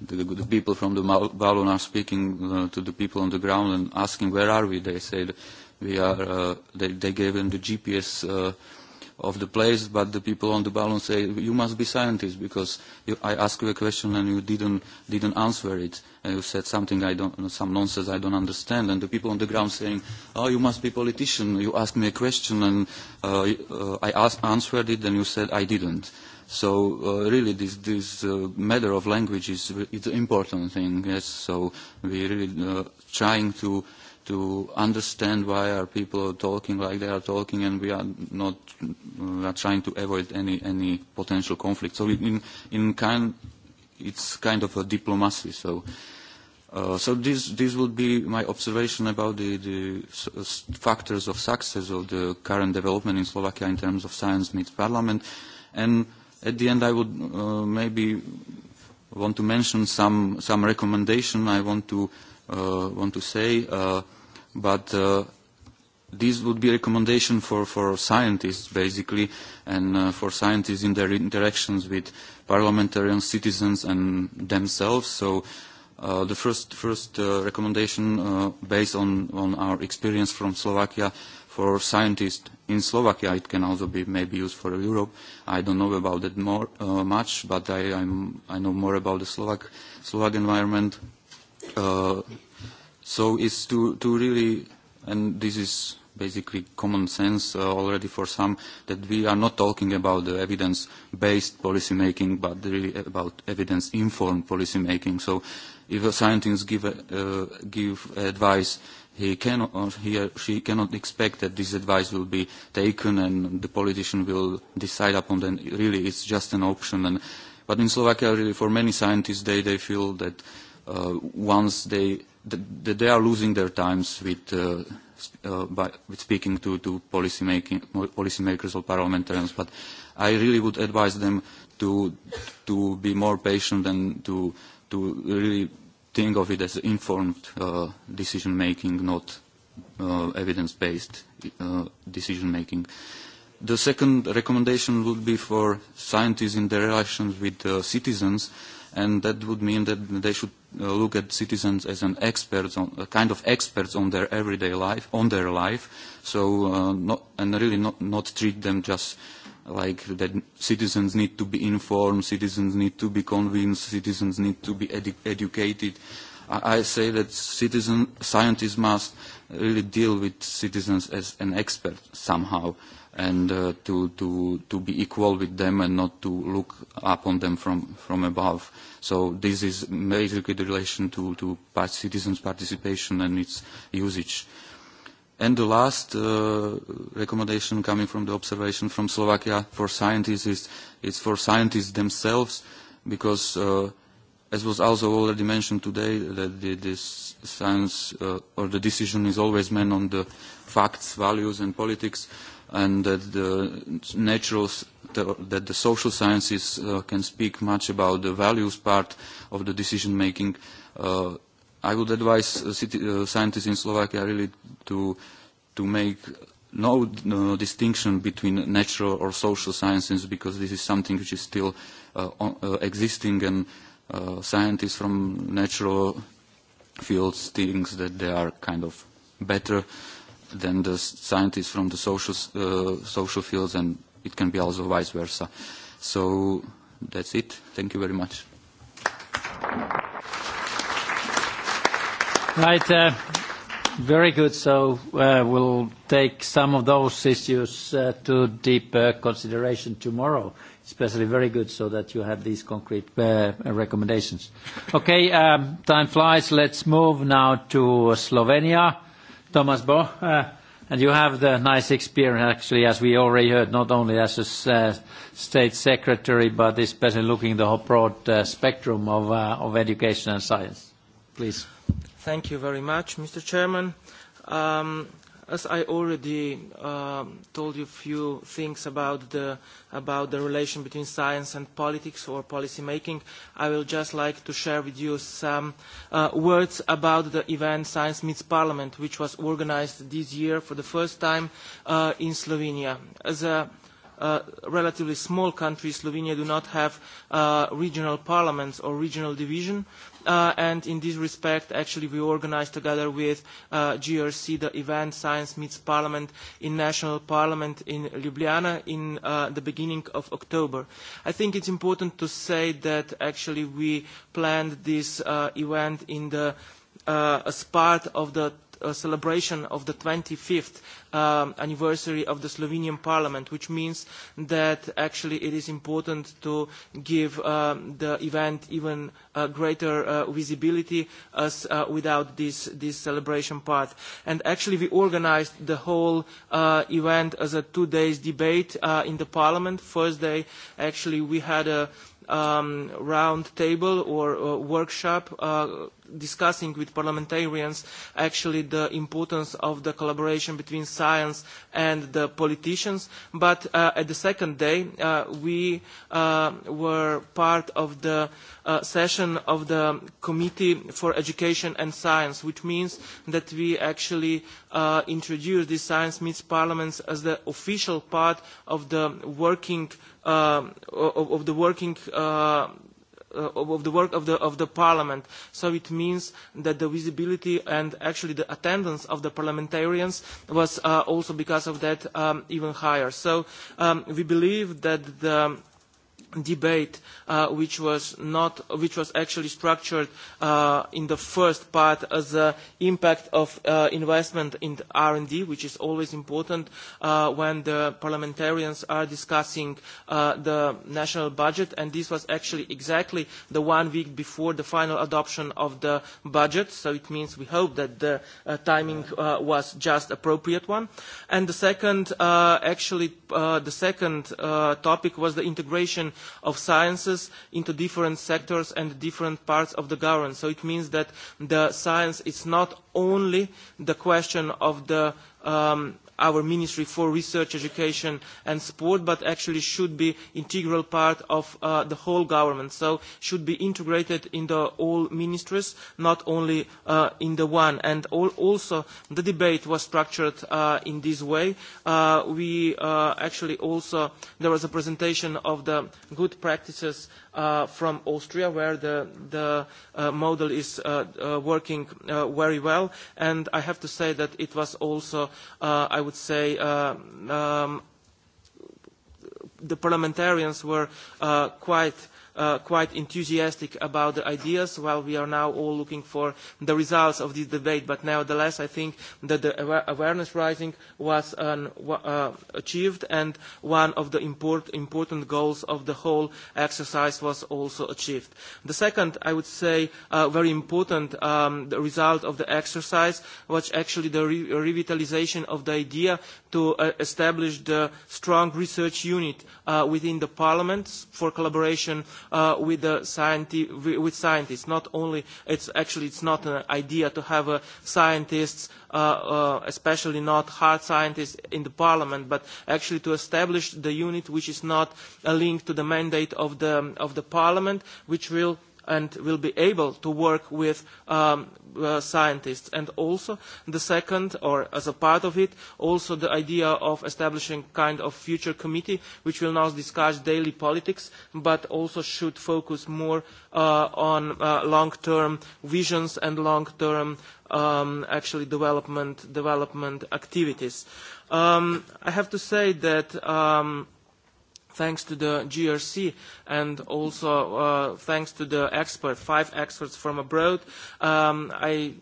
the, the people from the balloon are speaking uh, to the people on the ground and asking, where are we? They said, we are, uh, they, they gave them the GPS uh, of the place, but the people on the balloon say, you must be scientists because you, I asked you a question and you didn't, didn't answer it. And you said something I don't, some nonsense I don't understand. And the people on the ground saying, oh, you must be politician. You asked me a question and uh, uh, I asked, answered it and you said I didn't. So uh, really this, this uh, matter of language is it's an important thing, yes. So we're really uh, trying to to understand why our people are talking like they are talking and we are not we are trying to avoid any, any potential conflict. So in, in kind, it's kind of a diplomacy. So, uh, so this, this would be my observation about the, the factors of success of the current development in Slovakia in terms of science meets parliament. And at the end I would uh, maybe want to mention some, some recommendation I want to uh, uh, want to say, uh, but uh, this would be recommendation for, for scientists, basically, and uh, for scientists in their interactions with parliamentarians, citizens, and themselves. So uh, the first, first uh, recommendation uh, based on, on our experience from Slovakia for scientists in Slovakia, it can also be maybe used for Europe. I don't know about that more, uh, much, but I, I'm, I know more about the Slovak, Slovak environment. Uh, so it's to, to really, and this is basically common sense uh, already for some, that we are not talking about the evidence-based policymaking, but really about evidence-informed policymaking. So if a scientist give, a, uh, give advice, he, cannot, or uh, he or she cannot expect that this advice will be taken and the politician will decide upon them. Really, it's just an option. And, but in Slovakia, really, for many scientists, they, they feel that uh, once they th they are losing their times with, uh, uh, by, with speaking to, to policy making, policymakers or parliamentarians. But I really would advise them to, to be more patient and to, to really think of it as informed uh, decision making, not uh, evidence-based uh, decision making. The second recommendation would be for scientists in their relations with uh, citizens, and that would mean that they should Uh, look at citizens as an experts on, a kind of experts on their everyday life, on their life. So uh, not, and really not, not treat them just like that citizens need to be informed, citizens need to be convinced, citizens need to be edu educated. I, I say that citizen, scientists must really deal with citizens as an expert somehow. Uh, and uh, to, to, to be equal with them and not to look upon them from, from above. So this is basically the relation to, to citizens' participation and its usage. And the last uh, recommendation coming from the observation from Slovakia for scientists is it's for scientists themselves because, uh, as was also already mentioned today, that the, this science uh, or the decision is always meant on the facts, values and politics and that the natural that the social sciences uh, can speak much about the values part of the decision making. Uh, I would advise uh, city, uh, scientists in Slovakia really to to make no no distinction between natural or social sciences because this is something which is still uh, on, uh, existing and uh, scientists from natural fields think that they are kind of better than the scientists from the social, uh, social fields, and it can be also vice versa. So that's it. Thank you very much. Right. Uh, very good. So uh, we'll take some of those issues uh, to deep uh, consideration tomorrow. Especially very good so that you have these concrete uh, recommendations. Okay, um, time flies. Let's move now to Slovenia Thomas Bo. Uh, and you have the nice experience, actually, as we already heard, not only as a uh, state secretary, but especially looking at the whole broad uh, spectrum of, uh, of education and science. Please. Thank you very much, Mr. Chairman. Um, as I already uh, told you a few things about the, about the relation between science and politics or policy making, I will just like to share with you some uh, words about the event Science Meets Parliament, which was organised this year for the first time uh, in Slovenia. As a uh, relatively small country, Slovenia do not have uh, regional parliaments or regional division, Uh, and in this respect, actually, we organised together with uh, GRC the event Science Meets Parliament in National Parliament in Ljubljana in uh, the beginning of October. I think it's important to say that actually we planned this uh, event in the, uh, as part of the uh, celebration of the twenty fifth um, anniversary of the Slovenian parliament, which means that actually it is important to give um, the event even uh, greater uh, visibility as uh, without this, this celebration part. And actually we organised the whole uh, event as a two day debate uh, in the parliament. First day, actually we had a um, round table or workshop uh, discussing with parliamentarians actually the importance of the collaboration between science and the politicians. But uh, at the second day, uh, we uh, were part of the uh, session of the Committee for Education and Science, which means that we actually uh, introduced the Science Meets Parliament as the official part of the working uh, of, of the working uh, uh, of the work of the, of the parliament. So it means that the visibility and actually the attendance of the parliamentarians was uh, also because of that um, even higher. So um, we believe that the debate uh, which was not which was actually structured uh, in the first part as the impact of uh, investment in R&D which is always important uh, when the parliamentarians are discussing uh, the national budget and this was actually exactly the one week before the final adoption of the budget so it means we hope that the uh, timing uh, was just appropriate one and the second uh, actually uh, the second uh, topic was the integration of sciences into different sectors and different parts of the government. So it means that the science is not only the question of the um, our Ministry for Research, Education and Sport, but actually should be an integral part of uh, the whole government. So should be integrated in the all ministries, not only uh, in the one. And all, also the debate was structured uh, in this way. Uh, we uh, actually also, there was a presentation of the good practices uh, from Austria, where the, the uh, model is uh, uh, working uh, very well. And I have to say that it was also, uh, I would say, uh, um, the parliamentarians were uh, quite Uh, quite enthusiastic about the ideas while we are now all looking for the results of this debate. But nevertheless, I think that the awareness raising was an, uh, achieved and one of the import, important goals of the whole exercise was also achieved. The second, I would say, uh, very important um, the result of the exercise was actually the re revitalization of the idea to uh, establish the strong research unit uh, within the parliament for collaboration uh, with, the scienti with scientists. Not only, it's actually it's not an idea to have uh, scientists, uh, uh, especially not hard scientists in the parliament, but actually to establish the unit which is not a uh, link to the mandate of the, of the parliament, which will and will be able to work with um, uh, scientists. And also the second, or as a part of it, also the idea of establishing kind of future committee which will now discuss daily politics but also should focus more uh, on uh, long-term visions and long-term um, actually development, development activities. Um, I have to say that um, thanks to the GRC and also uh, thanks to the expert, five experts from abroad, um, I,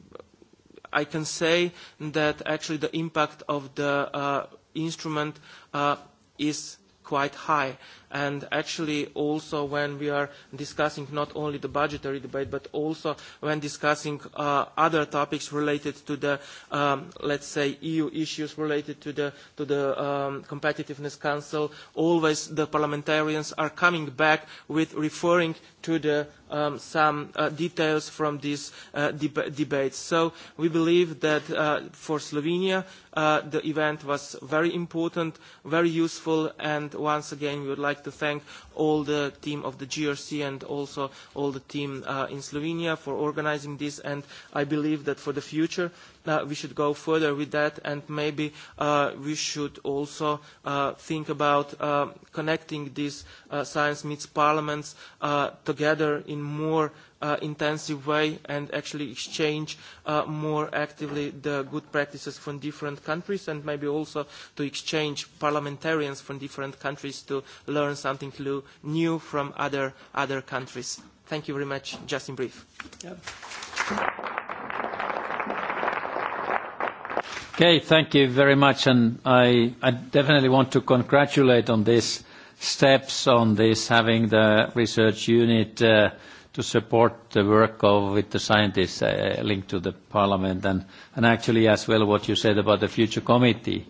I can say that actually the impact of the uh, instrument uh, is quite high. And actually also when we are discussing not only the budgetary debate, but also when discussing uh, other topics related to the, um, let's say, EU issues related to the, to the um, Competitiveness Council, always the parliamentarians are coming back with referring to the um, some uh, details from these uh, deb debates. So we believe that uh, for Slovenia, uh, the event was very important, very useful, and once again, we would like to thank all the team of the GRC and also all the team uh, in Slovenia for organizing this, and I believe that for the future, uh, we should go further with that and maybe uh, we should also uh, think about uh, connecting these uh, science meets parliaments uh, together in more uh, intensive way and actually exchange uh, more actively the good practices from different countries and maybe also to exchange parliamentarians from different countries to learn something new from other, other countries. Thank you very much. Just in brief. Yep. Okay, thank you very much. and I, I definitely want to congratulate on these steps on this, having the research unit uh, to support the work of with the scientists uh, linked to the parliament and, and actually as well what you said about the future committee.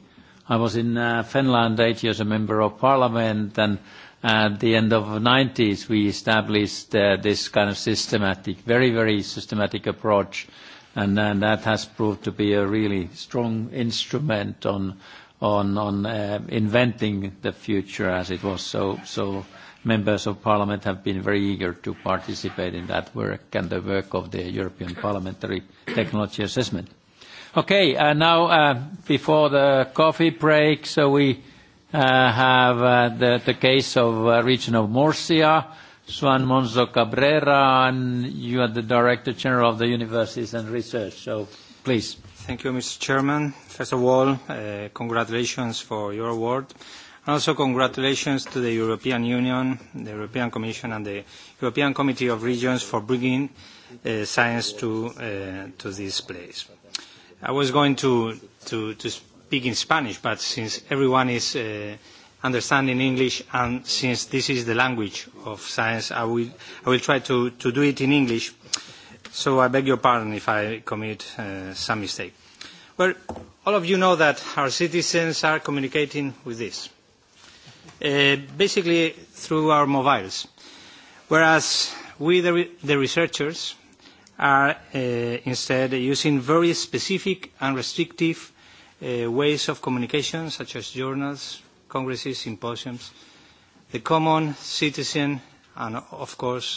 I was in uh, Finland eight years a member of parliament and at the end of the 90s we established uh, this kind of systematic, very, very systematic approach and, and that has proved to be a really strong instrument on on on uh, inventing the future as it was. So so members of parliament have been very eager to participate in that work and the work of the European Parliamentary Technology Assessment. Okay, uh, now uh, before the coffee break, so we uh, have uh, the, the case of uh, region of Murcia Juan Monzo Cabrera, and you are the Director General of the Universities and Research. So please. Thank you, Mr. Chairman. First of all, uh, congratulations for your award. also congratulations to the European Union, the European Commission, and the European Committee of Regions for bringing uh, science to, uh, to this place. I was going to, to, to speak in Spanish, but since everyone is uh, understand in English, and since this is the language of science, I will, I will try to, to do it in English. So I beg your pardon if I commit uh, some mistake. Well, all of you know that our citizens are communicating with this, uh, basically through our mobiles, whereas we, the, re the researchers, are uh, instead using very specific and restrictive uh, ways of communication, such as journals, congresses, symposiums, the common citizen and of course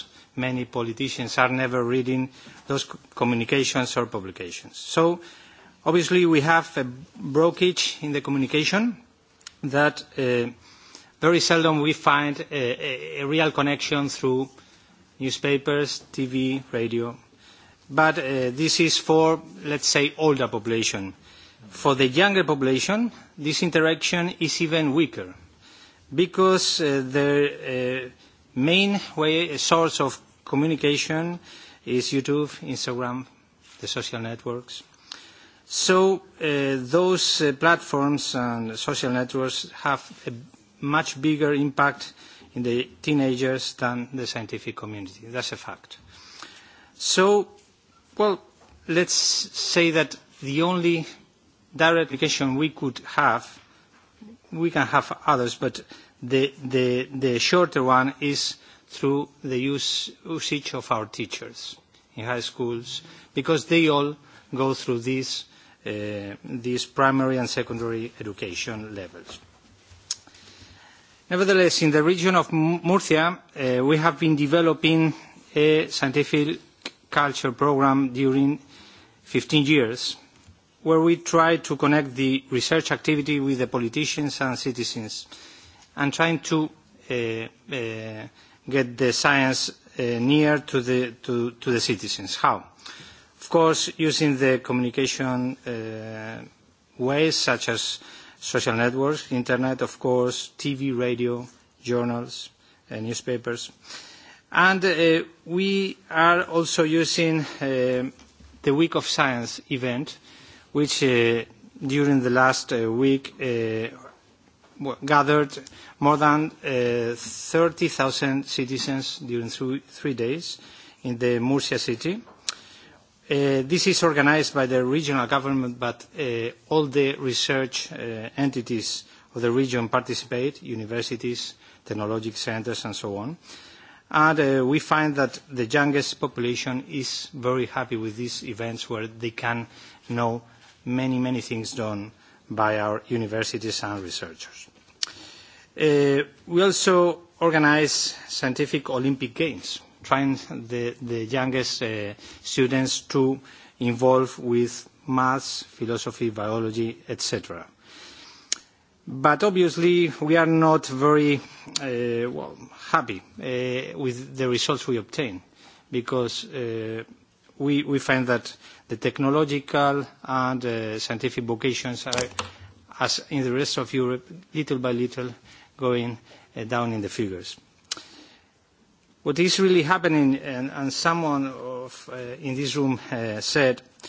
many politicians are never reading those communications or publications. So obviously we have a brokerage in the communication that uh, very seldom we find a, a, a real connection through newspapers, TV, radio. But uh, this is for, let's say, older population. Uh, For the younger population, this interaction is even weaker because uh, their uh, main way, source of communication is YouTube, Instagram, the social networks. So uh, those uh, platforms and social networks have a much bigger impact in the teenagers than the scientific community. That's a fact. So, well, let's say that the only direct application we could have, we can have others, but the, the, the shorter one is through the use, usage of our teachers in high schools, because they all go through these, uh, this primary and secondary education levels. Nevertheless, in the region of Murcia, uh, we have been developing a scientific culture programme during fifteen years where we try to connect the research activity with the politicians and citizens and trying to uh, uh, get the science uh, near to the, to, to the citizens. How? Of course, using the communication uh, ways such as social networks, internet, of course, TV, radio, journals, uh, newspapers. And uh, we are also using uh, the Week of Science event uh, which uh, during the last uh, week uh, gathered more than uh, 30,000 citizens during th three days in the Murcia city. Uh, this is organized by the regional government, but uh, all the research uh, entities of the region participate, universities, technological centers, and so on. And uh, we find that the youngest population is very happy with these events where they can know many, many things done by our universities and researchers. Uh, we also organise scientific Olympic Games, trying the, the youngest uh, students to involve with maths, philosophy, biology, etc. But obviously, we are not very uh, well, happy uh, with the results we obtain because uh, we, we find that the technological and uh, scientific vocations are, as in the rest of Europe, little by little going uh, down in the figures. What is really happening, and, and someone of, uh, in this room uh, said, uh,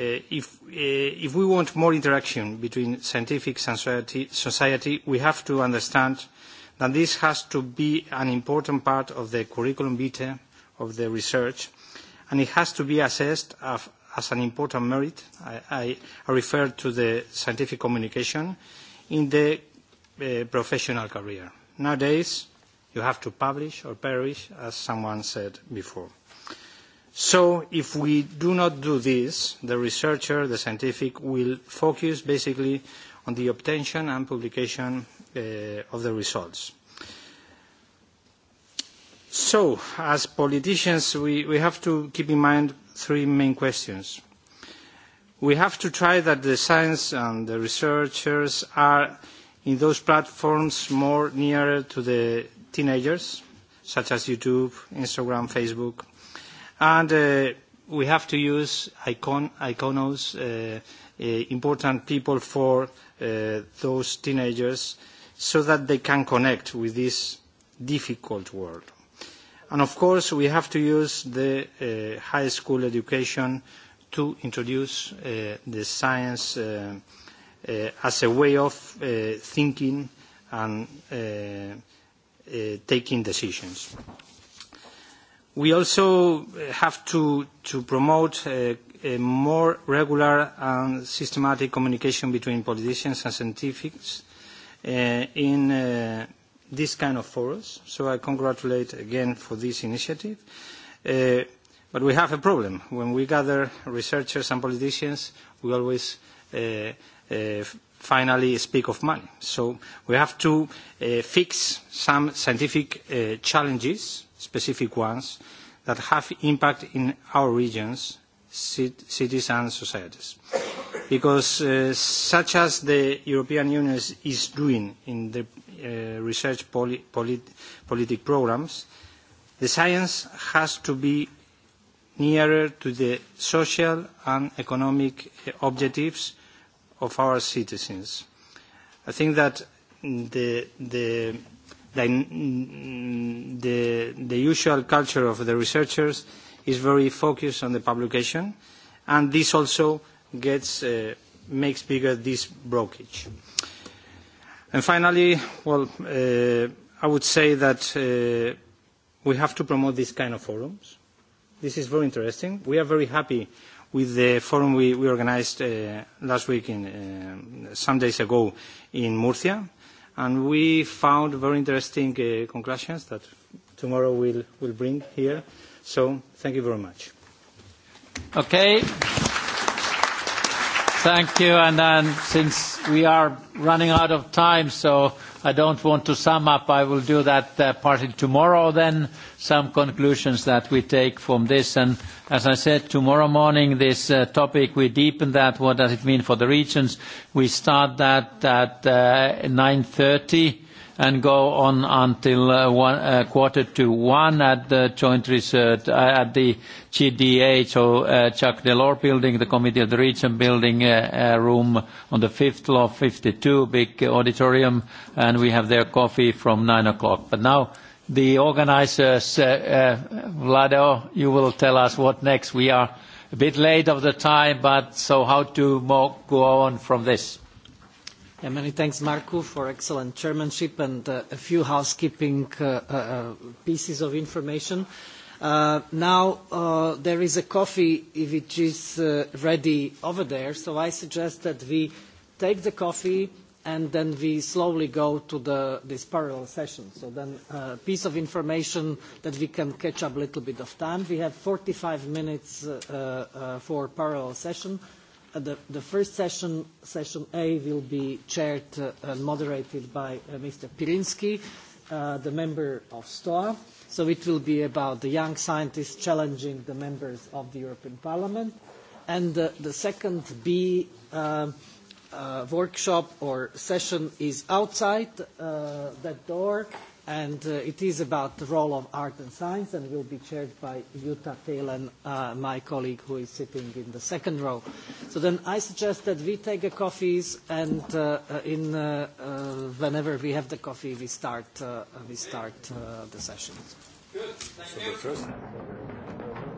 if, uh, if we want more interaction between scientific and society, society, we have to understand that this has to be an important part of the curriculum vitae of the research and it has to be assessed as, as an important merit. I, I, I refer to the scientific communication in the uh, professional career. Nowadays, you have to publish or perish, as someone said before. So if we do not do this, the researcher, the scientific, will focus basically on the obtention and publication uh, of the results so, as politicians, we, we have to keep in mind three main questions. We have to try that the science and the researchers are in those platforms more nearer to the teenagers, such as YouTube, Instagram, Facebook. And uh, we have to use icon, iconos, uh, uh, important people for uh, those teenagers, so that they can connect with this difficult world And of course, we have to use the uh, high school education to introduce uh, the science uh, uh as a way of uh, thinking and uh, taking decisions. We also have to, to promote a, a more regular and systematic communication between politicians and scientists in these kind of forums. So I congratulate again for this initiative. Uh, but we have a problem. When we gather researchers and politicians, we always uh, uh, finally speak of money. So we have to uh, fix some scientific uh, challenges, specific ones, that have impact in our regions, cities and societies. Because uh, such as the European Union is doing in the Uh, research poli polit politic programmes, the science has to be nearer to the social and economic uh, objectives of our citizens. I think that the, the, the, the usual culture of the researchers is very focused on the publication, and this also gets, uh, makes bigger this brokerage. And finally, well, uh, I would say that uh, we have to promote these kind of forums. This is very interesting. We are very happy with the forum we, we organized uh, last week, in, uh, some days ago, in Murcia. And we found very interesting uh, conclusions that tomorrow we'll, we'll bring here. So thank you very much. Okay. Thank you. And and since we are running out of time, so I don't want to sum up, I will do that uh, partly tomorrow then, some conclusions that we take from this. And as I said, tomorrow morning, this uh, topic, we deepen that. What does it mean for the regions? We start that at uh, 9:30 and go on until uh, one, uh, quarter to one at the joint research uh, at the GDA, so uh, Jacques Delors building, the Committee of the Region building, uh, uh room on the fifth floor, 52, big auditorium, and we have their coffee from nine o'clock. But now the organizers, uh, uh, Vlado, you will tell us what next. We are a bit late of the time, but so how to go on from this? many thanks, Marco, for excellent chairmanship and uh, a few housekeeping uh, uh, pieces of information. now, there is a coffee which is ready over there, so I suggest that we take the coffee and then we slowly go to the, this parallel session. So then a piece of information that we can catch up a little bit of time. We have 45 minutes for parallel session. Uh, the, the first session, session A, will be chaired uh, and moderated by uh, Mr. Pirinsky, uh, the member of STOA. So it will be about the young scientists challenging the members of the European Parliament. And uh, the second B uh, uh, workshop or session is outside uh, that door and uh, it is about the role of art and science and will be chaired by Jutta Thelen, uh, my colleague who is sitting in the second row. So then I suggest that we take a coffees and uh, uh in, uh, uh, whenever we have the coffee, we start, uh, we start uh, the session. Good, thank you. the first...